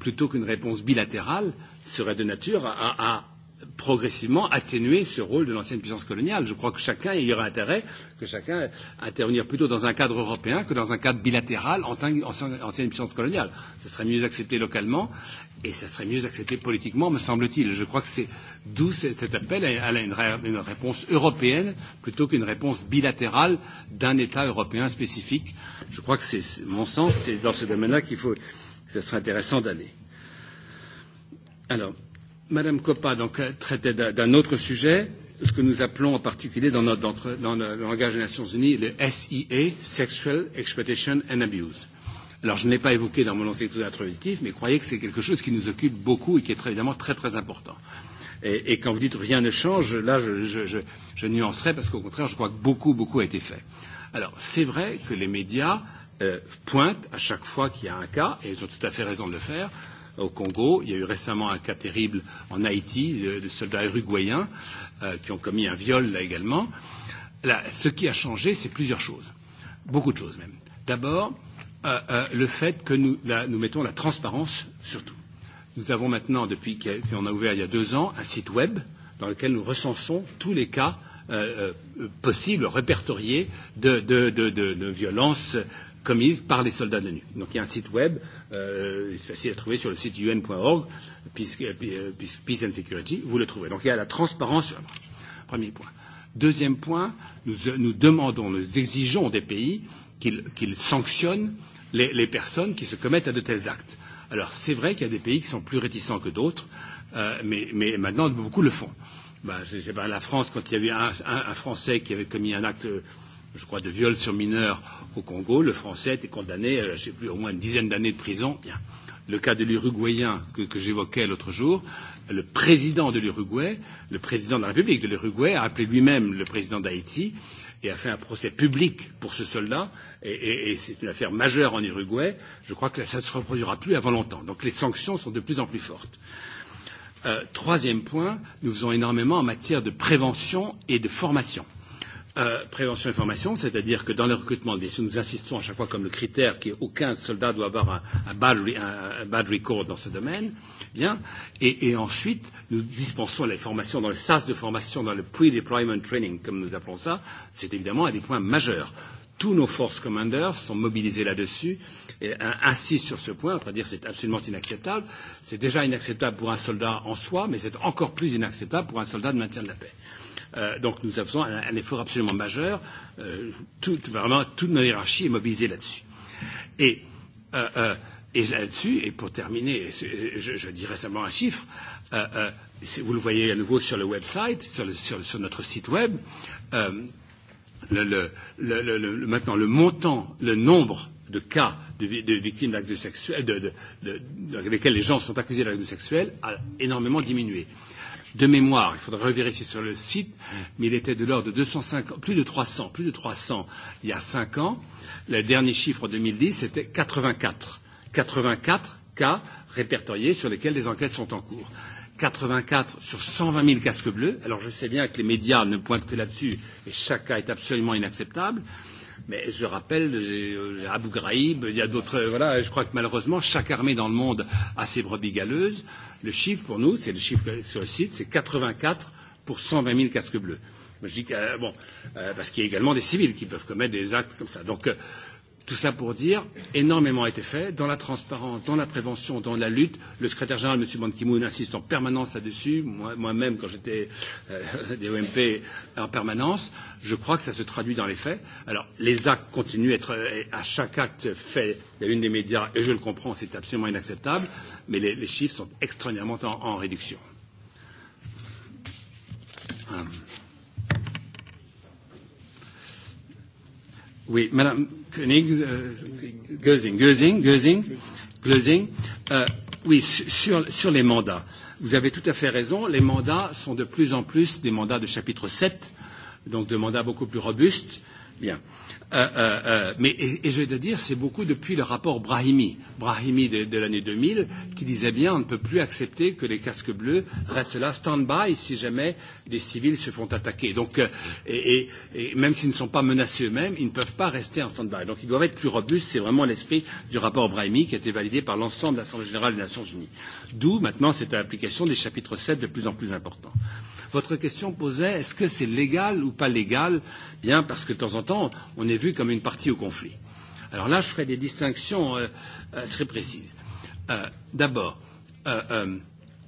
plutôt qu'une réponse bilatérale, serait de nature à, à, progressivement atténuer ce rôle de l'ancienne puissance coloniale. Je crois que chacun, y aura intérêt que chacun intervenir plutôt dans un cadre européen que dans un cadre bilatéral en tant qu'ancienne puissance coloniale. Ce serait mieux accepté localement et ce serait mieux accepté politiquement, me semble-t-il. Je crois que c'est d'où cet appel à une, une réponse européenne plutôt qu'une réponse bilatérale d'un État européen spécifique. Je crois que c'est mon sens, c'est dans ce domaine-là qu'il faut, que ce serait intéressant d'aller. Alors, Madame Coppa donc, traitait d'un autre sujet, ce que nous appelons en particulier dans, notre, dans le langage des Nations Unies le SIA, Sexual Exploitation and Abuse. Alors je ne l'ai pas évoqué dans mon exposé introductif, mais croyez que c'est quelque chose qui nous occupe beaucoup et qui est très, évidemment très très important. Et, et quand vous dites rien ne change, là je, je, je, je nuancerai parce qu'au contraire je crois que beaucoup beaucoup a été fait. Alors c'est vrai que les médias euh, pointent à chaque fois qu'il y a un cas, et ils ont tout à fait raison de le faire, au Congo. Il y a eu récemment un cas terrible en Haïti de, soldats uruguayens qui ont commis un viol là également. Là, ce qui a changé, c'est plusieurs choses, beaucoup de choses même. D'abord, euh, euh, le fait que nous, là, nous mettons la transparence sur tout. Nous avons maintenant, depuis qu'on a ouvert il y a deux ans, un site web dans lequel nous recensons tous les cas euh, possibles, répertoriés de, de, de, de, de violences commises par les soldats de l'ONU. Donc il y a un site web, euh, c'est facile à trouver sur le site un.org, Peace, Peace and Security, vous le trouvez. Donc il y a la transparence sur la marche. Premier point. Deuxième point, nous, nous demandons, nous exigeons des pays qu'ils qu sanctionnent les, les personnes qui se commettent à de tels actes. Alors c'est vrai qu'il y a des pays qui sont plus réticents que d'autres, euh, mais, mais maintenant beaucoup le font. Ben, je sais pas, la France, quand il y a eu un, un, un Français qui avait commis un acte je crois, de viol sur mineurs au Congo. Le français était condamné, je ne sais plus, au moins une dizaine d'années de prison. Bien. Le cas de l'Uruguayen que, que j'évoquais l'autre jour, le président de l'Uruguay, le président de la République de l'Uruguay, a appelé lui-même le président d'Haïti et a fait un procès public pour ce soldat. Et, et, et c'est une affaire majeure en Uruguay. Je crois que ça ne se reproduira plus avant longtemps. Donc les sanctions sont de plus en plus fortes. Euh, troisième point, nous faisons énormément en matière de prévention et de formation prévention et formation, c'est-à-dire que dans le recrutement, bien sûr, nous insistons à chaque fois comme le critère qu'aucun soldat doit avoir un, un, bad, un, un bad record dans ce domaine. Bien. Et, et ensuite, nous dispensons les formations dans le SAS de formation, dans le pre-deployment training, comme nous appelons ça. C'est évidemment un des points majeurs. Tous nos forces commanders sont mobilisés là-dessus et insistent sur ce point, c'est-à-dire c'est absolument inacceptable. C'est déjà inacceptable pour un soldat en soi, mais c'est encore plus inacceptable pour un soldat de maintien de la paix. Euh, donc nous faisons un, un effort absolument majeur. Euh, tout, vraiment, toute notre hiérarchie est mobilisée là-dessus. Et euh, euh, Et là-dessus, et pour terminer, je, je dirais simplement un chiffre. Euh, euh, vous le voyez à nouveau sur le website, sur, le, sur, sur notre site web. Euh, le, le, le, le, le, maintenant, le montant, le nombre de cas de, de victimes d'actes sexuels, de, de, de, dans lesquels les gens sont accusés d'actes sexuels, a énormément diminué. Euh, de mémoire, il faudra revérifier sur le site, mais il était de l'ordre de 250, plus de 300, plus de 300 il y a 5 ans. Le dernier chiffre en 2010, c'était 84. 84 cas répertoriés sur lesquels des enquêtes sont en cours. 84 sur 120 000 casques bleus. Alors je sais bien que les médias ne pointent que là-dessus et chaque cas est absolument inacceptable. Euh, Mais je rappelle euh, Abu Ghraib, il y a d'autres. euh, Voilà, je crois que malheureusement, chaque armée dans le monde a ses brebis galeuses. Le chiffre pour nous, c'est le chiffre sur le site, c'est 84 pour 120 000 casques bleus. Je dis que, euh, bon, euh, parce qu'il y a également des civils qui peuvent commettre des actes comme ça. Donc, euh, Tout ça pour dire, énormément a été fait dans la transparence, dans la prévention, dans la lutte. Le secrétaire général, M. Ban Ki-moon, insiste en permanence là-dessus. Moi-même, quand j'étais euh, des OMP en permanence, je crois que ça se traduit dans les faits. Alors, les actes continuent à être, à chaque acte fait, il y a une des médias, et je le comprends, c'est absolument inacceptable, mais les, les chiffres sont extraordinairement en, en réduction. Hum. Oui, madame. Koenig, Gözing, Gözing, Gözing, Gözing. Oui, sur, sur les mandats. Vous avez tout à fait raison, les mandats sont de plus en plus des mandats de chapitre 7, donc de mandats beaucoup plus robustes. Bien. Euh, Euh, euh, mais, et, et je dois dire, c'est beaucoup depuis le rapport Brahimi, Brahimi de, de l'année 2000, qui disait bien on ne peut plus accepter que les casques bleus restent là stand-by si jamais des civils se font attaquer. Donc, euh, et, et, et même s'ils ne sont pas menacés eux-mêmes, ils ne peuvent pas rester en stand-by. Donc ils doivent être plus robustes. C'est vraiment l'esprit du rapport Brahimi qui a été validé par l'ensemble de l'Assemblée générale des Nations unies. D'où maintenant cette application des chapitres 7 de plus en plus importants. Votre question posait est-ce que c'est légal ou pas légal Bien, parce que de temps en temps, on est vu comme une partie au conflit. Alors là, je ferai des distinctions euh, très précises. Euh, D'abord, euh, euh,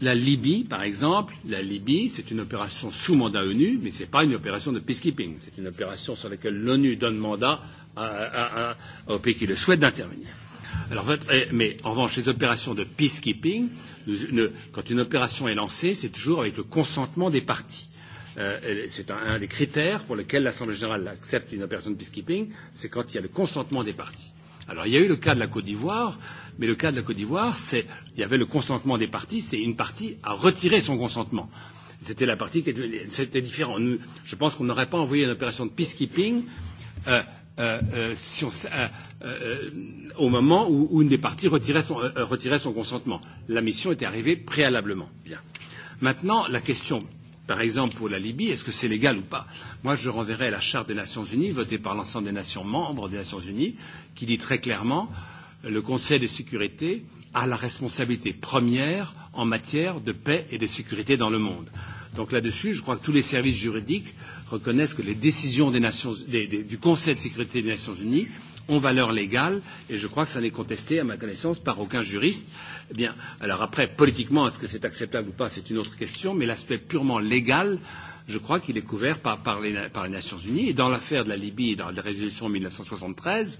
la Libye, par exemple, la Libye, c'est une opération sous mandat ONU, mais ce n'est pas une opération de peacekeeping. C'est une opération sur laquelle l'ONU donne mandat à, à, à, aux pays qui le souhaitent d'intervenir. Euh, Alors, votre, mais en revanche, les opérations de peacekeeping, nous, ne, quand une opération est lancée, c'est toujours avec le consentement des parties. Euh, c'est un, un des critères pour lesquels l'Assemblée générale accepte une opération de peacekeeping, c'est quand il y a le consentement des parties. Alors, il y a eu le cas de la Côte d'Ivoire, mais le cas de la Côte d'Ivoire, c'est il y avait le consentement des parties, c'est une partie a retiré son consentement. C'était la partie qui était, c'était différent. je pense qu'on n'aurait pas envoyé une opération de peacekeeping. Euh, au moment où, une des parties retirait son, consentement. La mission était arrivée préalablement. Bien. Maintenant, la question, par exemple pour la Libye, est-ce que c'est légal ou pas Moi, je renverrai la charte des Nations Unies, votée par l'ensemble des nations membres des Nations Unies, qui dit très clairement le Conseil de sécurité a la responsabilité première en matière de paix et de sécurité dans le monde. Donc là-dessus, je crois que tous les services juridiques reconnaissent que les décisions des Nations, des, des, du Conseil de sécurité des Nations Unies ont valeur légale, et je crois que ça n'est contesté, à ma connaissance, par aucun juriste. Eh bien, alors après, politiquement, est-ce que c'est acceptable ou pas, c'est une autre question, mais l'aspect purement légal, je crois qu'il est couvert par, par, les, par les Nations Unies. Et dans l'affaire de la Libye, dans la résolution 1973,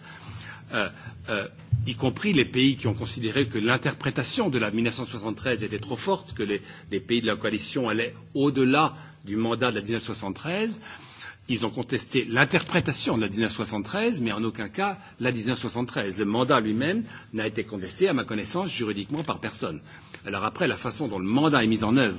euh, euh, y compris les pays qui ont considéré que l'interprétation de la 1973 était trop forte, que les, les pays de la coalition allaient au-delà du mandat de la 1973. Ils ont contesté l'interprétation de la 1973, mais en aucun cas la 1973. Le mandat lui-même n'a été contesté, à ma connaissance, juridiquement par personne. Alors après, la façon dont le mandat est mis en œuvre,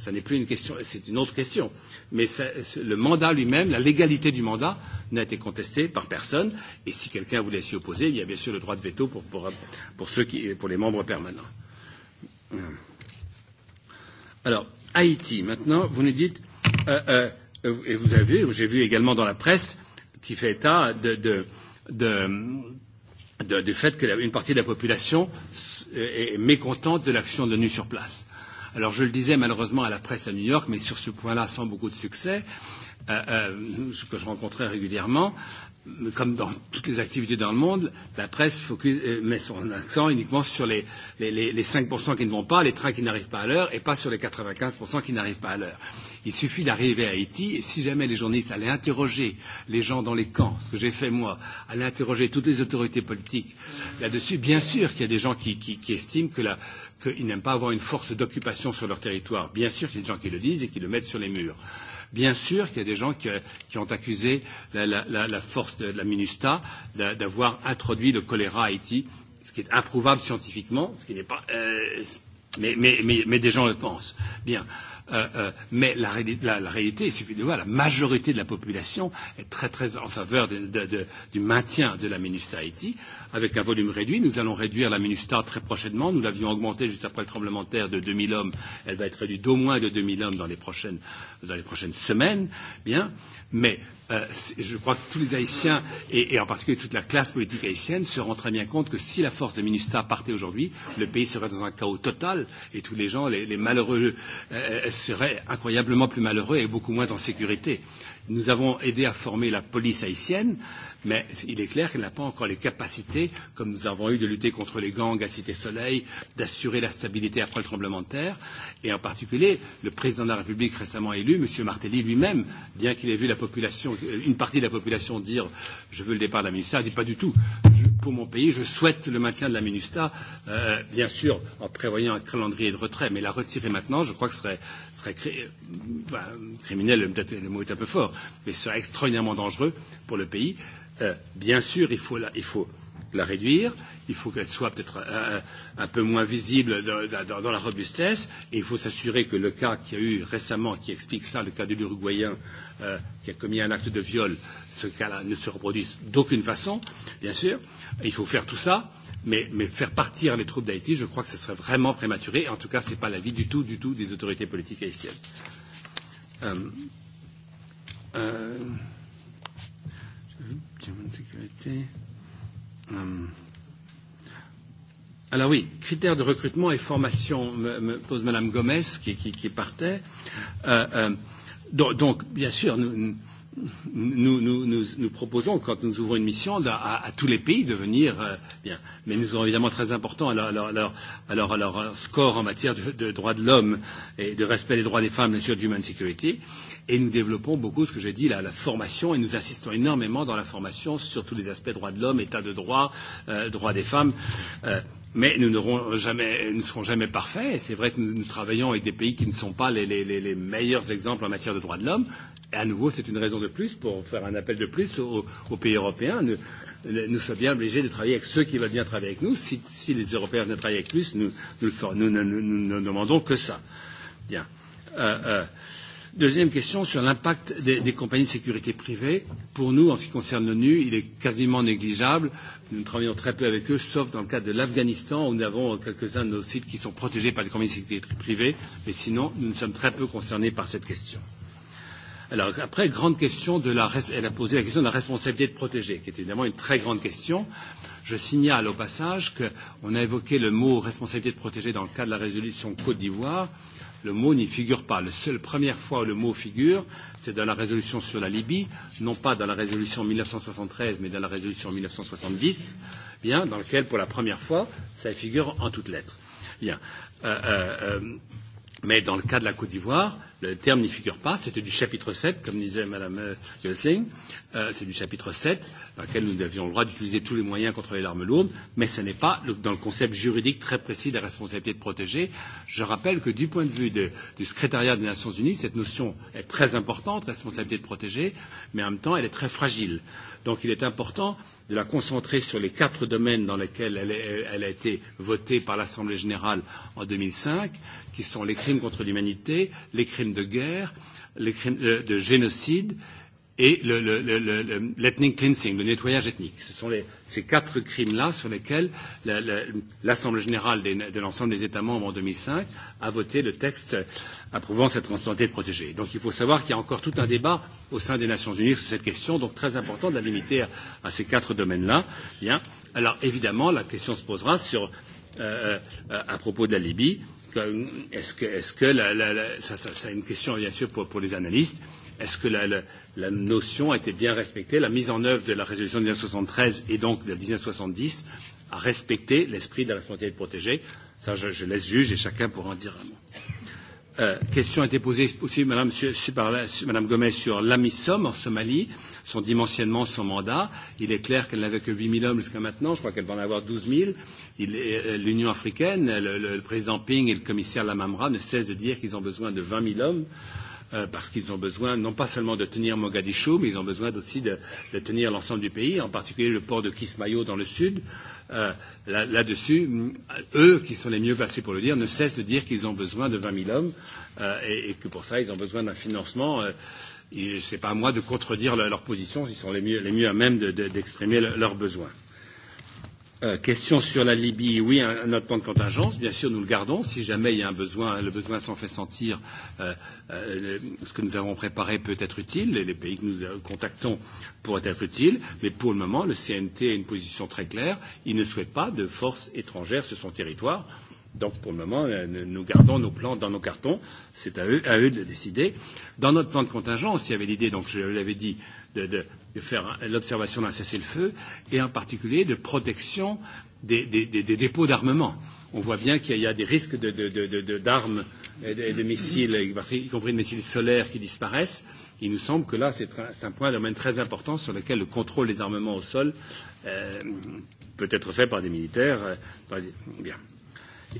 ça n'est plus une question, c'est une autre question. Mais ça, le mandat lui-même, la légalité du mandat n'a été contestée par personne. Et si quelqu'un voulait s'y opposer, il y a bien sûr le droit de veto pour, pour, pour, ceux qui, pour les membres permanents. Alors, Haïti, maintenant, vous nous dites, euh, euh, et vous avez vu, j'ai vu également dans la presse, qui fait état de, de, de, de, du fait qu'une partie de la population est mécontente de l'action de l'ONU sur place. Euh, Alors je le disais malheureusement à la presse à New York, mais sur ce point-là sans beaucoup de succès, euh, euh, que je rencontrais régulièrement, comme dans toutes les activités dans le monde, la presse focus, met son accent uniquement sur les, les, les, les 5% qui ne vont pas, les trains qui n'arrivent pas à l'heure, et pas sur les 95% qui n'arrivent pas à l'heure. Il suffit d'arriver à Haïti et si jamais les journalistes allaient interroger les gens dans les camps, ce que j'ai fait moi, allaient interroger toutes les autorités politiques là-dessus, bien sûr qu'il y a des gens qui, qui, qui estiment que qu'ils n'aiment pas avoir une force d'occupation sur leur territoire. Bien sûr qu'il y a des gens qui le disent et qui le mettent sur les murs. Bien sûr qu'il y a des gens qui, qui ont accusé la, la, la, la force de la MINUSTA d'avoir introduit le choléra à Haïti, ce qui est improuvable scientifiquement, ce qui n'est pas, euh, mais, mais, mais, mais des gens le pensent. Bien. Euh, mais la, la, la réalité, il suffit de voir, la majorité de la population est très très en faveur de, de, de, du maintien de la MINUSTA Haïti, avec un volume réduit. Nous allons réduire la MINUSTA très prochainement. Nous l'avions augmentée juste après le tremblement de terre de 2000 hommes. Elle va être réduite d'au moins de 2000 hommes dans les prochaines, dans les prochaines semaines. Bien. Euh, Mais euh, je crois que tous les Haïtiens, et, et en particulier toute la classe politique haïtienne, se rendent très bien compte que si la force de MINUSTA partait aujourd'hui, le pays serait dans un chaos total et tous les gens, les, les malheureux, euh, seraient incroyablement plus malheureux et beaucoup moins en sécurité. Nous avons aidé à former la police haïtienne. Euh, mais il est clair qu'elle n'a pas encore les capacités, comme nous avons eu de lutter contre les gangs à Cité Soleil, d'assurer la stabilité après le tremblement de terre. Et en particulier, le président de la République récemment élu, M. Martelly lui-même, bien qu'il ait vu la population, une partie de la population dire je veux le départ de la MINUSTA, il dit pas du tout. Je, pour mon pays, je souhaite le maintien de la MINUSTA, euh, bien sûr en prévoyant un calendrier de retrait, mais la retirer maintenant, je crois que ce serait, serait cré... ben, criminel, peut-être le mot est un peu fort, mais ce serait extraordinairement dangereux pour le pays bien sûr, il faut la, il faut la réduire, il faut qu'elle soit peut-être un, un peu moins visible dans, dans, dans la robustesse, et il faut s'assurer que le cas qu'il y a eu récemment, qui explique ça, le cas de l'Uruguayen euh, qui a commis un acte de viol, ce cas-là ne se reproduise d'aucune façon, bien sûr. Il faut faire tout ça, mais, mais faire partir les troupes d'Haïti, je crois que ce serait vraiment prématuré. En tout cas, ce n'est pas l'avis du tout, du tout des autorités politiques haïtiennes. Euh, euh, Alors oui, critères de recrutement et formation, me, me pose Madame Gomez qui, qui, qui partait. Euh, euh, donc, donc, bien sûr, nous, nous, nous, nous, nous proposons, quand nous ouvrons une mission, à, à tous les pays de venir euh, bien. Mais nous serons évidemment très importants à leur, à leur, à leur, à leur, à leur score en matière de, de droits de l'homme et de respect des droits des femmes, bien sûr, d'human security. Et nous développons beaucoup ce que j'ai dit, la, la formation, et nous insistons énormément dans la formation sur tous les aspects droits de l'homme, état de droit, euh, droit des femmes. Euh, mais nous n'aurons jamais, ne serons jamais parfaits. C'est vrai que nous, nous travaillons avec des pays qui ne sont pas les, les, les, les meilleurs exemples en matière de droits de l'homme. Et à nouveau, c'est une raison de plus pour faire un appel de plus aux, aux pays européens. Nous, nous sommes bien obligés de travailler avec ceux qui veulent bien travailler avec nous. Si, si les Européens veulent travailler avec plus, nous, nous, nous, nous, nous, nous ne demandons que ça. Bien. Euh, euh, Deuxième question sur l'impact des, des compagnies de sécurité privée. Pour nous, en ce qui concerne l'ONU, il est quasiment négligeable. Nous travaillons très peu avec eux, sauf dans le cadre de l'Afghanistan, où nous avons quelques-uns de nos sites qui sont protégés par les compagnies de sécurité privée, mais sinon, nous sommes très peu concernés par cette question. Alors après, grande question de la, elle a posé la question de la responsabilité de protéger, qui est évidemment une très grande question. Je signale au passage qu'on a évoqué le mot responsabilité de protéger dans le cadre de la résolution Côte d'Ivoire le mot n'y figure pas. La seule première fois où le mot figure, c'est dans la résolution sur la Libye, non pas dans la résolution 1973, mais dans la résolution 1970, bien, dans laquelle, pour la première fois, ça figure en toutes lettres. Bien. Euh, euh, euh, Mais dans le cas de la Côte d'Ivoire, le terme n'y figure pas. C'était du chapitre 7, comme disait Mme Yosling. Euh, c'est du chapitre 7, dans lequel nous avions le droit d'utiliser tous les moyens contre les larmes lourdes, mais ce n'est pas dans le concept juridique très précis de la responsabilité de protéger. Je rappelle que du point de vue de, du secrétariat des Nations Unies, cette notion est très importante, responsabilité de protéger, mais en même temps, elle est très fragile. Donc il est important de la concentrer sur les quatre domaines dans lesquels elle, elle a été votée par l'Assemblée générale en 2005, qui sont les crimes contre l'humanité, les crimes de guerre, les crimes de, de génocide, euh, et l'ethnic cleansing, le nettoyage ethnique. Ce sont les, ces quatre crimes-là sur lesquels l'Assemblée générale des, de l'ensemble des États membres en 2005 a voté le texte approuvant cette de protégée. Donc il faut savoir qu'il y a encore tout un débat au sein des Nations Unies sur cette question, donc très important de la limiter à, à ces quatre domaines-là. Bien. Alors évidemment, la question se posera sur, euh, à propos de la Libye. Est-ce que, est -ce que la, la, la, ça, ça, ça, une question bien sûr pour, pour les analystes. Est-ce que la, la, la notion a été bien respectée. La mise en œuvre de la résolution de 1973 et donc de 1970 a respecté l'esprit de la responsabilité protégée. Ça, je, je laisse juge et chacun pourra en dire un mot. Euh, question a été posée aussi Madame, sur, par la, Madame Gomez sur l'AMISOM en Somalie, son dimensionnement, son mandat. Il est clair qu'elle n'avait que 8 000 hommes jusqu'à maintenant. Je crois qu'elle va en avoir 12 000. L'Union africaine, le, le, le président Ping et le commissaire Lamamra ne cessent de dire qu'ils ont besoin de 20 000 hommes. Euh, parce qu'ils ont besoin non pas seulement de tenir Mogadiscio, mais ils ont besoin aussi de, de tenir l'ensemble du pays, en particulier le port de Kismayo dans le sud. Euh, Là-dessus, eux, qui sont les mieux placés pour le dire, ne cessent de dire qu'ils ont besoin de 20 000 hommes euh, et, et que pour ça, ils ont besoin d'un financement. Euh, Ce n'est pas à moi de contredire leur, leur position, ils sont les mieux, les mieux à même d'exprimer de, de, leurs besoins question sur la Libye, oui, un, notre plan de contingence, bien sûr, nous le gardons. Si jamais il y a un besoin, le besoin s'en fait sentir, euh, euh, ce que nous avons préparé peut être utile, les, les pays que nous contactons pourraient être utiles, mais pour le moment, le CNT a une position très claire. Il ne souhaite pas de forces étrangères sur son territoire. Donc, pour le moment, nous gardons nos plans dans nos cartons. C'est à eux, à eux de le décider. Dans notre plan de contingence, il y avait l'idée, donc je l'avais dit, de, de, de faire l'observation d'un cessez-le-feu et en particulier de protection des, des, des, des dépôts d'armement. On voit bien qu'il y a des risques d'armes de, de, de, de, et de, de missiles, y compris de missiles solaires qui disparaissent. Il nous semble que là, c'est un, un point domaine très important sur lequel le contrôle des armements au sol euh, peut être fait par des militaires. Euh, par des... Bien.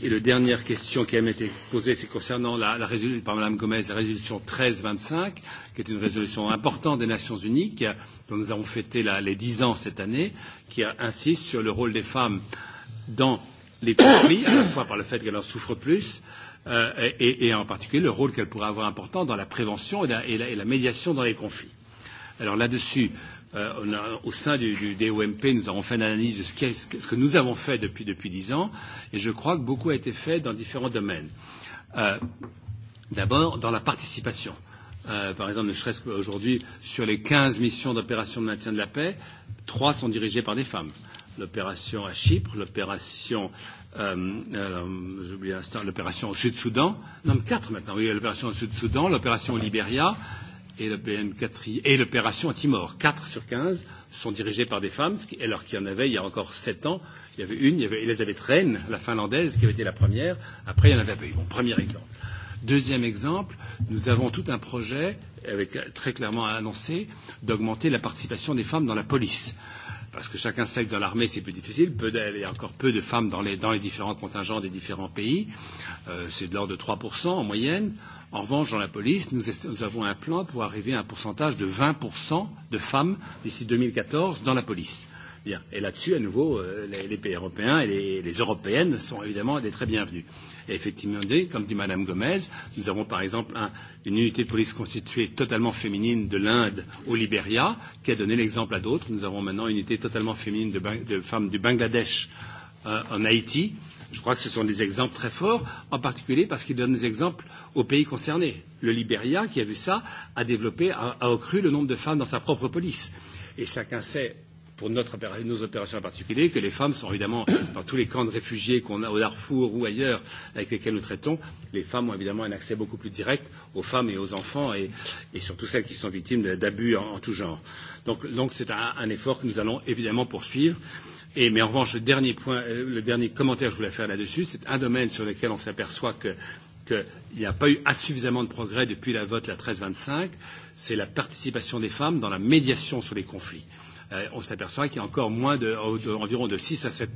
Et la dernière question qui a été posée, c'est concernant la, la résolution par Mme Gomez, la résolution 1325, qui est une résolution importante des Nations Unies, qui a dont nous avons fêté la, les dix ans cette année, qui insiste sur le rôle des femmes dans les conflits, à la fois par le fait qu'elles en souffrent plus, euh, et, et en particulier le rôle qu'elles pourraient avoir important dans la prévention et la, et la, et la médiation dans les conflits. Alors là-dessus, euh, au sein du, du DOMP, nous avons fait une analyse de ce, qu ce que nous avons fait depuis depuis dix ans, et je crois que beaucoup a été fait dans différents domaines. Euh, D'abord, dans la participation. Euh, Euh, par exemple, ne serait-ce qu'aujourd'hui, sur les 15 missions d'opération de maintien de la paix, trois sont dirigées par des femmes. L'opération à Chypre, l'opération euh, l'opération au Sud-Soudan, non, quatre maintenant, oui, l'opération au Sud-Soudan, l'opération au Libéria et l'opération à Timor. Quatre sur quinze sont dirigées par des femmes, alors qu'il y en avait il y a encore sept ans. Il y avait une, il y avait Elisabeth Rennes, la finlandaise, qui avait été la première. Après, il y en avait pas eu. Bon, premier exemple. Euh, Deuxième exemple, nous avons tout un projet, avec, très clairement annoncé, d'augmenter la participation des femmes dans la police parce que chacun sait que dans l'armée c'est plus difficile, peu il y a encore peu de femmes dans les, dans les différents contingents des différents pays, euh, c'est de l'ordre de 3% en moyenne. En revanche, dans la police, nous, nous avons un plan pour arriver à un pourcentage de 20% de femmes d'ici 2014 dans la police. Bien. Et là-dessus, à nouveau, les, les pays européens et les, les européennes sont évidemment des très bienvenus. Et effectivement, comme dit Madame Gomez, nous avons par exemple un, une unité de police constituée totalement féminine de l'Inde au Libéria, qui a donné l'exemple à d'autres. Nous avons maintenant une unité totalement féminine de, de femmes du Bangladesh euh, en Haïti. Je crois que ce sont des exemples très forts, en particulier parce qu'ils donnent des exemples aux pays concernés. Le Libéria, qui a vu ça, a développé, a, a accru le nombre de femmes dans sa propre police. Et chacun sait pour notre, nos opérations en particulier, que les femmes sont évidemment dans tous les camps de réfugiés qu'on a au Darfour ou ailleurs avec lesquels nous traitons, les femmes ont évidemment un accès beaucoup plus direct aux femmes et aux enfants et, et surtout celles qui sont victimes d'abus en, en tout genre. Donc, donc c'est un, un effort que nous allons évidemment poursuivre. Et, mais en revanche, le dernier, point, le dernier commentaire que je voulais faire là-dessus, c'est un domaine sur lequel on s'aperçoit que qu'il n'y a pas eu suffisamment de progrès depuis la vote la 1325, c'est la participation des femmes dans la médiation sur les conflits euh, on s'aperçoit qu'il y a encore moins de, de, environ de 6 à 7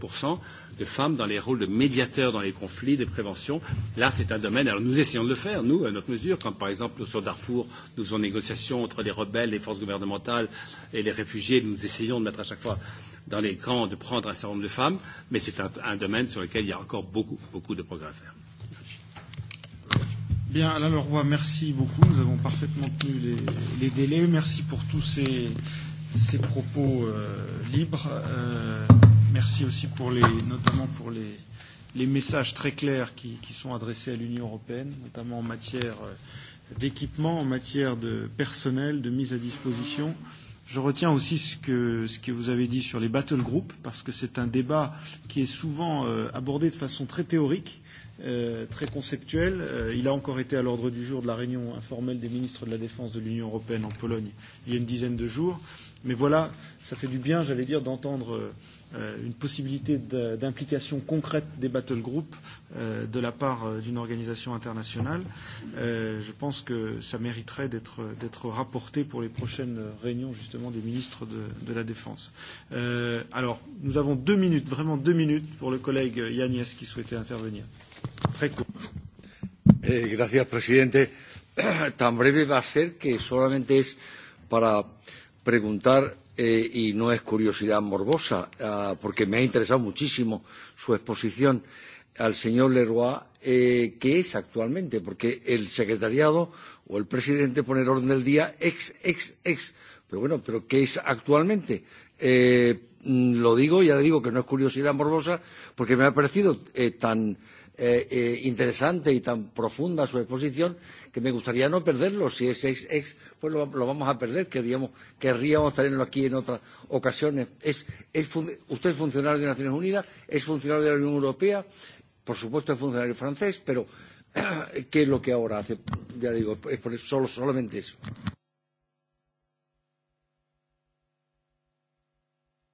de femmes dans les rôles de médiateurs dans les conflits, de prévention. Là, c'est un domaine. Alors, nous essayons de le faire, nous, à notre mesure. Quand, par exemple, sur Darfour, nous faisons négociation entre les rebelles, les forces gouvernementales et les réfugiés, nous essayons de mettre à chaque fois dans les camps, de prendre un certain nombre de femmes. Mais c'est un, un domaine sur lequel il y a encore beaucoup, beaucoup de progrès à faire. Bien, Alain Leroy, merci beaucoup. Nous avons parfaitement tenu les, les délais. Merci pour tous ces ces propos euh, libres. Euh, merci aussi pour les, notamment pour les, les messages très clairs qui, qui sont adressés à l'Union européenne, notamment en matière d'équipement, en matière de personnel, de mise à disposition. Je retiens aussi ce que, ce que vous avez dit sur les battle groups, parce que c'est un débat qui est souvent euh, abordé de façon très théorique, euh, très conceptuelle. Euh, il a encore été à l'ordre du jour de la réunion informelle des ministres de la Défense de l'Union européenne en Pologne il y a une dizaine de jours. Mais voilà, ça fait du bien, j'allais dire, d'entendre une possibilité d'implication concrète des battle groups de la part d'une organisation internationale. Je pense que ça mériterait d'être rapporté pour les prochaines réunions justement des ministres de, de la Défense. Alors, nous avons deux minutes, vraiment deux minutes pour le collègue Yannès qui souhaitait intervenir. Très court. Eh, gracias, presidente. Tan breve va a ser que solamente es para preguntar, eh, y no es curiosidad morbosa, eh, porque me ha interesado muchísimo su exposición al señor Leroy, eh, qué es actualmente, porque el secretariado o el presidente pone el orden del día ex, ex, ex. Pero bueno, pero ¿qué es actualmente? Eh, lo digo, ya le digo que no es curiosidad morbosa, porque me ha parecido eh, tan eh, eh, interesante y tan profunda su exposición que me gustaría no perderlo. Si es ex, ex pues lo, lo vamos a perder. Queríamos, querríamos tenerlo aquí en otras ocasiones. Es, es, usted es funcionario de Naciones Unidas, es funcionario de la Unión Europea, por supuesto es funcionario francés, pero ¿qué es lo que ahora hace? Ya digo, es por eso, solo, solamente eso.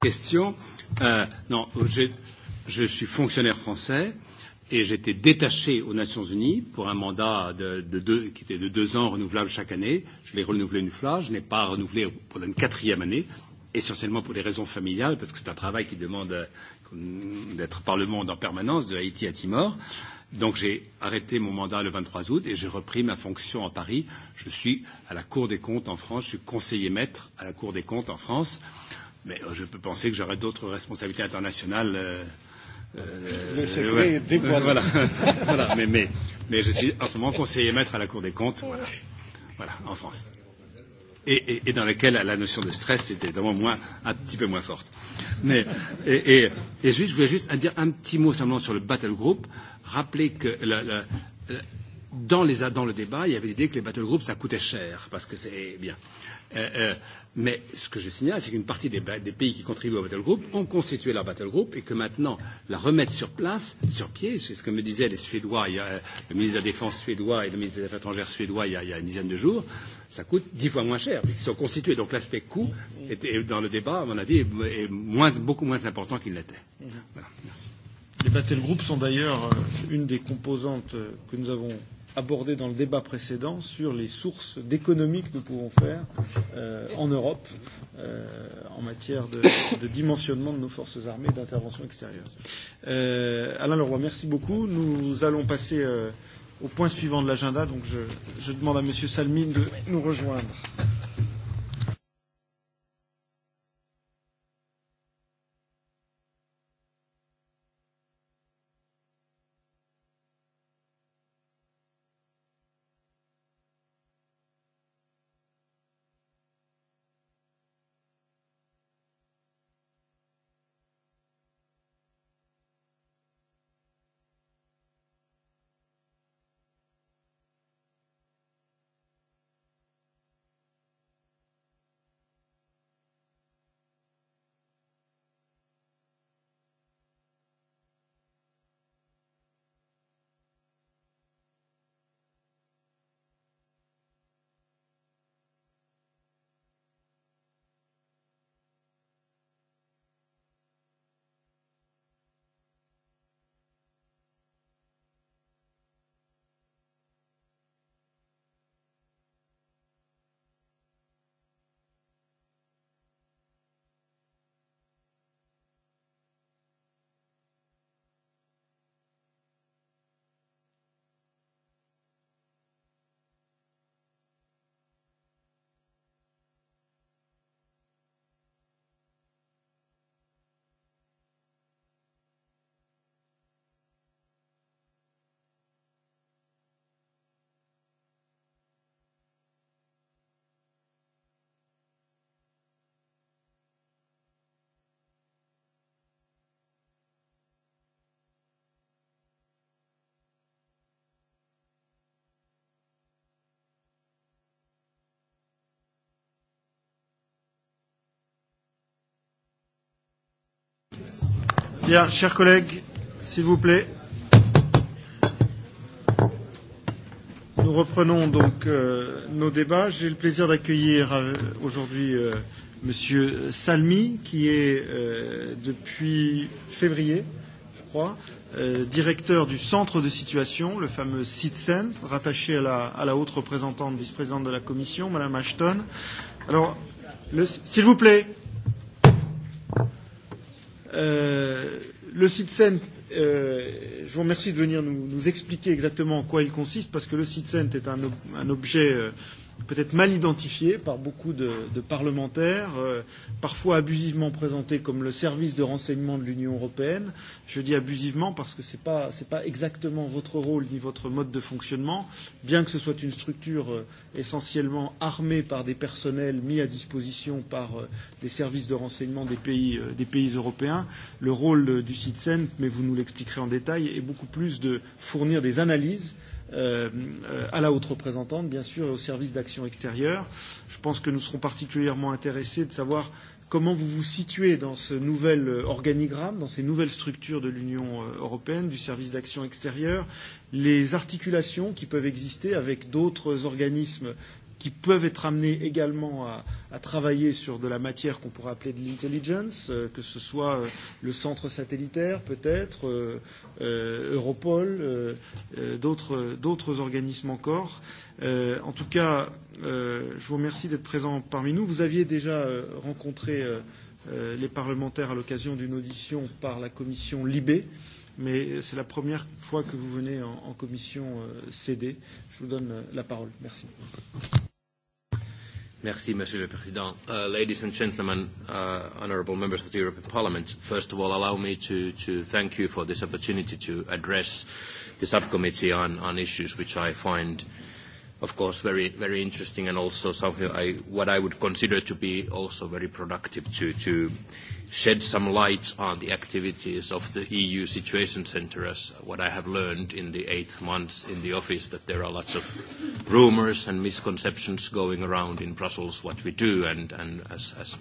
Question. Euh, non, je, je suis fonctionnaire français. Euh, et j'étais détaché aux Nations Unies pour un mandat de, de deux, qui était de deux ans renouvelable chaque année. Je l'ai renouvelé une fois, je n'ai pas renouvelé pour une quatrième année, essentiellement pour des raisons familiales, parce que c'est un travail qui demande d'être par le monde en permanence, de Haïti à Timor. Donc j'ai arrêté mon mandat le 23 août et j'ai repris ma fonction à Paris. Je suis à la Cour des comptes en France, je suis conseiller maître à la Cour des comptes en France, mais je peux penser que j'aurai d'autres responsabilités internationales. Euh, Le euh, secret est dévoilé. Voilà, voilà. Mais, mais, mais je suis en ce moment conseiller maître à la Cour des comptes, voilà, voilà en France. Et, et, et dans laquelle la notion de stress est évidemment moins, un petit peu moins forte. Mais, et, et, et juste, je voulais juste dire un petit mot simplement sur le battle group. Rappeler que la, la, la, dans, les, dans le débat, il y avait l'idée que les battle groups, ça coûtait cher, parce que c'est bien. Euh, mais ce que je signale, c'est qu'une partie des, des pays qui contribuent au battle group ont constitué leur battle group et que maintenant la remettre sur place, sur pied, c'est ce que me disaient les Suédois, il y a, le ministre de la Défense suédois et le ministre des Affaires étrangères suédois il y a, il y a une dizaine de jours, ça coûte dix fois moins cher puisqu'ils sont constitués. Donc l'aspect coût est dans le débat, à mon avis, est moins, beaucoup moins important qu'il l'était. Voilà, merci. Les battle groups sont d'ailleurs une des composantes que nous avons abordé dans le débat précédent sur les sources d'économie que nous pouvons faire euh, en Europe euh, en matière de, de dimensionnement de nos forces armées et d'intervention extérieure. Euh, Alain Leroy, merci beaucoup. Nous allons passer euh, au point suivant de l'agenda, donc je, je demande à Monsieur Salmine de nous rejoindre. Bien, chers collègues, s'il vous plaît. Nous reprenons donc euh, nos débats. J'ai le plaisir d'accueillir euh, aujourd'hui euh, Monsieur Salmi, qui est euh, depuis février, je crois, euh, directeur du centre de situation, le fameux CITCENT, rattaché à la, à la haute représentante, vice-présidente de la Commission, Madame Ashton. Alors, s'il vous plaît, le CitSen euh, je vous remercie de venir nous, nous expliquer exactement en quoi il consiste, parce que le CitSen est un, ob un objet euh, peut-être mal identifié par beaucoup de, de parlementaires, euh, parfois abusivement présenté comme le service de renseignement de l'Union européenne. Je dis abusivement parce que ce n'est pas, pas exactement votre rôle ni votre mode de fonctionnement, bien que ce soit une structure euh, essentiellement armée par des personnels mis à disposition par euh, les services de renseignement des pays, euh, des pays européens. Le rôle euh, du CITSEN, mais vous nous l'expliquerez en détail, est beaucoup plus de fournir des analyses euh, à la haute représentante, bien sûr, et au service d'action extérieure. Je pense que nous serons particulièrement intéressés de savoir comment vous vous situez dans ce nouvel organigramme, dans ces nouvelles structures de l'Union européenne, du service d'action extérieure, les articulations qui peuvent exister avec d'autres organismes qui peuvent être amenés également à, à travailler sur de la matière qu'on pourrait appeler de l'intelligence, euh, que ce soit euh, le centre satellitaire peut-être, euh, euh, Europol, euh, euh, d'autres organismes encore. Euh, en tout cas, euh, je vous remercie d'être présent parmi nous. Vous aviez déjà euh, rencontré euh, euh, les parlementaires à l'occasion d'une audition par la commission Libé. Mais c'est la première fois que vous venez en, en commission euh, CD. Je vous donne la parole. Merci. Merci, Monsieur le Président. Uh, ladies and gentlemen, uh, honourable members of the European Parliament, first of all, allow me to, to thank you for this opportunity to address the subcommittee on, on issues which I find uh, of course, very, very interesting and also something I, what I would consider to be also very productive to, to shed some light on the activities of the EU Situation Centre, as what I have learned in the eight months in the office, that there are lots of rumours and misconceptions going around in Brussels what we do, and, and as, as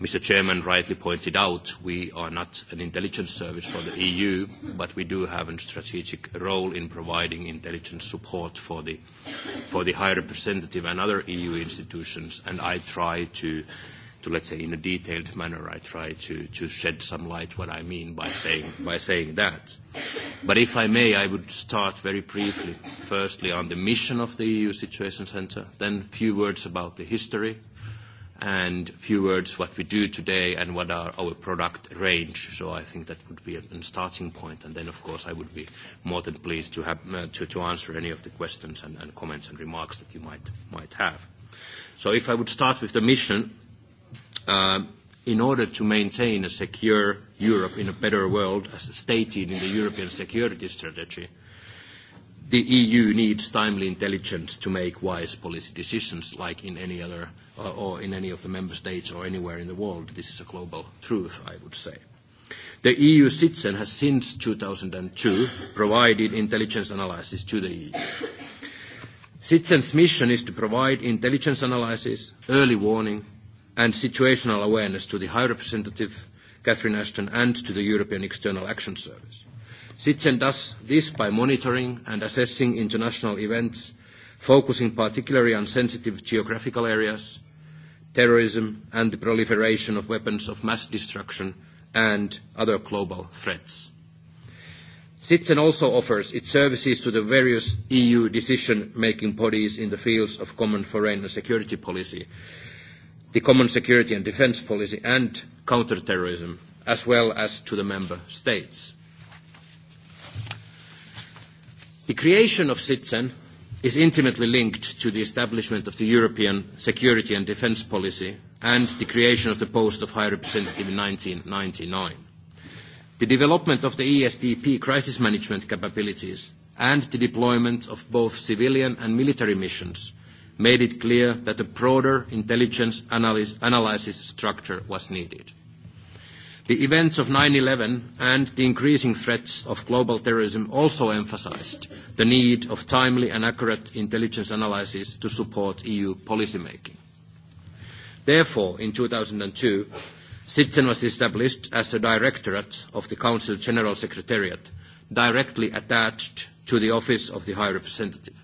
Mr. Chairman rightly pointed out, we are not an intelligence service for the EU, but we do have a strategic role in providing intelligence support for the, for the High Representative and other EU institutions, and I try to, to let's say, in a detailed manner, I try to, to shed some light what I mean by saying, by saying that. But if I may, I would start very briefly, firstly on the mission of the EU Situation Centre, then a few words about the history, and a few words what we do today and what are our product range. So I think that would be a starting point. And then, of course, I would be more than pleased to have to to answer any of the questions and comments and remarks that you might might have. So if I would start with the mission, in order to maintain a secure Europe in a better world, as stated in the European Security Strategy, the EU needs timely intelligence to make wise policy decisions like in any other uh, or in any of the member states or anywhere in the world. This is a global truth, I would say. The EU citizen has since 2002 provided intelligence analysis to the EU. Citizen's mission is to provide intelligence analysis, early warning, and situational awareness to the High Representative, Catherine Ashton, and to the European External Action Service. Sitsen does this by monitoring and assessing international events, focusing particularly on sensitive geographical areas, terrorism and the proliferation of weapons of mass destruction and other global threats. Sitsen also offers its services to the various EU decision-making bodies in the fields of common foreign and security policy, the common security and defence policy, and counterterrorism, as well as to the member states. The creation of SITSEN is intimately linked to the establishment of the European security and defence policy and the creation of the post of High Representative in 1999. The development of the ESDP crisis management capabilities and the deployment of both civilian and military missions made it clear that a broader intelligence analysis structure was needed. The events of 9-11 and the increasing threats of global terrorism also emphasised the need of timely and accurate intelligence analysis to support EU policymaking. Therefore, in 2002, Sitzen was established as a directorate of the Council General Secretariat, directly attached to the Office of the High Representative.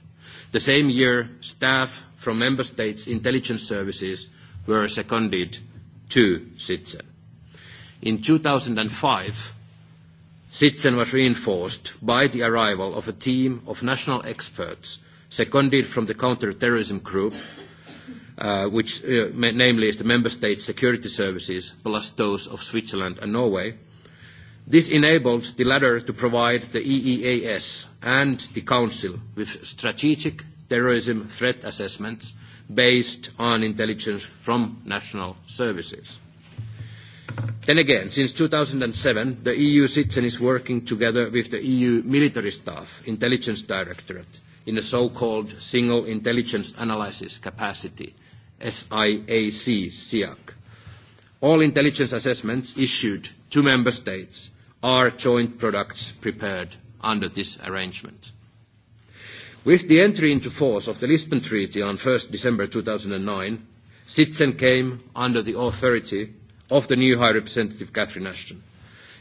The same year, staff from Member States' intelligence services were seconded to CITSEN. In 2005, Sitzen was reinforced by the arrival of a team of national experts seconded from the counter-terrorism group, which namely is the member state security services, plus those of Switzerland and Norway. This enabled the latter to provide the EEAS and the Council with strategic terrorism threat assessments based on intelligence from national services. Then again, since 2007, the EU citizen is working together with the EU military staff, intelligence directorate, in a so-called Single Intelligence Analysis Capacity, SIAC, SIAC. All intelligence assessments issued to member states are joint products prepared under this arrangement. With the entry into force of the Lisbon Treaty on 1st December 2009, Sitzen came under the authority of the new High Representative Catherine Ashton.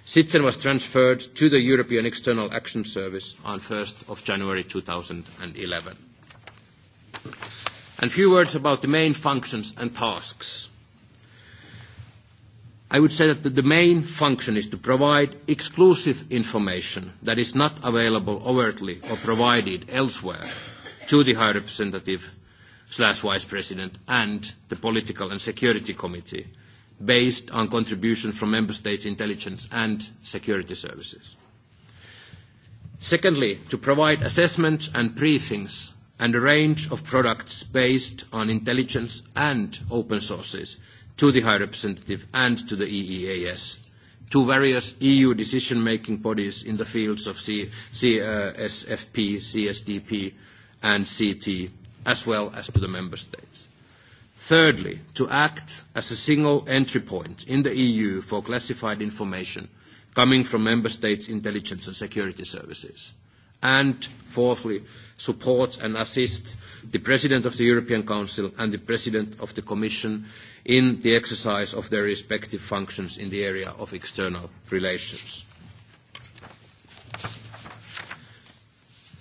Sitzen was transferred to the European External Action Service on 1st of January 2011. A few words about the main functions and tasks. I would say that the main function is to provide exclusive information that is not available overtly or provided elsewhere to the High Representative/Vice President and the Political and Security Committee based on contributions from member states' intelligence and security services. Secondly, to provide assessments and briefings and a range of products based on intelligence and open sources to the High Representative and to the EEAS, to various EU decision-making bodies in the fields of CSFP, CSDP, and CT, as well as to the member states. Thirdly, to act as a single entry point in the EU for classified information coming from member states' intelligence and security services. And fourthly, support and assist the President of the European Council and the President of the Commission in the exercise of their respective functions in the area of external relations.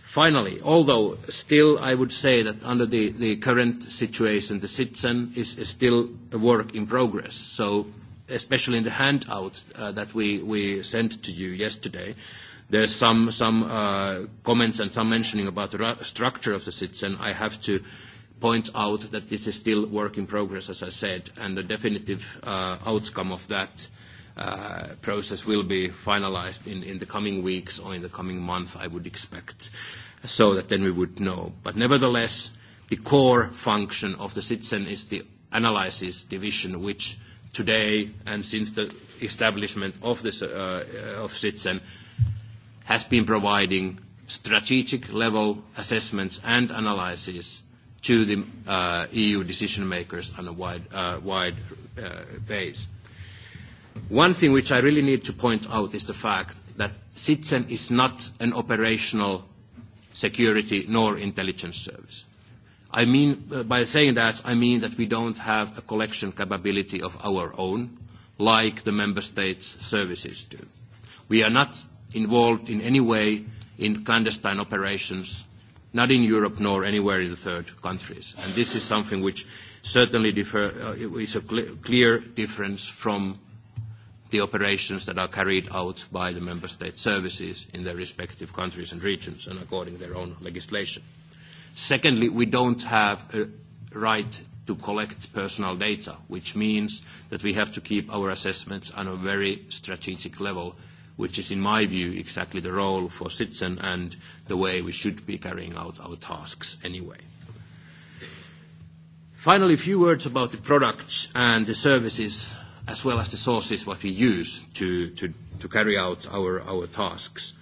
Finally, although still I would say that under the, current situation, the Citizen is, still a work in progress. So especially in the handout that we, we sent to you yesterday, there's some, some comments and some mentioning about the structure of the Citizen. I have to point out that this is still work in progress, as I said, and the definitive outcome of that process will be finalized in the coming weeks or in the coming month, I would expect, so that then we would know. But nevertheless, the core function of the citizen is the analysis division, which today and since the establishment of this of citizen has been providing strategic level assessments and analysis to the EU decision makers on a wide wide base. One thing which I really need to point out is the fact that Sitsen is not an operational security nor intelligence service. I mean, by saying that, I mean that we don't have a collection capability of our own, like the member states' services do. We are not involved in any way in clandestine operations, not in Europe nor anywhere in the third countries. And this is something which certainly differ, uh, is a clear difference from the operations that are carried out by the member state services in their respective countries and regions and according to their own legislation. Secondly, we don't have a right to collect personal data, which means that we have to keep our assessments on a very strategic level, which is, in my view, exactly the role for citizen and the way we should be carrying out our tasks anyway. Finally, a few words about the products and the services as well as the sources what we use to, to, to carry out our, our tasks.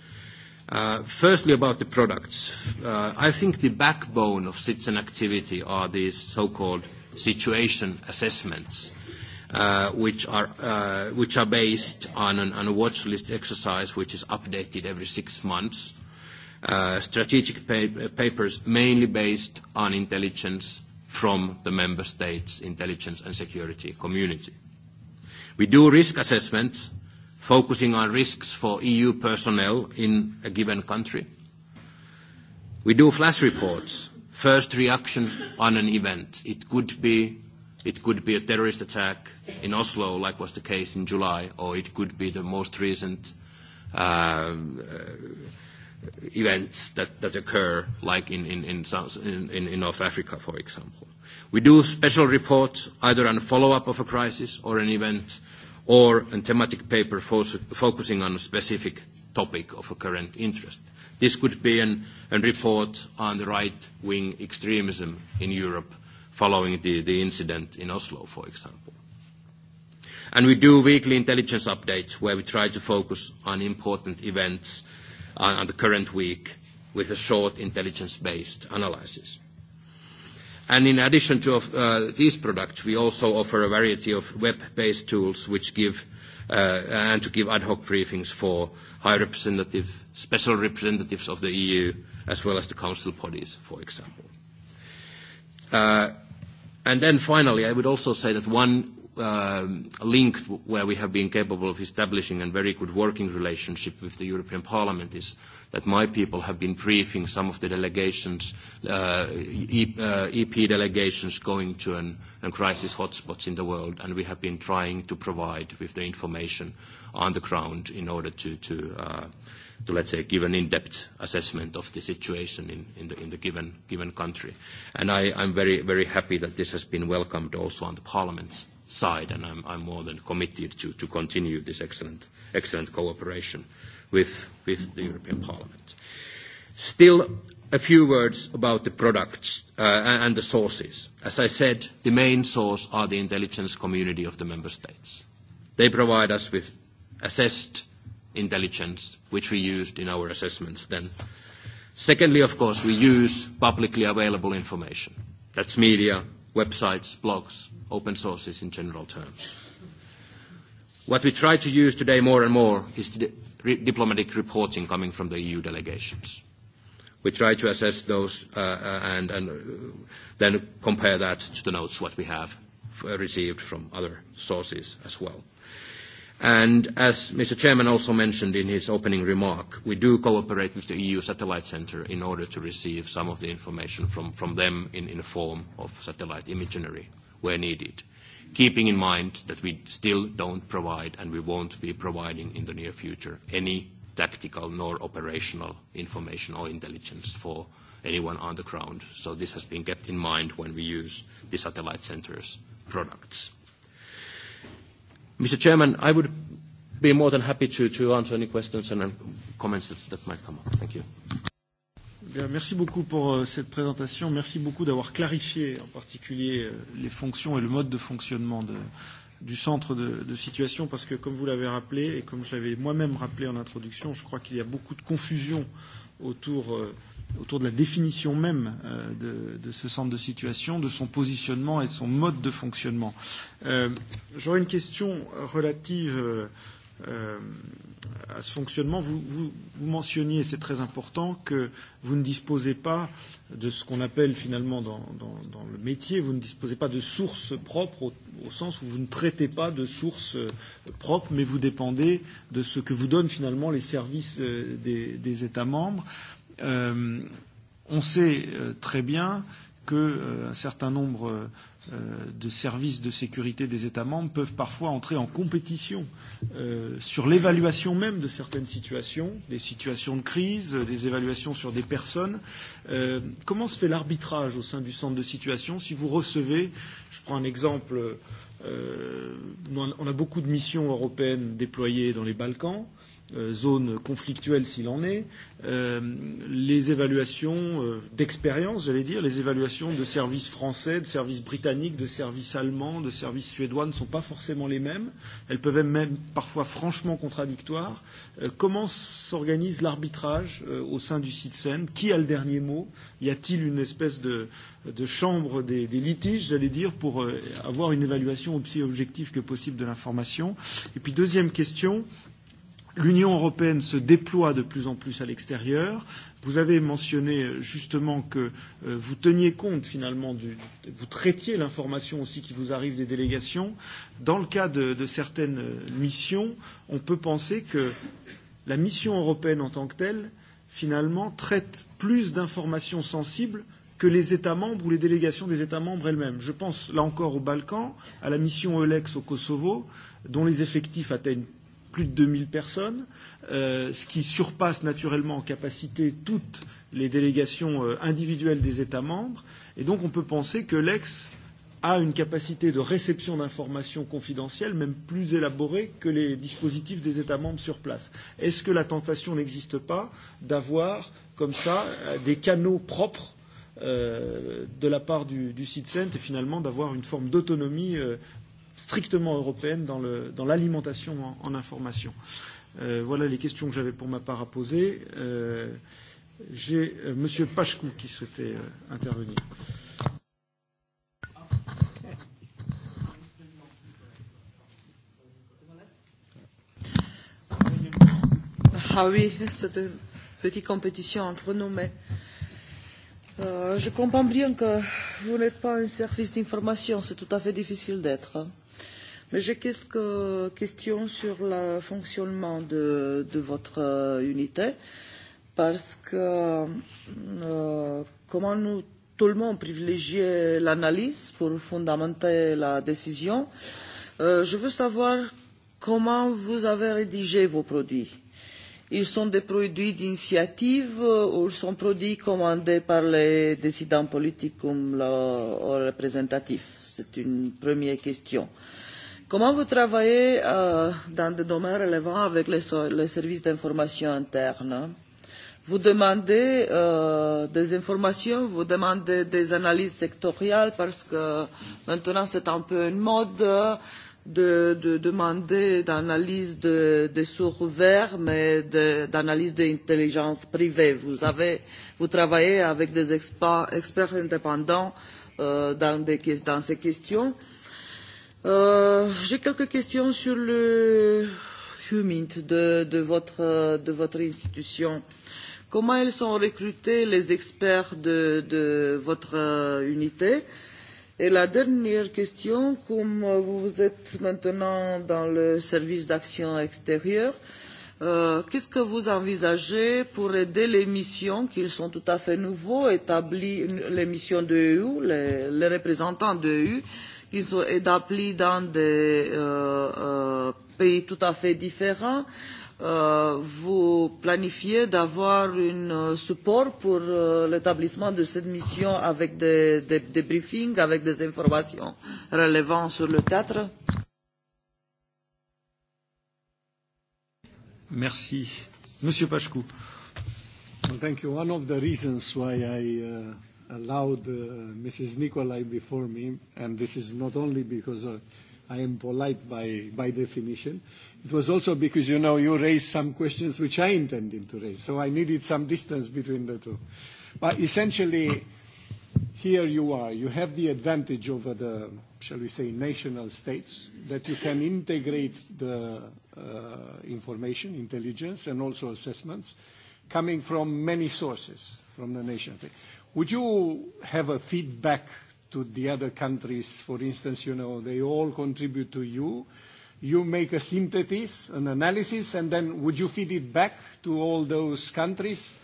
firstly, about the products. I think the backbone of citizen activity are these so-called situation assessments, which, are, based on, a watch list exercise which is updated every six months. strategic papers mainly based on intelligence from the member states' intelligence and security community. We do risk assessments focusing on risks for EU personnel in a given country. We do flash reports, first reaction on an event. It could be a terrorist attack in Oslo, like was the case in July, or it could be the most recent events that that occur, like in in in South in North Africa, for example. We do special reports either on a follow-up of a crisis or an event or a thematic paper focusing on a specific topic of a current interest. This could be an, a report on the right-wing extremism in Europe following the, the incident in Oslo, for example. And we do weekly intelligence updates where we try to focus on important events on, on the current week with a short intelligence-based analysis in addition to these products, we also offer a variety of web-based tools which give uh, and to give ad hoc briefings for high representative, special representatives of the EU, as well as the council bodies, for example. and then finally, I would also say that one linked where we have been capable of establishing a very good working relationship with the European Parliament is that my people have been briefing some of the delegations, EP delegations going to an crisis hotspots in the world, and we have been trying to provide with the information on the ground in order to, let's say, give an in-depth assessment of the situation in the given country. And I'm very happy that this has been welcomed also on the Parliament's side, and I'm, I'm more than committed to, to continue this excellent, excellent cooperation with, with the European Parliament. Still, a few words about the products uh, and the sources. As I said, the main source are the intelligence community of the member states. They provide us with assessed intelligence, which we used in our assessments then. Secondly, of course, we use publicly available information. That's media, websites, blogs, open sources in general terms. What we try to use today more and more is the diplomatic reporting coming from the EU delegations. We try to assess those and then compare that to the notes what we have received from other sources as well. And as Mr. Chairman also mentioned in his opening remark, we do cooperate with the EU Satellite Centre in order to receive some of the information from, them in, in the form of satellite imagery where needed, keeping in mind that we still don't provide and we won't be providing in the near future any tactical nor operational information or intelligence for anyone on the ground. So this has been kept in mind when we use the Satellite Centre's products. Mr. Chairman, I would be more than happy to, to answer any questions and comments that, that might come up. Thank you. Bien, merci beaucoup pour cette présentation. Merci beaucoup d'avoir clarifié en particulier les fonctions et le mode de fonctionnement de, du centre de, de situation parce que, comme vous l'avez rappelé et comme je l'avais moi-même rappelé en introduction, je crois qu'il y a beaucoup de confusion autour autour de la définition même euh, de, de ce centre de situation, de son positionnement et de son mode de fonctionnement. Euh, J'aurais une question relative euh, à ce fonctionnement. Vous, vous, vous mentionniez, c'est très important, que vous ne disposez pas de ce qu'on appelle finalement dans, dans, dans le métier, vous ne disposez pas de sources propres au, au sens où vous ne traitez pas de sources propres, mais vous dépendez de ce que vous donnent finalement les services des, des États membres. Euh, Euh, on sait euh, très bien qu'un euh, certain nombre euh, de services de sécurité des États membres peuvent parfois entrer en compétition euh, sur l'évaluation même de certaines situations, des situations de crise, des évaluations sur des personnes. Euh, comment se fait l'arbitrage au sein du centre de situation si vous recevez, je prends un exemple, euh, on a beaucoup de missions européennes déployées dans les Balkans, euh, zones conflictuelle s'il en est, les évaluations d'expérience, j'allais dire, les évaluations de services français, de services britanniques, de services allemands, de services suédois ne sont pas forcément les mêmes. Elles peuvent être même parfois franchement contradictoires. comment s'organise l'arbitrage au sein du CITSEN Qui a le dernier mot Y a-t-il une espèce de, de chambre des, des litiges, j'allais dire, pour avoir une évaluation aussi objective que possible de l'information Et puis deuxième question, L'Union européenne se déploie de plus en plus à l'extérieur. Vous avez mentionné justement que vous teniez compte finalement du, vous traitiez l'information aussi qui vous arrive des délégations. Dans le cas de, de certaines missions, on peut penser que la mission européenne en tant que telle, finalement, traite plus d'informations sensibles que les États membres ou les délégations des États membres elles-mêmes. Je pense là encore aux Balkans, à la mission Eulex au Kosovo, dont les effectifs atteignent plus de 2000 personnes, euh, ce qui surpasse naturellement en capacité toutes les délégations euh, individuelles des États membres. Et donc on peut penser que l'ex a une capacité de réception d'informations confidentielles même plus élaborée que les dispositifs des États membres sur place. Est-ce que la tentation n'existe pas d'avoir comme ça des canaux propres de la part du, du CITCENT et finalement d'avoir une forme d'autonomie strictement européenne dans l'alimentation dans en, en information. Euh, voilà les questions que j'avais pour ma part à poser. Euh, J'ai euh, M. Pachkou qui souhaitait euh, intervenir. Ah oui, c'est une petite compétition entre nous, mais euh, je comprends bien que vous n'êtes pas un service d'information, c'est tout à fait difficile d'être. Hein Mais j'ai quelques questions sur le fonctionnement de, de votre unité, parce que euh, comment nous, tout le monde privilégie l'analyse pour fondamenter la décision. Euh, je veux savoir comment vous avez rédigé vos produits. Ils sont des produits d'initiative ou sont produits commandés par les décidants politiques comme le représentatif C'est une première question. Euh, Comment vous travaillez euh, dans des domaines relevant avec les, les services d'information interne Vous demandez euh, des informations, vous demandez des analyses sectorielles parce que maintenant c'est un peu une mode de, de demander d'analyse de, sources survers, mais d'analyse d'intelligence privée. Vous, avez, vous travaillez avec des experts, experts indépendants euh, dans, des, dans ces questions. Euh, J'ai quelques questions sur le HUMINT de, de, votre, de votre institution. Comment elles sont recrutées les experts de, de votre unité Et la dernière question, comme vous êtes maintenant dans le service d'action extérieure, qu'est-ce que vous envisagez pour aider les missions qui sont tout à fait nouveaux, établies, les missions de l'EU, les, les représentants de l'EU, qu'ils est établis dans des euh, euh, pays tout à fait différents. Euh, vous planifiez d'avoir un support pour euh, l'établissement de cette mission avec des, des, des briefings, avec des informations relevant sur le théâtre Merci. Monsieur Pachkou. Well, thank you. One of the reasons why I uh, allowed uh, Mrs. Nicolai before me, and this is not only because uh, I am polite by, by definition, it was also because, you know, you raised some questions which I intended to raise, so I needed some distance between the two. But essentially, here you are. You have the advantage over the, shall we say, national states that you can integrate the uh, information, intelligence, and also assessments coming from many sources from the nation. Would you have a feedback to the other countries? For instance, you know, they all contribute to you. You make a synthesis, an analysis, and then would you feed it back to all those countries?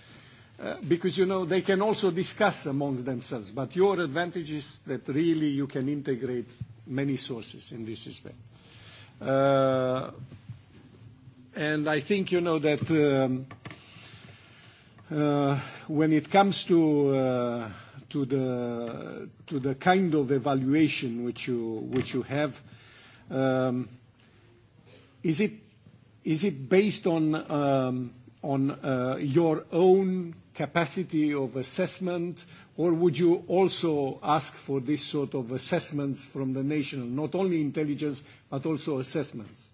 Because, you know, they can also discuss among themselves, but your advantage is that really you can integrate many sources in this respect. And I think, you know, that When it comes to to the to the kind of evaluation which you which you have, um is it is it based on um on uh your own capacity of assessment, or would you also ask for this sort of assessments from the national, not only intelligence, but also assessments?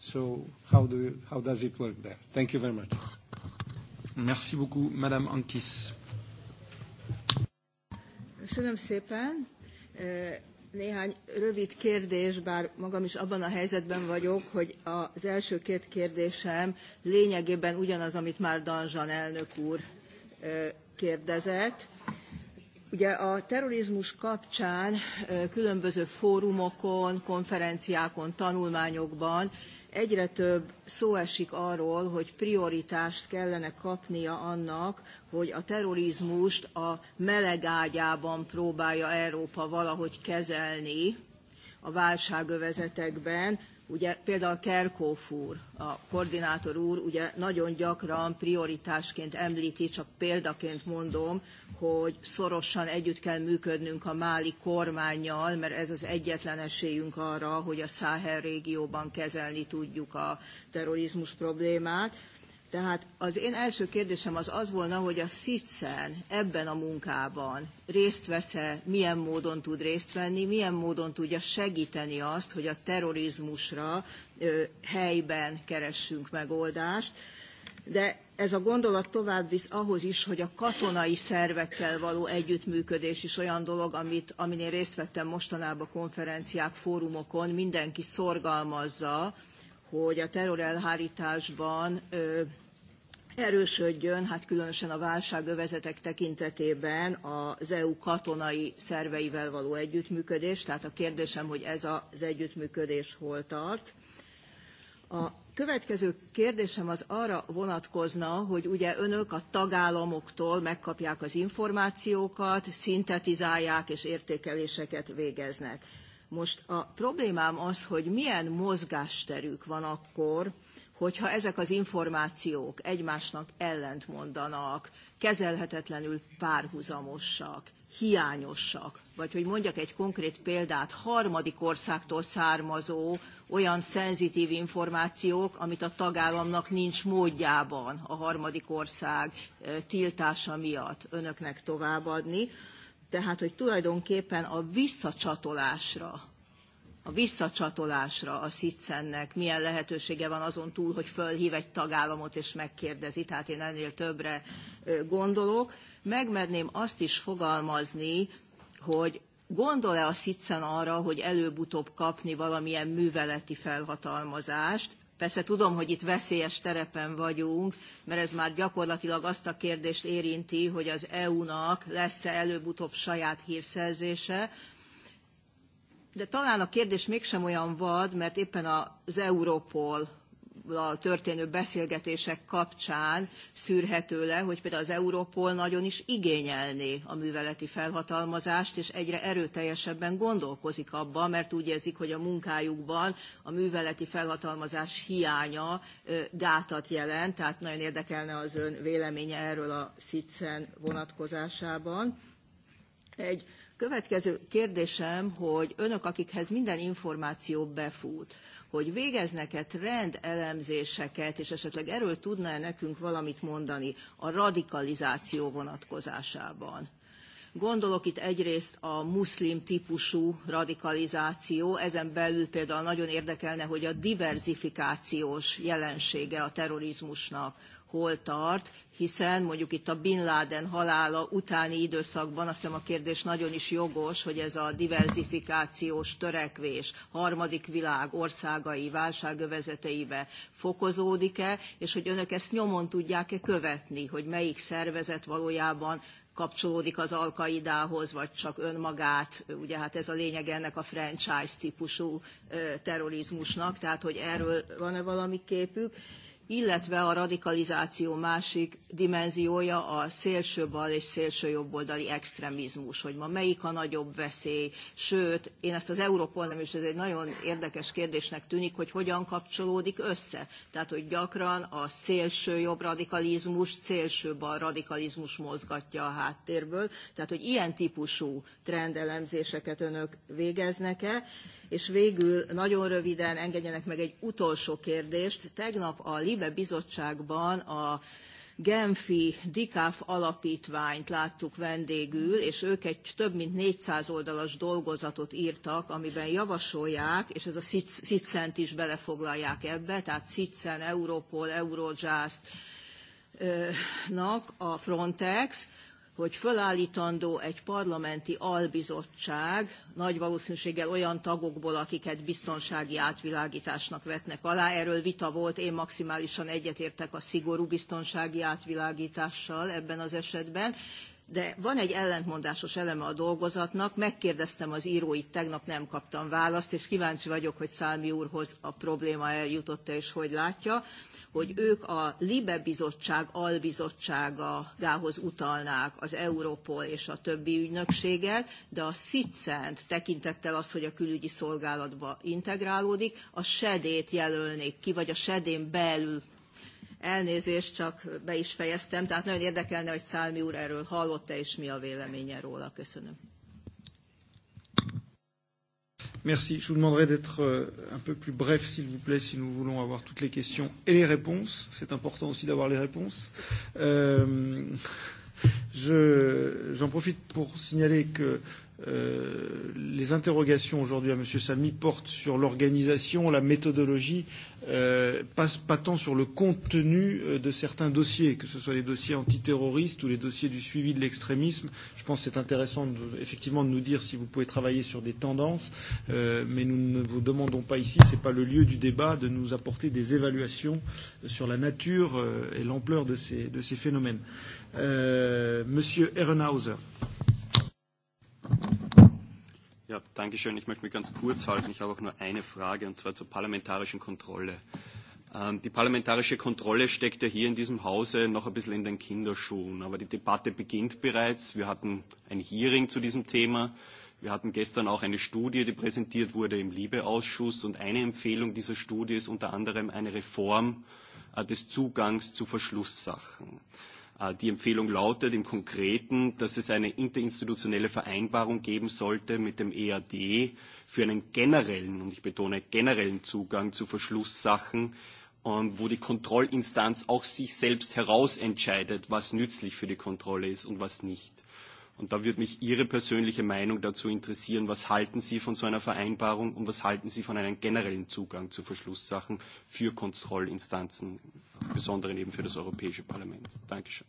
So how do you how does it work there? Thank you very much. Merci beaucoup, Madame Ankis. Köszönöm szépen. Néhány rövid kérdés, bár magam is abban a helyzetben vagyok, hogy az első két kérdésem lényegében ugyanaz, amit már Danzsan elnök úr kérdezett. Ugye a terrorizmus kapcsán különböző fórumokon, konferenciákon, tanulmányokban egyre több szó esik arról, hogy prioritást kellene kapnia annak, hogy a terrorizmust a melegágyában próbálja Európa valahogy kezelni a válságövezetekben, Ugye például Kerkóf úr, a koordinátor úr ugye nagyon gyakran prioritásként említi, csak példaként mondom, hogy szorosan együtt kell működnünk a máli kormányjal, mert ez az egyetlen esélyünk arra, hogy a Száhel régióban kezelni tudjuk a terrorizmus problémát. Tehát az én első kérdésem az az volna, hogy a SZICEN ebben a munkában részt vesz-e, milyen módon tud részt venni, milyen módon tudja segíteni azt, hogy a terrorizmusra helyben keressünk megoldást. De ez a gondolat tovább visz ahhoz is, hogy a katonai szervekkel való együttműködés is olyan dolog, amit, amin én részt vettem mostanában konferenciák, fórumokon, mindenki szorgalmazza, hogy a terrorelhárításban ö, erősödjön, hát különösen a válságövezetek tekintetében az EU katonai szerveivel való együttműködés. Tehát a kérdésem, hogy ez az együttműködés hol tart. A Következő kérdésem az arra vonatkozna, hogy ugye önök a tagállamoktól megkapják az információkat, szintetizálják és értékeléseket végeznek. Most a problémám az, hogy milyen mozgásterük van akkor, hogyha ezek az információk egymásnak ellentmondanak, kezelhetetlenül párhuzamosak, hiányosak, vagy hogy mondjak egy konkrét példát, harmadik országtól származó olyan szenzitív információk, amit a tagállamnak nincs módjában a harmadik ország tiltása miatt önöknek továbbadni. Tehát, hogy tulajdonképpen a visszacsatolásra a visszacsatolásra a SZICEN-nek milyen lehetősége van azon túl, hogy fölhív egy tagállamot és megkérdezi, tehát én ennél többre gondolok. Megmerném azt is fogalmazni, hogy gondol-e a Szicen arra, hogy előbb-utóbb kapni valamilyen műveleti felhatalmazást, Persze tudom, hogy itt veszélyes terepen vagyunk, mert ez már gyakorlatilag azt a kérdést érinti, hogy az EU-nak lesz-e előbb-utóbb saját hírszerzése, de talán a kérdés mégsem olyan vad, mert éppen az Europol a történő beszélgetések kapcsán szűrhető le, hogy például az Európol nagyon is igényelné a műveleti felhatalmazást, és egyre erőteljesebben gondolkozik abban, mert úgy érzik, hogy a munkájukban a műveleti felhatalmazás hiánya gátat jelent, tehát nagyon érdekelne az ön véleménye erről a SZICEN vonatkozásában. Egy következő kérdésem, hogy önök, akikhez minden információ befut, hogy végeznek-e trendelemzéseket, és esetleg erről tudna-e nekünk valamit mondani a radikalizáció vonatkozásában. Gondolok itt egyrészt a muszlim típusú radikalizáció, ezen belül például nagyon érdekelne, hogy a diverzifikációs jelensége a terrorizmusnak, hol tart, hiszen mondjuk itt a Bin Laden halála utáni időszakban, azt hiszem a kérdés nagyon is jogos, hogy ez a diverzifikációs törekvés harmadik világ országai válságövezeteibe fokozódik-e, és hogy önök ezt nyomon tudják-e követni, hogy melyik szervezet valójában kapcsolódik az Alkaidához, vagy csak önmagát, ugye hát ez a lényeg ennek a franchise típusú terrorizmusnak, tehát hogy erről van-e valami képük illetve a radikalizáció másik dimenziója a bal és szélső jobboldali extremizmus, hogy ma melyik a nagyobb veszély, sőt, én ezt az Európol nem is, ez egy nagyon érdekes kérdésnek tűnik, hogy hogyan kapcsolódik össze. Tehát, hogy gyakran a szélső jobb radikalizmus, bal radikalizmus mozgatja a háttérből, tehát, hogy ilyen típusú trendelemzéseket önök végeznek-e, És végül nagyon röviden engedjenek meg egy utolsó kérdést. Tegnap a LIBE bizottságban a Genfi Dikáf alapítványt láttuk vendégül, és ők egy több mint 400 oldalas dolgozatot írtak, amiben javasolják, és ez a SZICENT is belefoglalják ebbe, tehát SZICEN, Europol, Eurojust, nak a Frontex, hogy fölállítandó egy parlamenti albizottság, nagy valószínűséggel olyan tagokból, akiket biztonsági átvilágításnak vetnek alá. Erről vita volt, én maximálisan egyetértek a szigorú biztonsági átvilágítással ebben az esetben. De van egy ellentmondásos eleme a dolgozatnak, megkérdeztem az íróit, tegnap nem kaptam választ, és kíváncsi vagyok, hogy Szálmi úrhoz a probléma eljutott és hogy látja hogy ők a LIBE bizottság albizottságához utalnák az Europol és a többi ügynökséget, de a SZICENT tekintettel az, hogy a külügyi szolgálatba integrálódik, a SEDét jelölnék ki, vagy a SEDén belül Elnézést, csak be is fejeztem, tehát nagyon érdekelne, hogy Szálmi úr erről hallott-e, és mi a véleménye róla. Köszönöm. Merci. Je vous demanderai d'être un peu plus bref, s'il vous plaît, si nous voulons avoir toutes les questions et les réponses. C'est important aussi d'avoir les réponses. Euh, J'en profite pour signaler que les interrogations aujourd'hui à M. Samy portent sur l'organisation, la méthodologie, euh, pas tant sur le contenu de certains dossiers, que ce soit les dossiers antiterroristes ou les dossiers du suivi de l'extrémisme. Je pense que c'est intéressant de, effectivement de nous dire si vous pouvez travailler sur des tendances, euh, mais nous ne vous demandons pas ici, ce n'est pas le lieu du débat, de nous apporter des évaluations sur la nature et l'ampleur de ces, de ces phénomènes. Euh, Monsieur Ehrenhauser. Ja, danke schön. Ich möchte mich ganz kurz halten. Ich habe auch nur eine Frage, und zwar zur parlamentarischen Kontrolle. Die parlamentarische Kontrolle steckt ja hier in diesem Hause noch ein bisschen in den Kinderschuhen. Aber die Debatte beginnt bereits. Wir hatten ein Hearing zu diesem Thema. Wir hatten gestern auch eine Studie, die präsentiert wurde im Libe-Ausschuss. Und eine Empfehlung dieser Studie ist unter anderem eine Reform des Zugangs zu Verschlusssachen. Die Empfehlung lautet im Konkreten, dass es eine interinstitutionelle Vereinbarung geben sollte mit dem EAD für einen generellen, und ich betone generellen Zugang zu Verschlusssachen, wo die Kontrollinstanz auch sich selbst herausentscheidet, was nützlich für die Kontrolle ist und was nicht. Und da würde mich Ihre persönliche Meinung dazu interessieren. Was halten Sie von so einer Vereinbarung und was halten Sie von einem generellen Zugang zu Verschlusssachen für Kontrollinstanzen, im Besonderen eben für das Europäische Parlament? Dankeschön.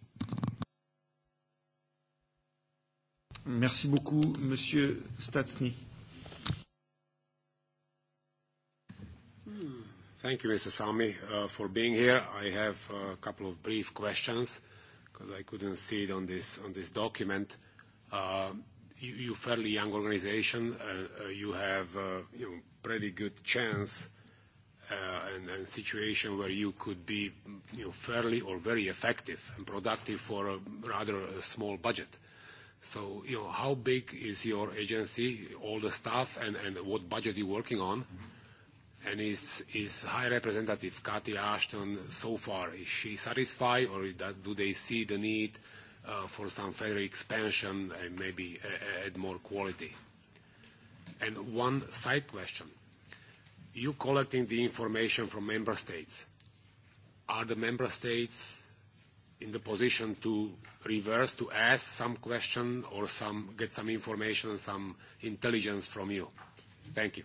Merci beaucoup, Monsieur Statsny. Thank you, Mr. Sami, uh, for being here. I have a couple of brief questions because I couldn't see it on this on this document. Uh, you're fairly young organization. You have, you know, pretty good chance and situation where you could be, you know, fairly or very effective and productive for a rather small budget. So, you know, how big is your agency, all the staff, and what budget you're working on? And is High Representative Cathy Ashton so far, is she satisfied, or do they see the need for some further expansion and maybe add more quality? And one side question. You collecting the information from member states. Are the member states in the position to reverse, to ask some question or some get some information, some intelligence from you? Thank you.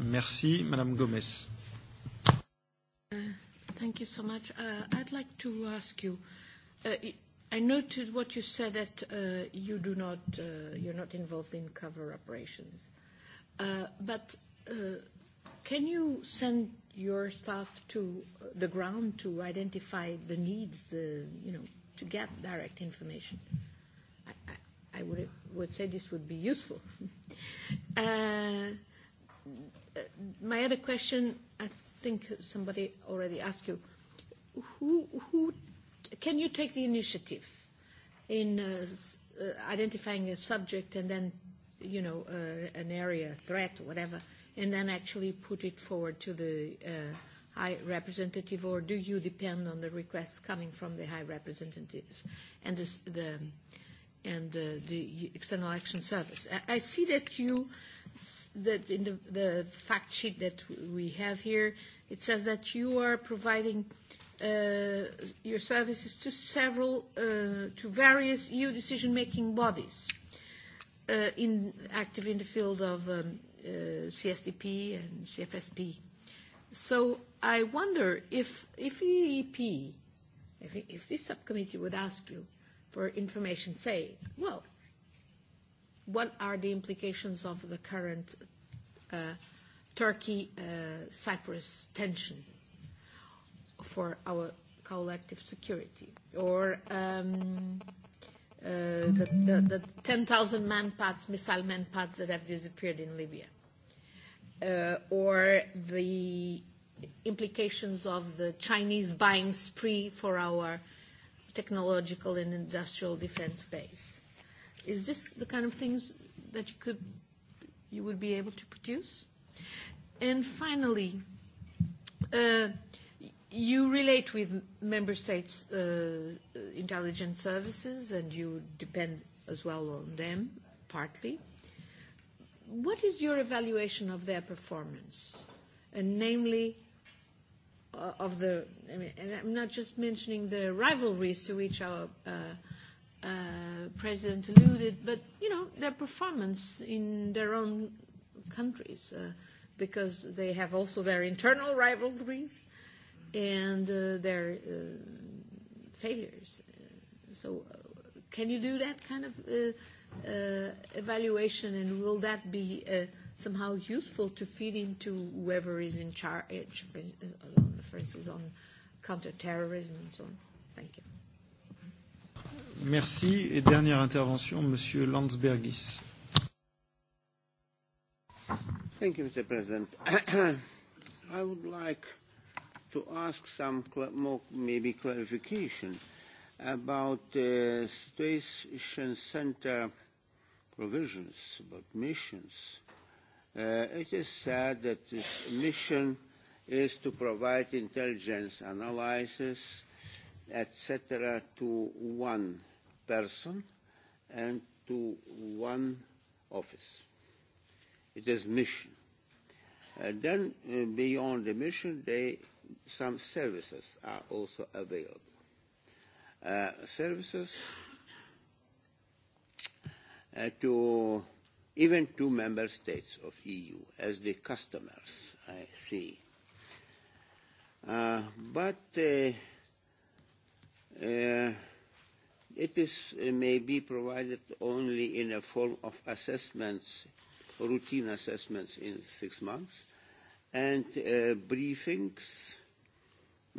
Merci, Madame Gomez. Thank you so much. I'd like to ask you, I noted what you said that uh, you do not, uh, you're not involved in cover operations. Uh, but uh, can you send your staff to the ground to identify the needs, the, you know, to get direct information? I, I, I would, would say this would be useful. uh, my other question, I think somebody already asked you, who, who can you take the initiative in uh, uh, identifying a subject and then, you know, uh, an area, a threat, whatever, and then actually put it forward to the uh, High Representative, or do you depend on the requests coming from the High Representatives and the, the, and, uh, the External Action Service? I, I see that you, that in the, the fact sheet that we have here, it says that you are providing uh your services to several, uh, to various EU decision-making bodies uh, in, active in the field of um, uh, CSDP and CFSP. So I wonder if, if EEP, I think if this subcommittee would ask you for information, say, well, what are the implications of the current uh, Turkey-Cyprus tension? for our collective security, or um, uh, the, the, the 10,000 manpads, missile man pads that have disappeared in Libya, uh, or the implications of the Chinese buying spree for our technological and industrial defense base. Is this the kind of things that you could, you would be able to produce? And finally, uh, you relate with member states' uh, intelligence services, and you depend as well on them partly. What is your evaluation of their performance, and namely? Uh, of the, I mean, and I'm not just mentioning the rivalries to which our uh, uh, president alluded, but you know their performance in their own countries, uh, because they have also their internal rivalries, and uh, their uh, failures. So, uh, can you do that kind of uh, uh, evaluation, and will that be uh, somehow useful to feed into whoever is in charge, for instance, on counterterrorism and so on? Thank you. Merci. Et dernière intervention, Monsieur Landsbergis. Thank you, Mr. President. I would like to ask some cl- more maybe clarification about uh, situation center provisions, about missions. Uh, it is said that this mission is to provide intelligence analysis, etc., to one person and to one office. It is mission. And then uh, beyond the mission, they some services are also available. Uh, services uh, to even two member states of EU as the customers, I see. Uh, but uh, uh, it is uh, may be provided only in a form of assessments, routine assessments in six months, and uh, briefings,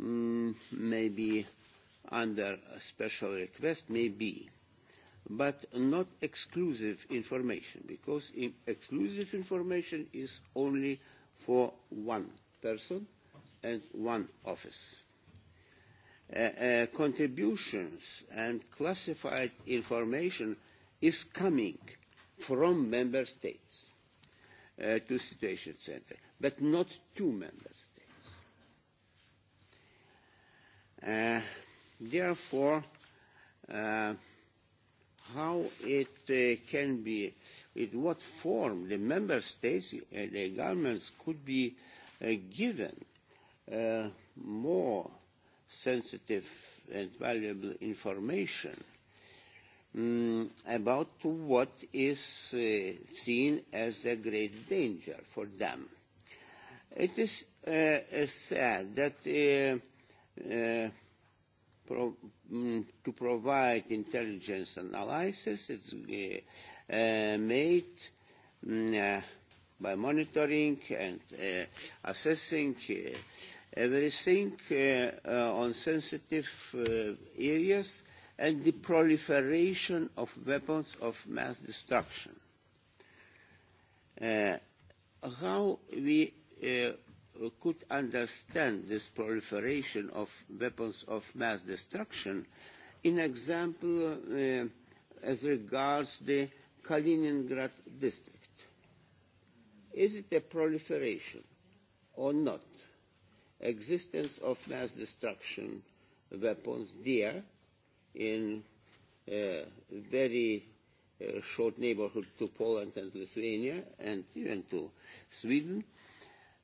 mm, maybe under a special request, maybe, but not exclusive information, because in exclusive information is only for one person and one office. Uh, uh, contributions and classified information is coming from member states uh, to Situation Center but not two member states. Uh, therefore, uh, how it uh, can be, in what form the member states and the governments could be uh, given uh, more sensitive and valuable information um, about what is uh, seen as a great danger for them It is uh, sad that uh, uh, pro- mm, to provide intelligence analysis is uh, uh, made mm, uh, by monitoring and uh, assessing uh, everything uh, uh, on sensitive uh, areas and the proliferation of weapons of mass destruction. Uh, how we uh, could understand this proliferation of weapons of mass destruction in example uh, as regards the Kaliningrad district. Is it a proliferation or not? Existence of mass destruction weapons there in a very uh, short neighborhood to Poland and Lithuania and even to Sweden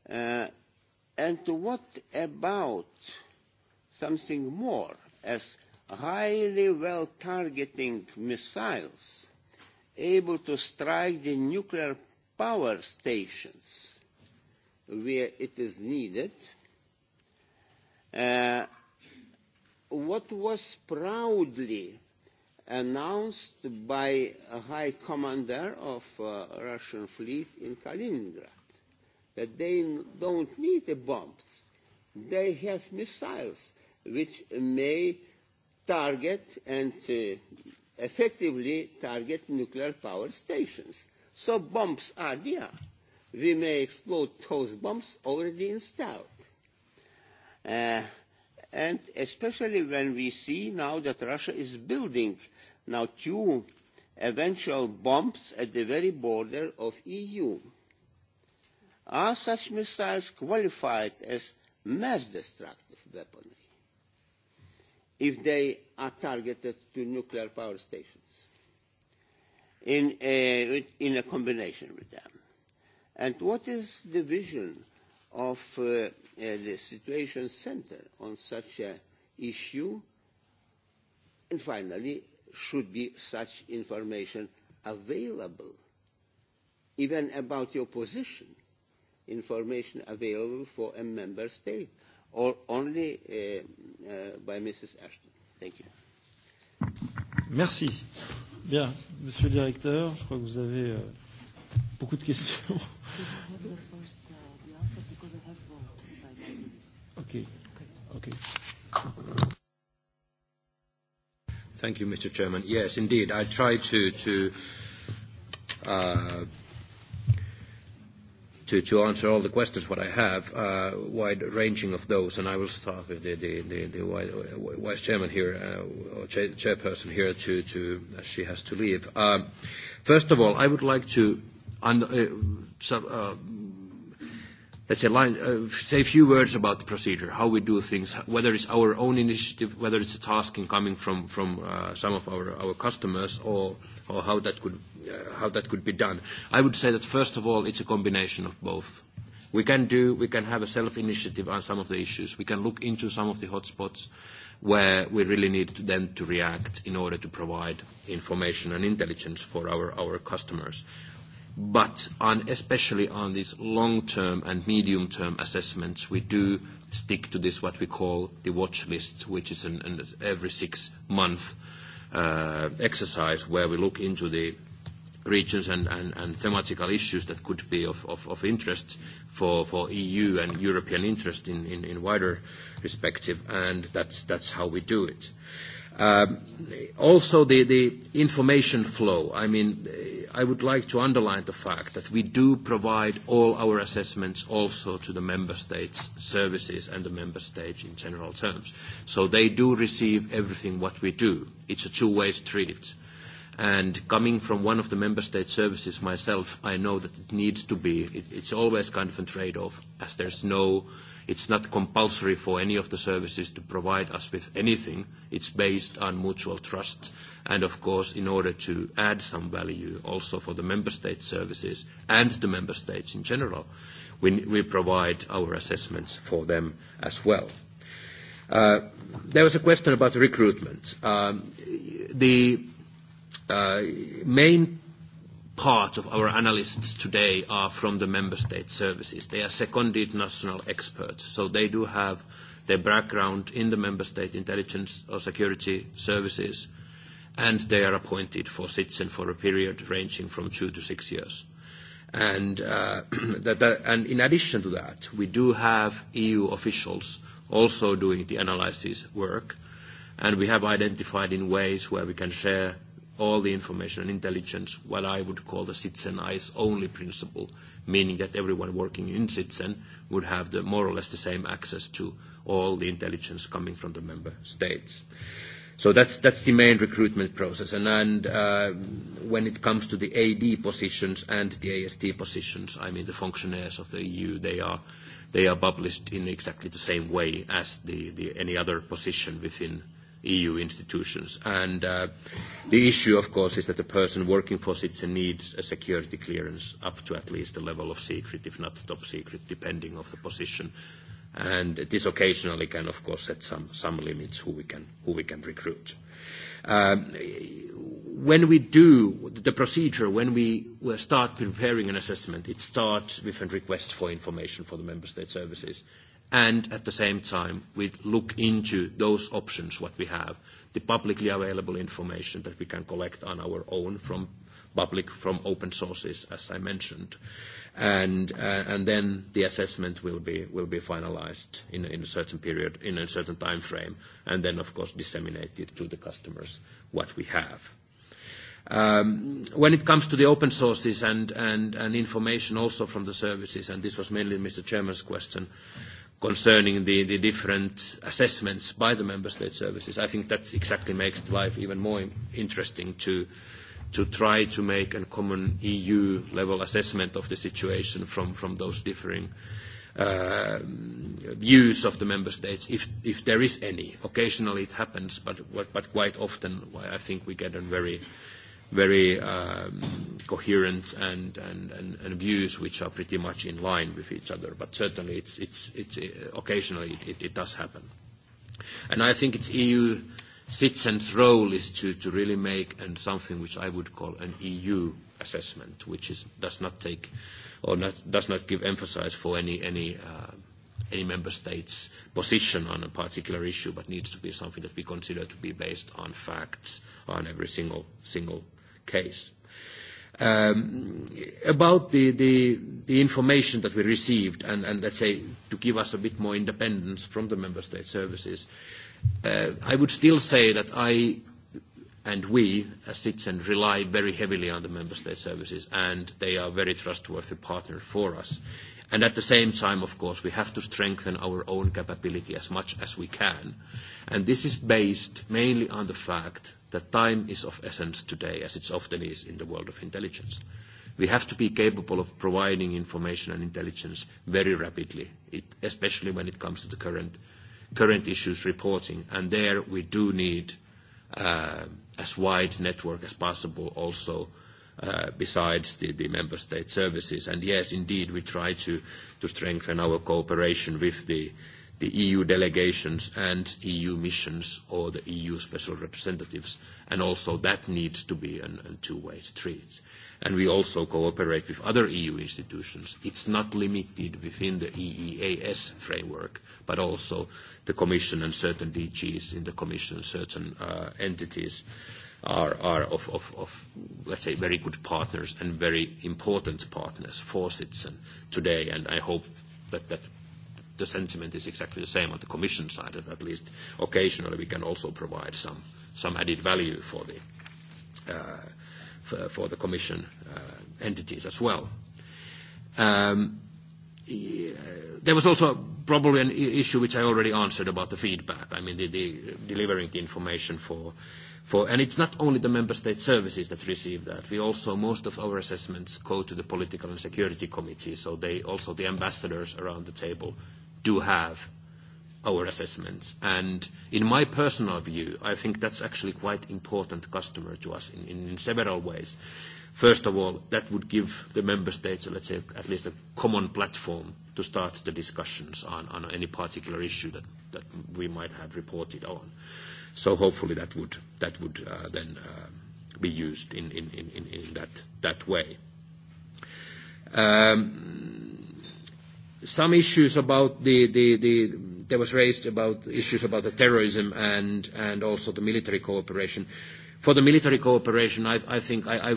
Uh, and what about something more as highly well targeting missiles able to strike the nuclear power stations where it is needed? Uh, what was proudly announced by a high commander of uh, Russian fleet in Kaliningrad that they don't need the bombs. They have missiles which may target and uh, effectively target nuclear power stations. So bombs are there. We may explode those bombs already installed. Uh, and especially when we see now that Russia is building now two eventual bombs at the very border of EU Are such missiles qualified as mass destructive weaponry if they are targeted to nuclear power stations in a, in a combination with them? And what is the vision of uh, uh, the Situation Center on such an issue? And finally, should be such information available, even about your position information available for a member state or only uh, uh, by Mrs. Ashton. Thank you. Merci. Bien, Monsieur le Directeur, je crois que vous avez euh, beaucoup de questions. okay. Okay. Thank you, Mr. Chairman. Yes, indeed, I try to to uh, to, to answer all the questions what I have, uh, wide ranging of those, and I will start with the, the, the, the vice chairman here, uh, or chairperson here, to, to as she has to leave. Um, first of all, I would like to un- uh, uh, let's say, line, uh, say a few words about the procedure, how we do things, whether it's our own initiative, whether it's a tasking coming from, from uh, some of our, our customers, or, or how, that could, uh, how that could be done. I would say that, first of all, it's a combination of both. We can do, we can have a self-initiative on some of the issues. We can look into some of the hotspots where we really need then to react in order to provide information and intelligence for our, our customers but on, especially on these long-term and medium-term assessments, we do stick to this, what we call the watch list, which is an, an every six-month exercise where we look into the regions and, and, and thematical issues that could be of, of, of interest for, for EU and European interest in, in, in wider perspective, and that's, that's how we do it. Um, also, the, the information flow. I mean, I would like to underline the fact that we do provide all our assessments also to the member states' services and the member states in general terms. So they do receive everything what we do. It's a two-way street. And coming from one of the member state services myself, I know that it needs to be, it, it's always kind of a trade-off, as there's no, it's not compulsory for any of the services to provide us with anything. It's based on mutual trust and of course, in order to add some value also for the member state services and the member states in general, we we provide our assessments for them as well. There was a question about recruitment. The main part of our analysts today are from the member state services. They are seconded national experts, so they do have their background in the member state intelligence or security services and they are appointed for citizen for a period ranging from two to six years. And, uh, that, that, and in addition to that, we do have EU officials also doing the analysis work, and we have identified in ways where we can share all the information and intelligence, what I would call the citizen eyes only principle, meaning that everyone working in citizen would have the more or less the same access to all the intelligence coming from the member states. Uh, So that's that's the main recruitment process. And and uh When it comes to the AD positions and the AST positions, I mean, the functionaries of the EU, they are they are published in exactly the same way as the the any other position within EU institutions. And uh The issue, of course, is that the person working for Citizen needs a security clearance up to at least the level of secret, if not top secret, depending on the position and this occasionally can, of course, set some some limits who we can who we can recruit. When we do the procedure, when we start preparing an assessment, it starts with a request for information for the member state services, and at the same time, we look into those options, what we have, the publicly available information that we can collect on our own from public from open sources, as I mentioned. And and then the assessment will be will be finalized in in a certain period, in a certain time frame, and then, of course, disseminated to the customers what we have. When it comes to the open sources and and and information also from the services, and this was mainly Mr. Chairman's question concerning the different assessments by the member state services, I think that exactly makes life even more interesting to to try to make a common EU-level assessment of the situation from, from those differing uh, views of the member states, if, if there is any. Occasionally it happens, but, but quite often I think we get a very, very um, coherent and, and, and, and views which are pretty much in line with each other. But certainly it's, it's, it's, occasionally it, it does happen. And I think it's EU Citizens' role is to, to really make and something which I would call an EU assessment, which is, does not take or not, does not give emphasis for any, any, uh, any member state's position on a particular issue, but needs to be something that we consider to be based on facts on every single, single case. Um, about the, the, the information that we received and, and let's say to give us a bit more independence from the member state services, uh, I would still say that I and we as Citizens rely very heavily on the member state services, and they are very trustworthy partner for us. And At the same time, of course, we have to strengthen our own capability as much as we can. and This is based mainly on the fact that time is of essence today, as it often is in the world of intelligence. We have to be capable of providing information and intelligence very rapidly, especially when it comes to the current current issues reporting. And there we do need as wide network as possible also besides the, the member state services. And yes, indeed, we try to, to strengthen our cooperation with the the EU delegations and EU missions or the EU special representatives, and also that needs to be a two-way street. And we also cooperate with other EU institutions. It's not limited within the EEAS framework, but also the Commission and certain DGs in the Commission, certain entities are are of, of of let's say, very good partners and very important partners for Citizen today, and I hope that that the sentiment is exactly the same on the Commission side, that at least occasionally we can also provide some, some added value for the, uh, for, for the Commission uh, entities as well. Um, there was also probably an issue which I already answered about the feedback. I mean, the, the delivering the information for, for, and it's not only the member state services that receive that. We also, most of our assessments go to the political and security committee, so they also the ambassadors around the table do have our assessments. And in my personal view, I think that's actually quite important customer to us in, in, in several ways. First of all, that would give the member states, let's say, at least a common platform to start the discussions on, on any particular issue that, that we might have reported on. So hopefully that would, that would uh, then uh, be used in, in, in, in that, that way. Um, Some issues about the, the, the there was raised about issues about the terrorism and, and also the military cooperation. For the military cooperation, I, I think I, I,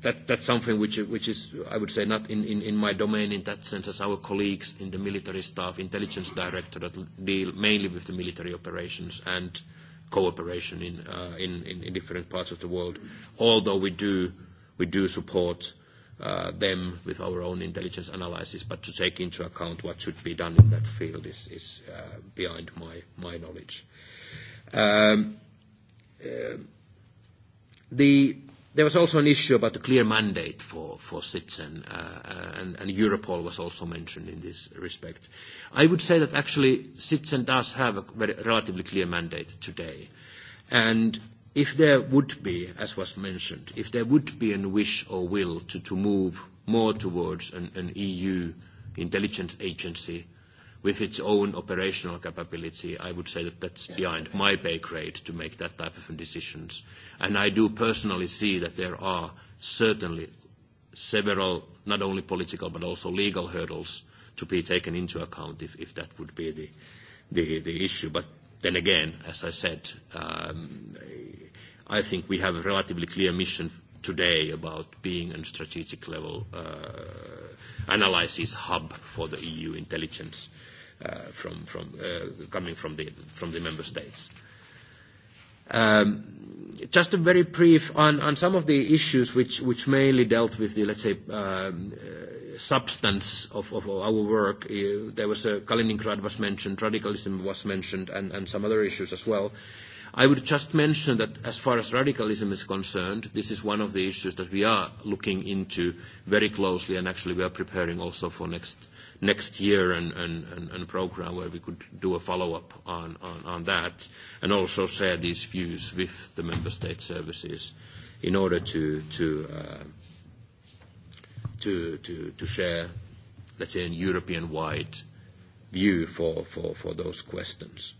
that, that's something which, which is, I would say, not in, in, in my domain in that sense, as our colleagues in the military staff, intelligence directorate, deal mainly with the military operations and cooperation in, uh, in, in, in different parts of the world, although we do, we do support them with our own intelligence analysis, but to take into account what should be done in that field is is uh my my knowledge. the There was also an issue about the clear mandate for for and and Europol was also mentioned in this respect. I would say that actually SITSEN does have a very relatively clear mandate today. and if there would be, as was mentioned, if there would be a wish or will to, to move more towards an, an EU intelligence agency with its own operational capability, I would say that that's behind my pay grade to make that type of decisions. And I do personally see that there are certainly several, not only political, but also legal hurdles to be taken into account if if that would be the the the issue. But then again, as I said, um I think we have a relatively clear mission today about being a strategic level uh, analysis hub for the EU intelligence uh, from, from, uh, coming from the, from the member states. Um, just a very brief on, on some of the issues which, which mainly dealt with the, let's say, um, uh, substance of, of our work. Uh, there was a, Kaliningrad was mentioned, radicalism was mentioned, and, and some other issues as well. Uh, I would just mention that as far as radicalism is concerned, this is one of the issues that we are looking into very closely, and actually we are preparing also for next next year and program where we could do a follow-up on that, and also share these views with the member state services in order to share, let's say, a European-wide view for those questions.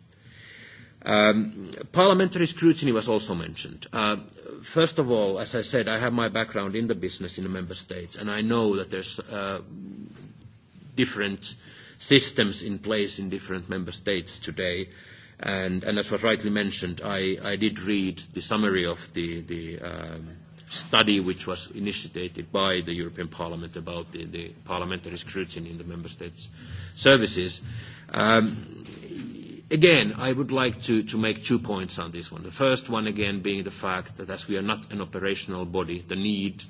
Um, parliamentary scrutiny was also mentioned. Uh, first of all, as I said, I have my background in the business in the member states, and I know that there's uh, different systems in place in different member states today. And, and as was rightly mentioned, I, I did read the summary of the, the um, study which was initiated by the European Parliament about the, the parliamentary scrutiny in the member states' services. Um, Again, I would like to to make two points on this one. The first one, again, being the fact that as we are not an operational body, the need,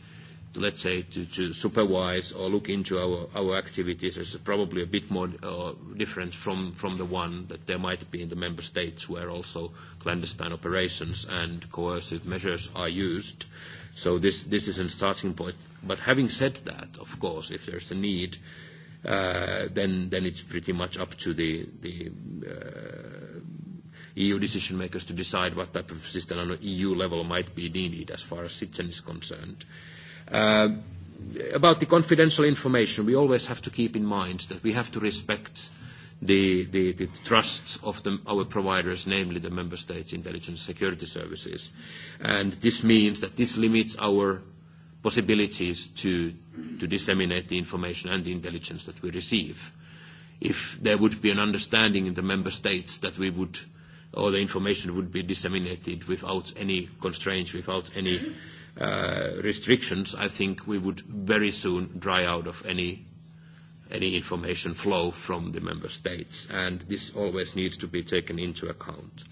to let's say, to to supervise or look into our our activities is probably a bit more uh different from from the one that there might be in the member states, where also clandestine operations and coercive measures are used. So this this is a starting point. But having said that, of course, if there's a need, uh, then, then it's pretty much up to the, the uh, EU decision makers to decide what type of system on an EU level might be needed as far as Citizen is concerned. Uh, about the confidential information, we always have to keep in mind that we have to respect the, the, the trust of the, our providers, namely the member states' intelligence security services. And this means that this limits our possibilities to disseminate the information and the intelligence that we receive. If there would be an understanding in the member states that we would, or the information would be disseminated without any constraints, without any restrictions, I think we would very soon dry out of any information flow from the member states, and this always needs to be taken into account.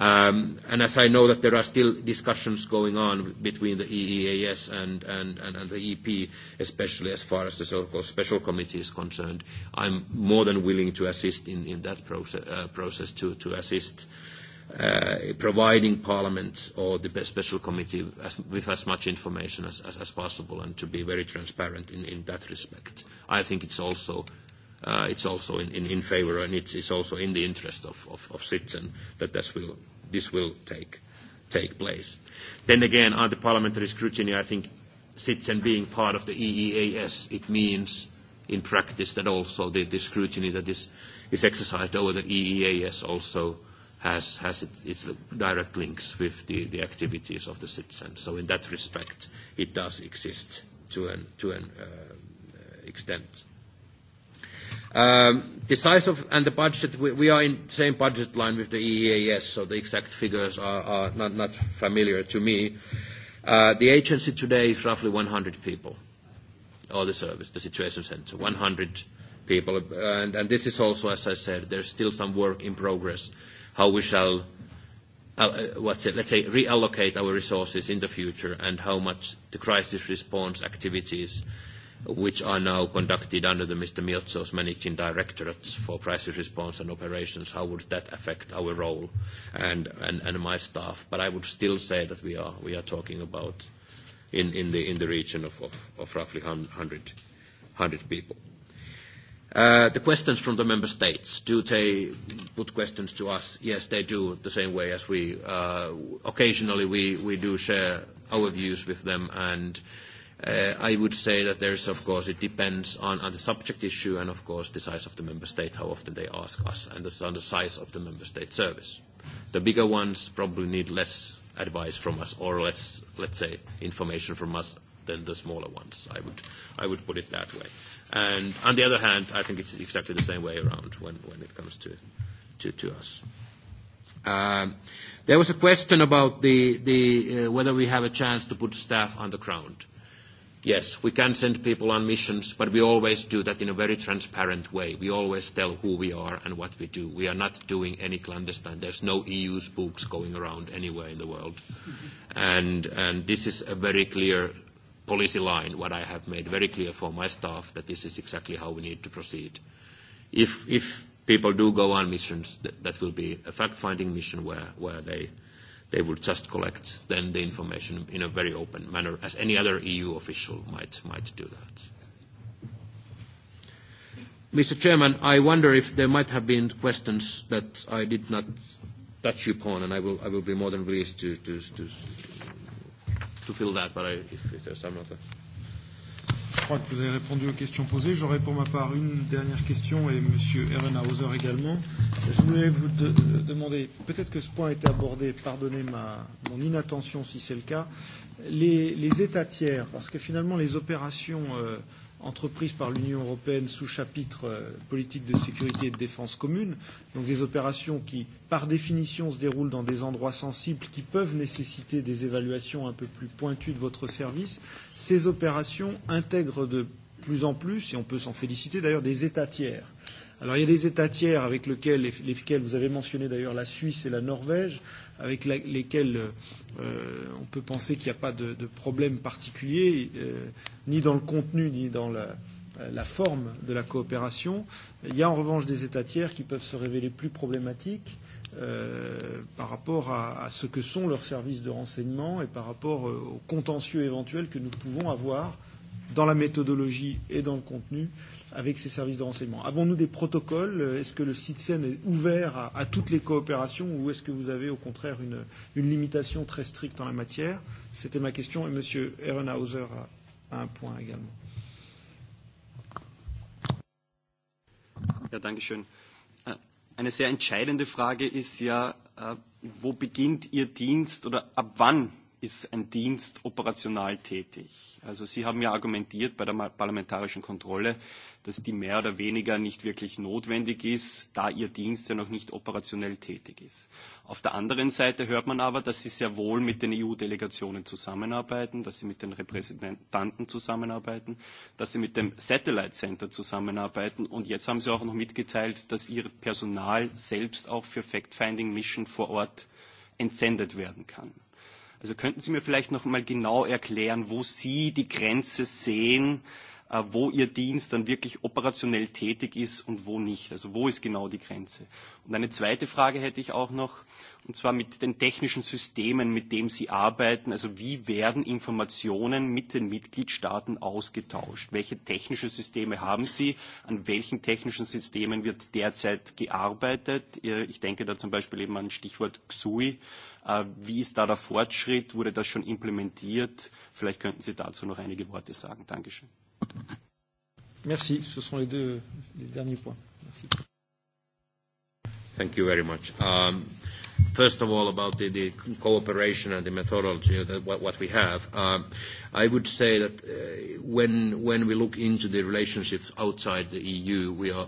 Um, and as I know that there are still discussions going on between the EEAS and, and, and, the EP, especially as far as the so-called special committee is concerned, I'm more than willing to assist in, that process, uh, process to, to assist uh, providing Parliament or the special committee as, with as much information as, as, as possible and to be very transparent in, in that respect. I think it's also uh, it's also in, in, in favor and it's, also in the interest of, of, of citizen that this will, take, place. Then again, on the parliamentary scrutiny, I think citizen being part of the EEAS, it means in practice that also the, the scrutiny that is, is exercised over the EEAS also has, has its direct links with the, the activities of the citizen. So in that respect, it does exist to an, to an extent. The size of and the budget, we are in same budget line with the EEAS, so the exact figures are not familiar to me. The agency today is roughly 100 people, or the service, the situation center, 100 people. And this is also, as I said, there's still some work in progress, how we shall, what's it? Let's say, reallocate our resources in the future, and how much the crisis response activities which are now conducted under the Mr. Miozzo's managing directorates for crisis response and operations, how would that affect our role and and and my staff? But I would still say that we are we are talking about in in the in the region of of of roughly 100 100 people. The questions from the member states, do they put questions to us? Yes, they do, the same way as we occasionally we we do share our views with them, and I would say that there's, of course, it depends on the subject issue and, of course, the size of the member state, how often they ask us, and on the size of the member state service. The bigger ones probably need less advice from us or less, let's say, information from us than the smaller ones. I would, I would put it that way. And on the other hand, I think it's exactly the same way around when, when it comes to, to, to us. Um, there was a question about the, the, uh, whether we have a chance to put staff on the ground. Yes, we can send people on missions, but we always do that in a very transparent way. We always tell who we are and what we do. We are not doing any clandestine. There's no EU spooks going around anywhere in the world. And This is a very clear policy line, what I have made very clear for my staff, that this is exactly how we need to proceed. If people do go on missions, that will be a fact-finding mission where they They will just collect then the information in a very open manner, as any other EU official might, might do that. Mr. Chairman, I wonder if there might have been questions that I did not touch upon, and I will, I will be more than pleased to, to, to, to fill that, but I, if, if there's some other crois que vous avez répondu aux questions posées. J'aurais pour ma part une dernière question et M. Ehrenhauser également. Je voulais vous de, demander, peut-être que ce point a été abordé, pardonnez ma, mon inattention si c'est le cas, les, les États tiers, parce que finalement les opérations euh, entreprises par l'Union européenne sous chapitre euh, politique de sécurité et de défense commune, donc des opérations qui, par définition, se déroulent dans des endroits sensibles qui peuvent nécessiter des évaluations un peu plus pointues de votre service, ces opérations intègrent de plus en plus, et on peut s'en féliciter d'ailleurs, des États tiers. Alors il y a des États tiers avec lesquels, lesquels vous avez mentionné d'ailleurs la Suisse et la Norvège, avec la, lesquels euh, on peut penser qu'il n'y a pas de, de problème particulier, euh, ni dans le contenu, ni dans la, la forme de la coopération. Il y a en revanche des États tiers qui peuvent se révéler plus problématiques euh, par rapport à, à ce que sont leurs services de renseignement et par rapport aux contentieux éventuels que nous pouvons avoir dans la méthodologie et dans le contenu euh, avec ces services de renseignement Avons-nous des protocoles Est-ce que le CITSEN est ouvert à, à toutes les coopérations ou est-ce que vous avez au contraire une, une limitation très stricte en la matière C'était ma question et M. Ehrenhauser a, a un point également. Ja, danke schön. Eine sehr entscheidende Frage ist ja, wo beginnt Ihr Dienst oder ab wann ist ein Dienst operational tätig. Also Sie haben ja argumentiert bei der parlamentarischen Kontrolle, dass die mehr oder weniger nicht wirklich notwendig ist, da Ihr Dienst ja noch nicht operationell tätig ist. Auf der anderen Seite hört man aber, dass Sie sehr wohl mit den EU-Delegationen zusammenarbeiten, dass Sie mit den Repräsentanten zusammenarbeiten, dass Sie mit dem Satellite Center zusammenarbeiten. Und jetzt haben Sie auch noch mitgeteilt, dass Ihr Personal selbst auch für Fact-Finding-Mission vor Ort entsendet werden kann. Also könnten Sie mir vielleicht noch mal genau erklären, wo Sie die Grenze sehen, wo Ihr Dienst dann wirklich operationell tätig ist und wo nicht? Also wo ist genau die Grenze? Und eine zweite Frage hätte ich auch noch und zwar mit den technischen Systemen, mit denen sie arbeiten. Also wie werden Informationen mit den Mitgliedstaaten ausgetauscht? Welche technischen Systeme haben sie? An welchen technischen Systemen wird derzeit gearbeitet? Ich denke da zum Beispiel eben an Stichwort XUI. Wie ist da der Fortschritt? Wurde das schon implementiert? Vielleicht könnten Sie dazu noch einige Worte sagen. Dankeschön. Merci. Ce sont les deux les derniers points. Merci. Thank you very much. Um, First of all, about the, the cooperation and the methodology, that what, we have. I would say that uh, when, when we look into the relationships outside the EU, we are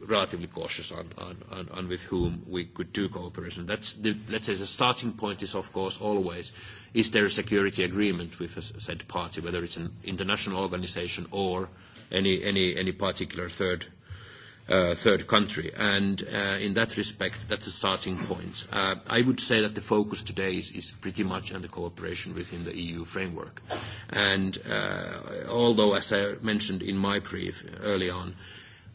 relatively cautious on, on, on, on with whom we could do cooperation. That's the, let's say the starting point is, of course, always is there a security agreement with a said party, whether it's an international organization or any, any, any particular third uh, third country. And uh, in that respect, that's a starting point. Uh, I would say that the focus today is, is pretty much on the cooperation within the EU framework. And uh, although, as I mentioned in my brief early on,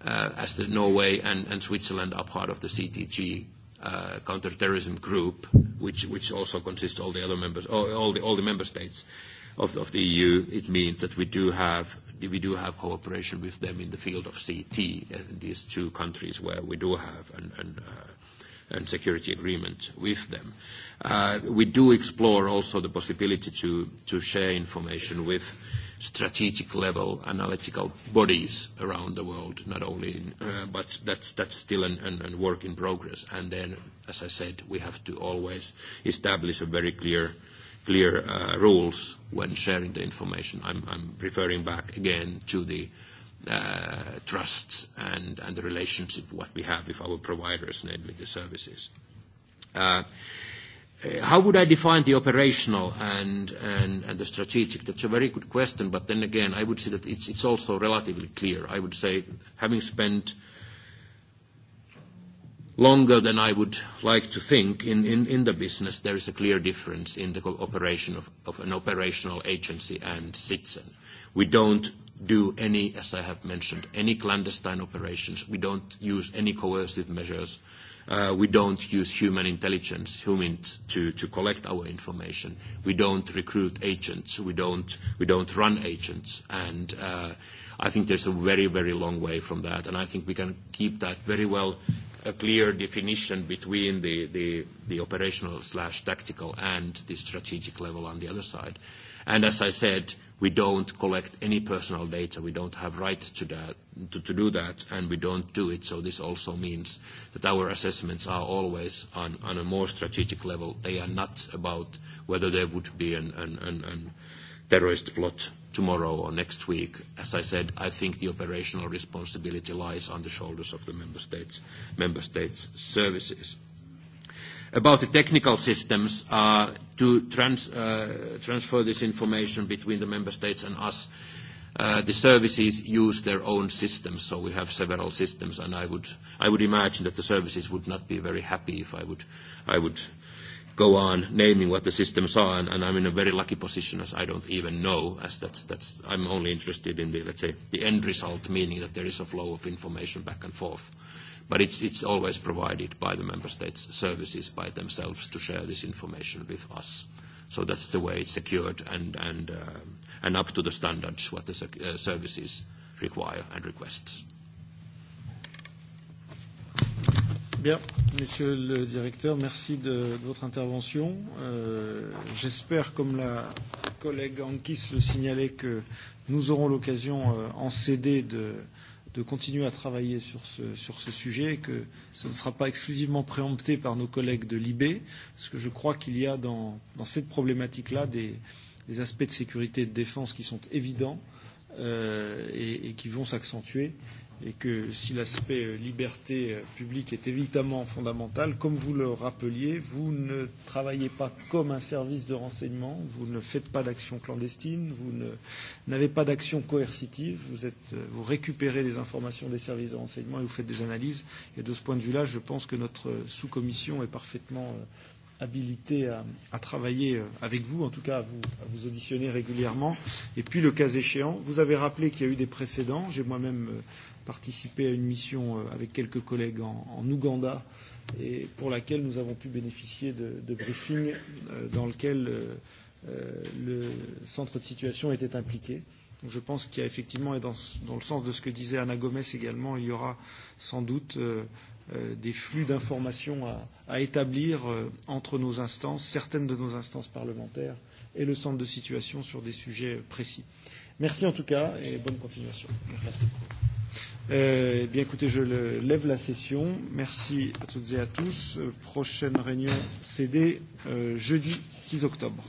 uh, as the Norway and, and Switzerland are part of the CTG uh, counterterrorism group, which, which also consists all the other members, all, all, the, all the member states of, of the EU, it means that we do have we do have cooperation with them in the field of CT, these two countries where we do have an, an, uh, and security agreement with them. Uh, we do explore also the possibility to, to share information with strategic level analytical bodies around the world, not only in, uh, but that's, that's still an, an, an work in progress. And then, as I said, we have to always establish a very clear uh, clear uh, rules when sharing the information. I'm, I'm referring back again to the uh, trusts and, and the relationship what we have with our providers, namely the services. Uh, how would I define the operational and, and, and the strategic? That's a very good question, but then again, I would say that it's, it's also relatively clear. I would say, having spent longer than I would like to think. In the business, there is a clear difference in the cooperation of an operational agency and Sitsen. We don't do any, as I have mentioned, any clandestine operations. We don't use any coercive measures. We don't use human intelligence, humans, to collect our information. We don't recruit agents. We don't run agents. And I think there's a very, very long way from that, and I think we can keep that very well a clear definition between the, the, the operational slash tactical and the strategic level on the other side. And as I said, we don't collect any personal data. We don't have right to that, to, to do that, and we don't do it. So this also means that our assessments are always on, on a more strategic level. They are not about whether there would be an, an, an, an terrorist plot tomorrow or next week. As I said, I think the operational responsibility lies on the shoulders of the member states, member states services. About the technical systems, uh, to trans, uh, transfer this information between the member states and us, uh, the services use their own systems, so we have several systems, and I would, I would imagine that the services would not be very happy if I would, I would uh, go on naming what the systems are, and, and I'm in a very lucky position as I don't even know, as that's, that's, I'm only interested in the, let's say, the end result, meaning that there is a flow of information back and forth. But it's, it's always provided by the member states' services by themselves to share this information with us. So that's the way it's secured and, and, and up to the standards what the uh, services require and requests. Bien, Monsieur le Directeur, merci de, de votre intervention. Euh, J'espère, comme la collègue Ankis le signalait, que nous aurons l'occasion euh, en CD de, de continuer à travailler sur ce, sur ce sujet et que ce ne sera pas exclusivement préempté par nos collègues de l'IB, parce que je crois qu'il y a dans, dans cette problématique-là des, des aspects de sécurité et de défense qui sont évidents euh, et, et qui vont s'accentuer et que si l'aspect liberté publique est évidemment fondamental, comme vous le rappeliez, vous ne travaillez pas comme un service de renseignement, vous ne faites pas d'action clandestine, vous n'avez pas d'action coercitive, vous, êtes, vous récupérez des informations des services de renseignement et vous faites des analyses. Et de ce point de vue-là, je pense que notre sous-commission est parfaitement habilité à, à travailler avec vous, en tout cas à vous, à vous auditionner régulièrement. Et puis, le cas échéant, vous avez rappelé qu'il y a eu des précédents. J'ai moi-même participé à une mission avec quelques collègues en, en Ouganda et pour laquelle nous avons pu bénéficier de, de briefings dans lesquels le centre de situation était impliqué. Donc je pense qu'il y a effectivement, et dans, dans le sens de ce que disait Anna Gomes également, il y aura sans doute euh, des flux d'informations à, à établir euh, entre nos instances, certaines de nos instances parlementaires et le centre de situation sur des sujets précis. Merci en tout cas et bonne continuation. Merci. Merci eh bien, écoutez, je le, lève la session. Merci à toutes et à tous. Prochaine réunion CD euh, jeudi 6 octobre.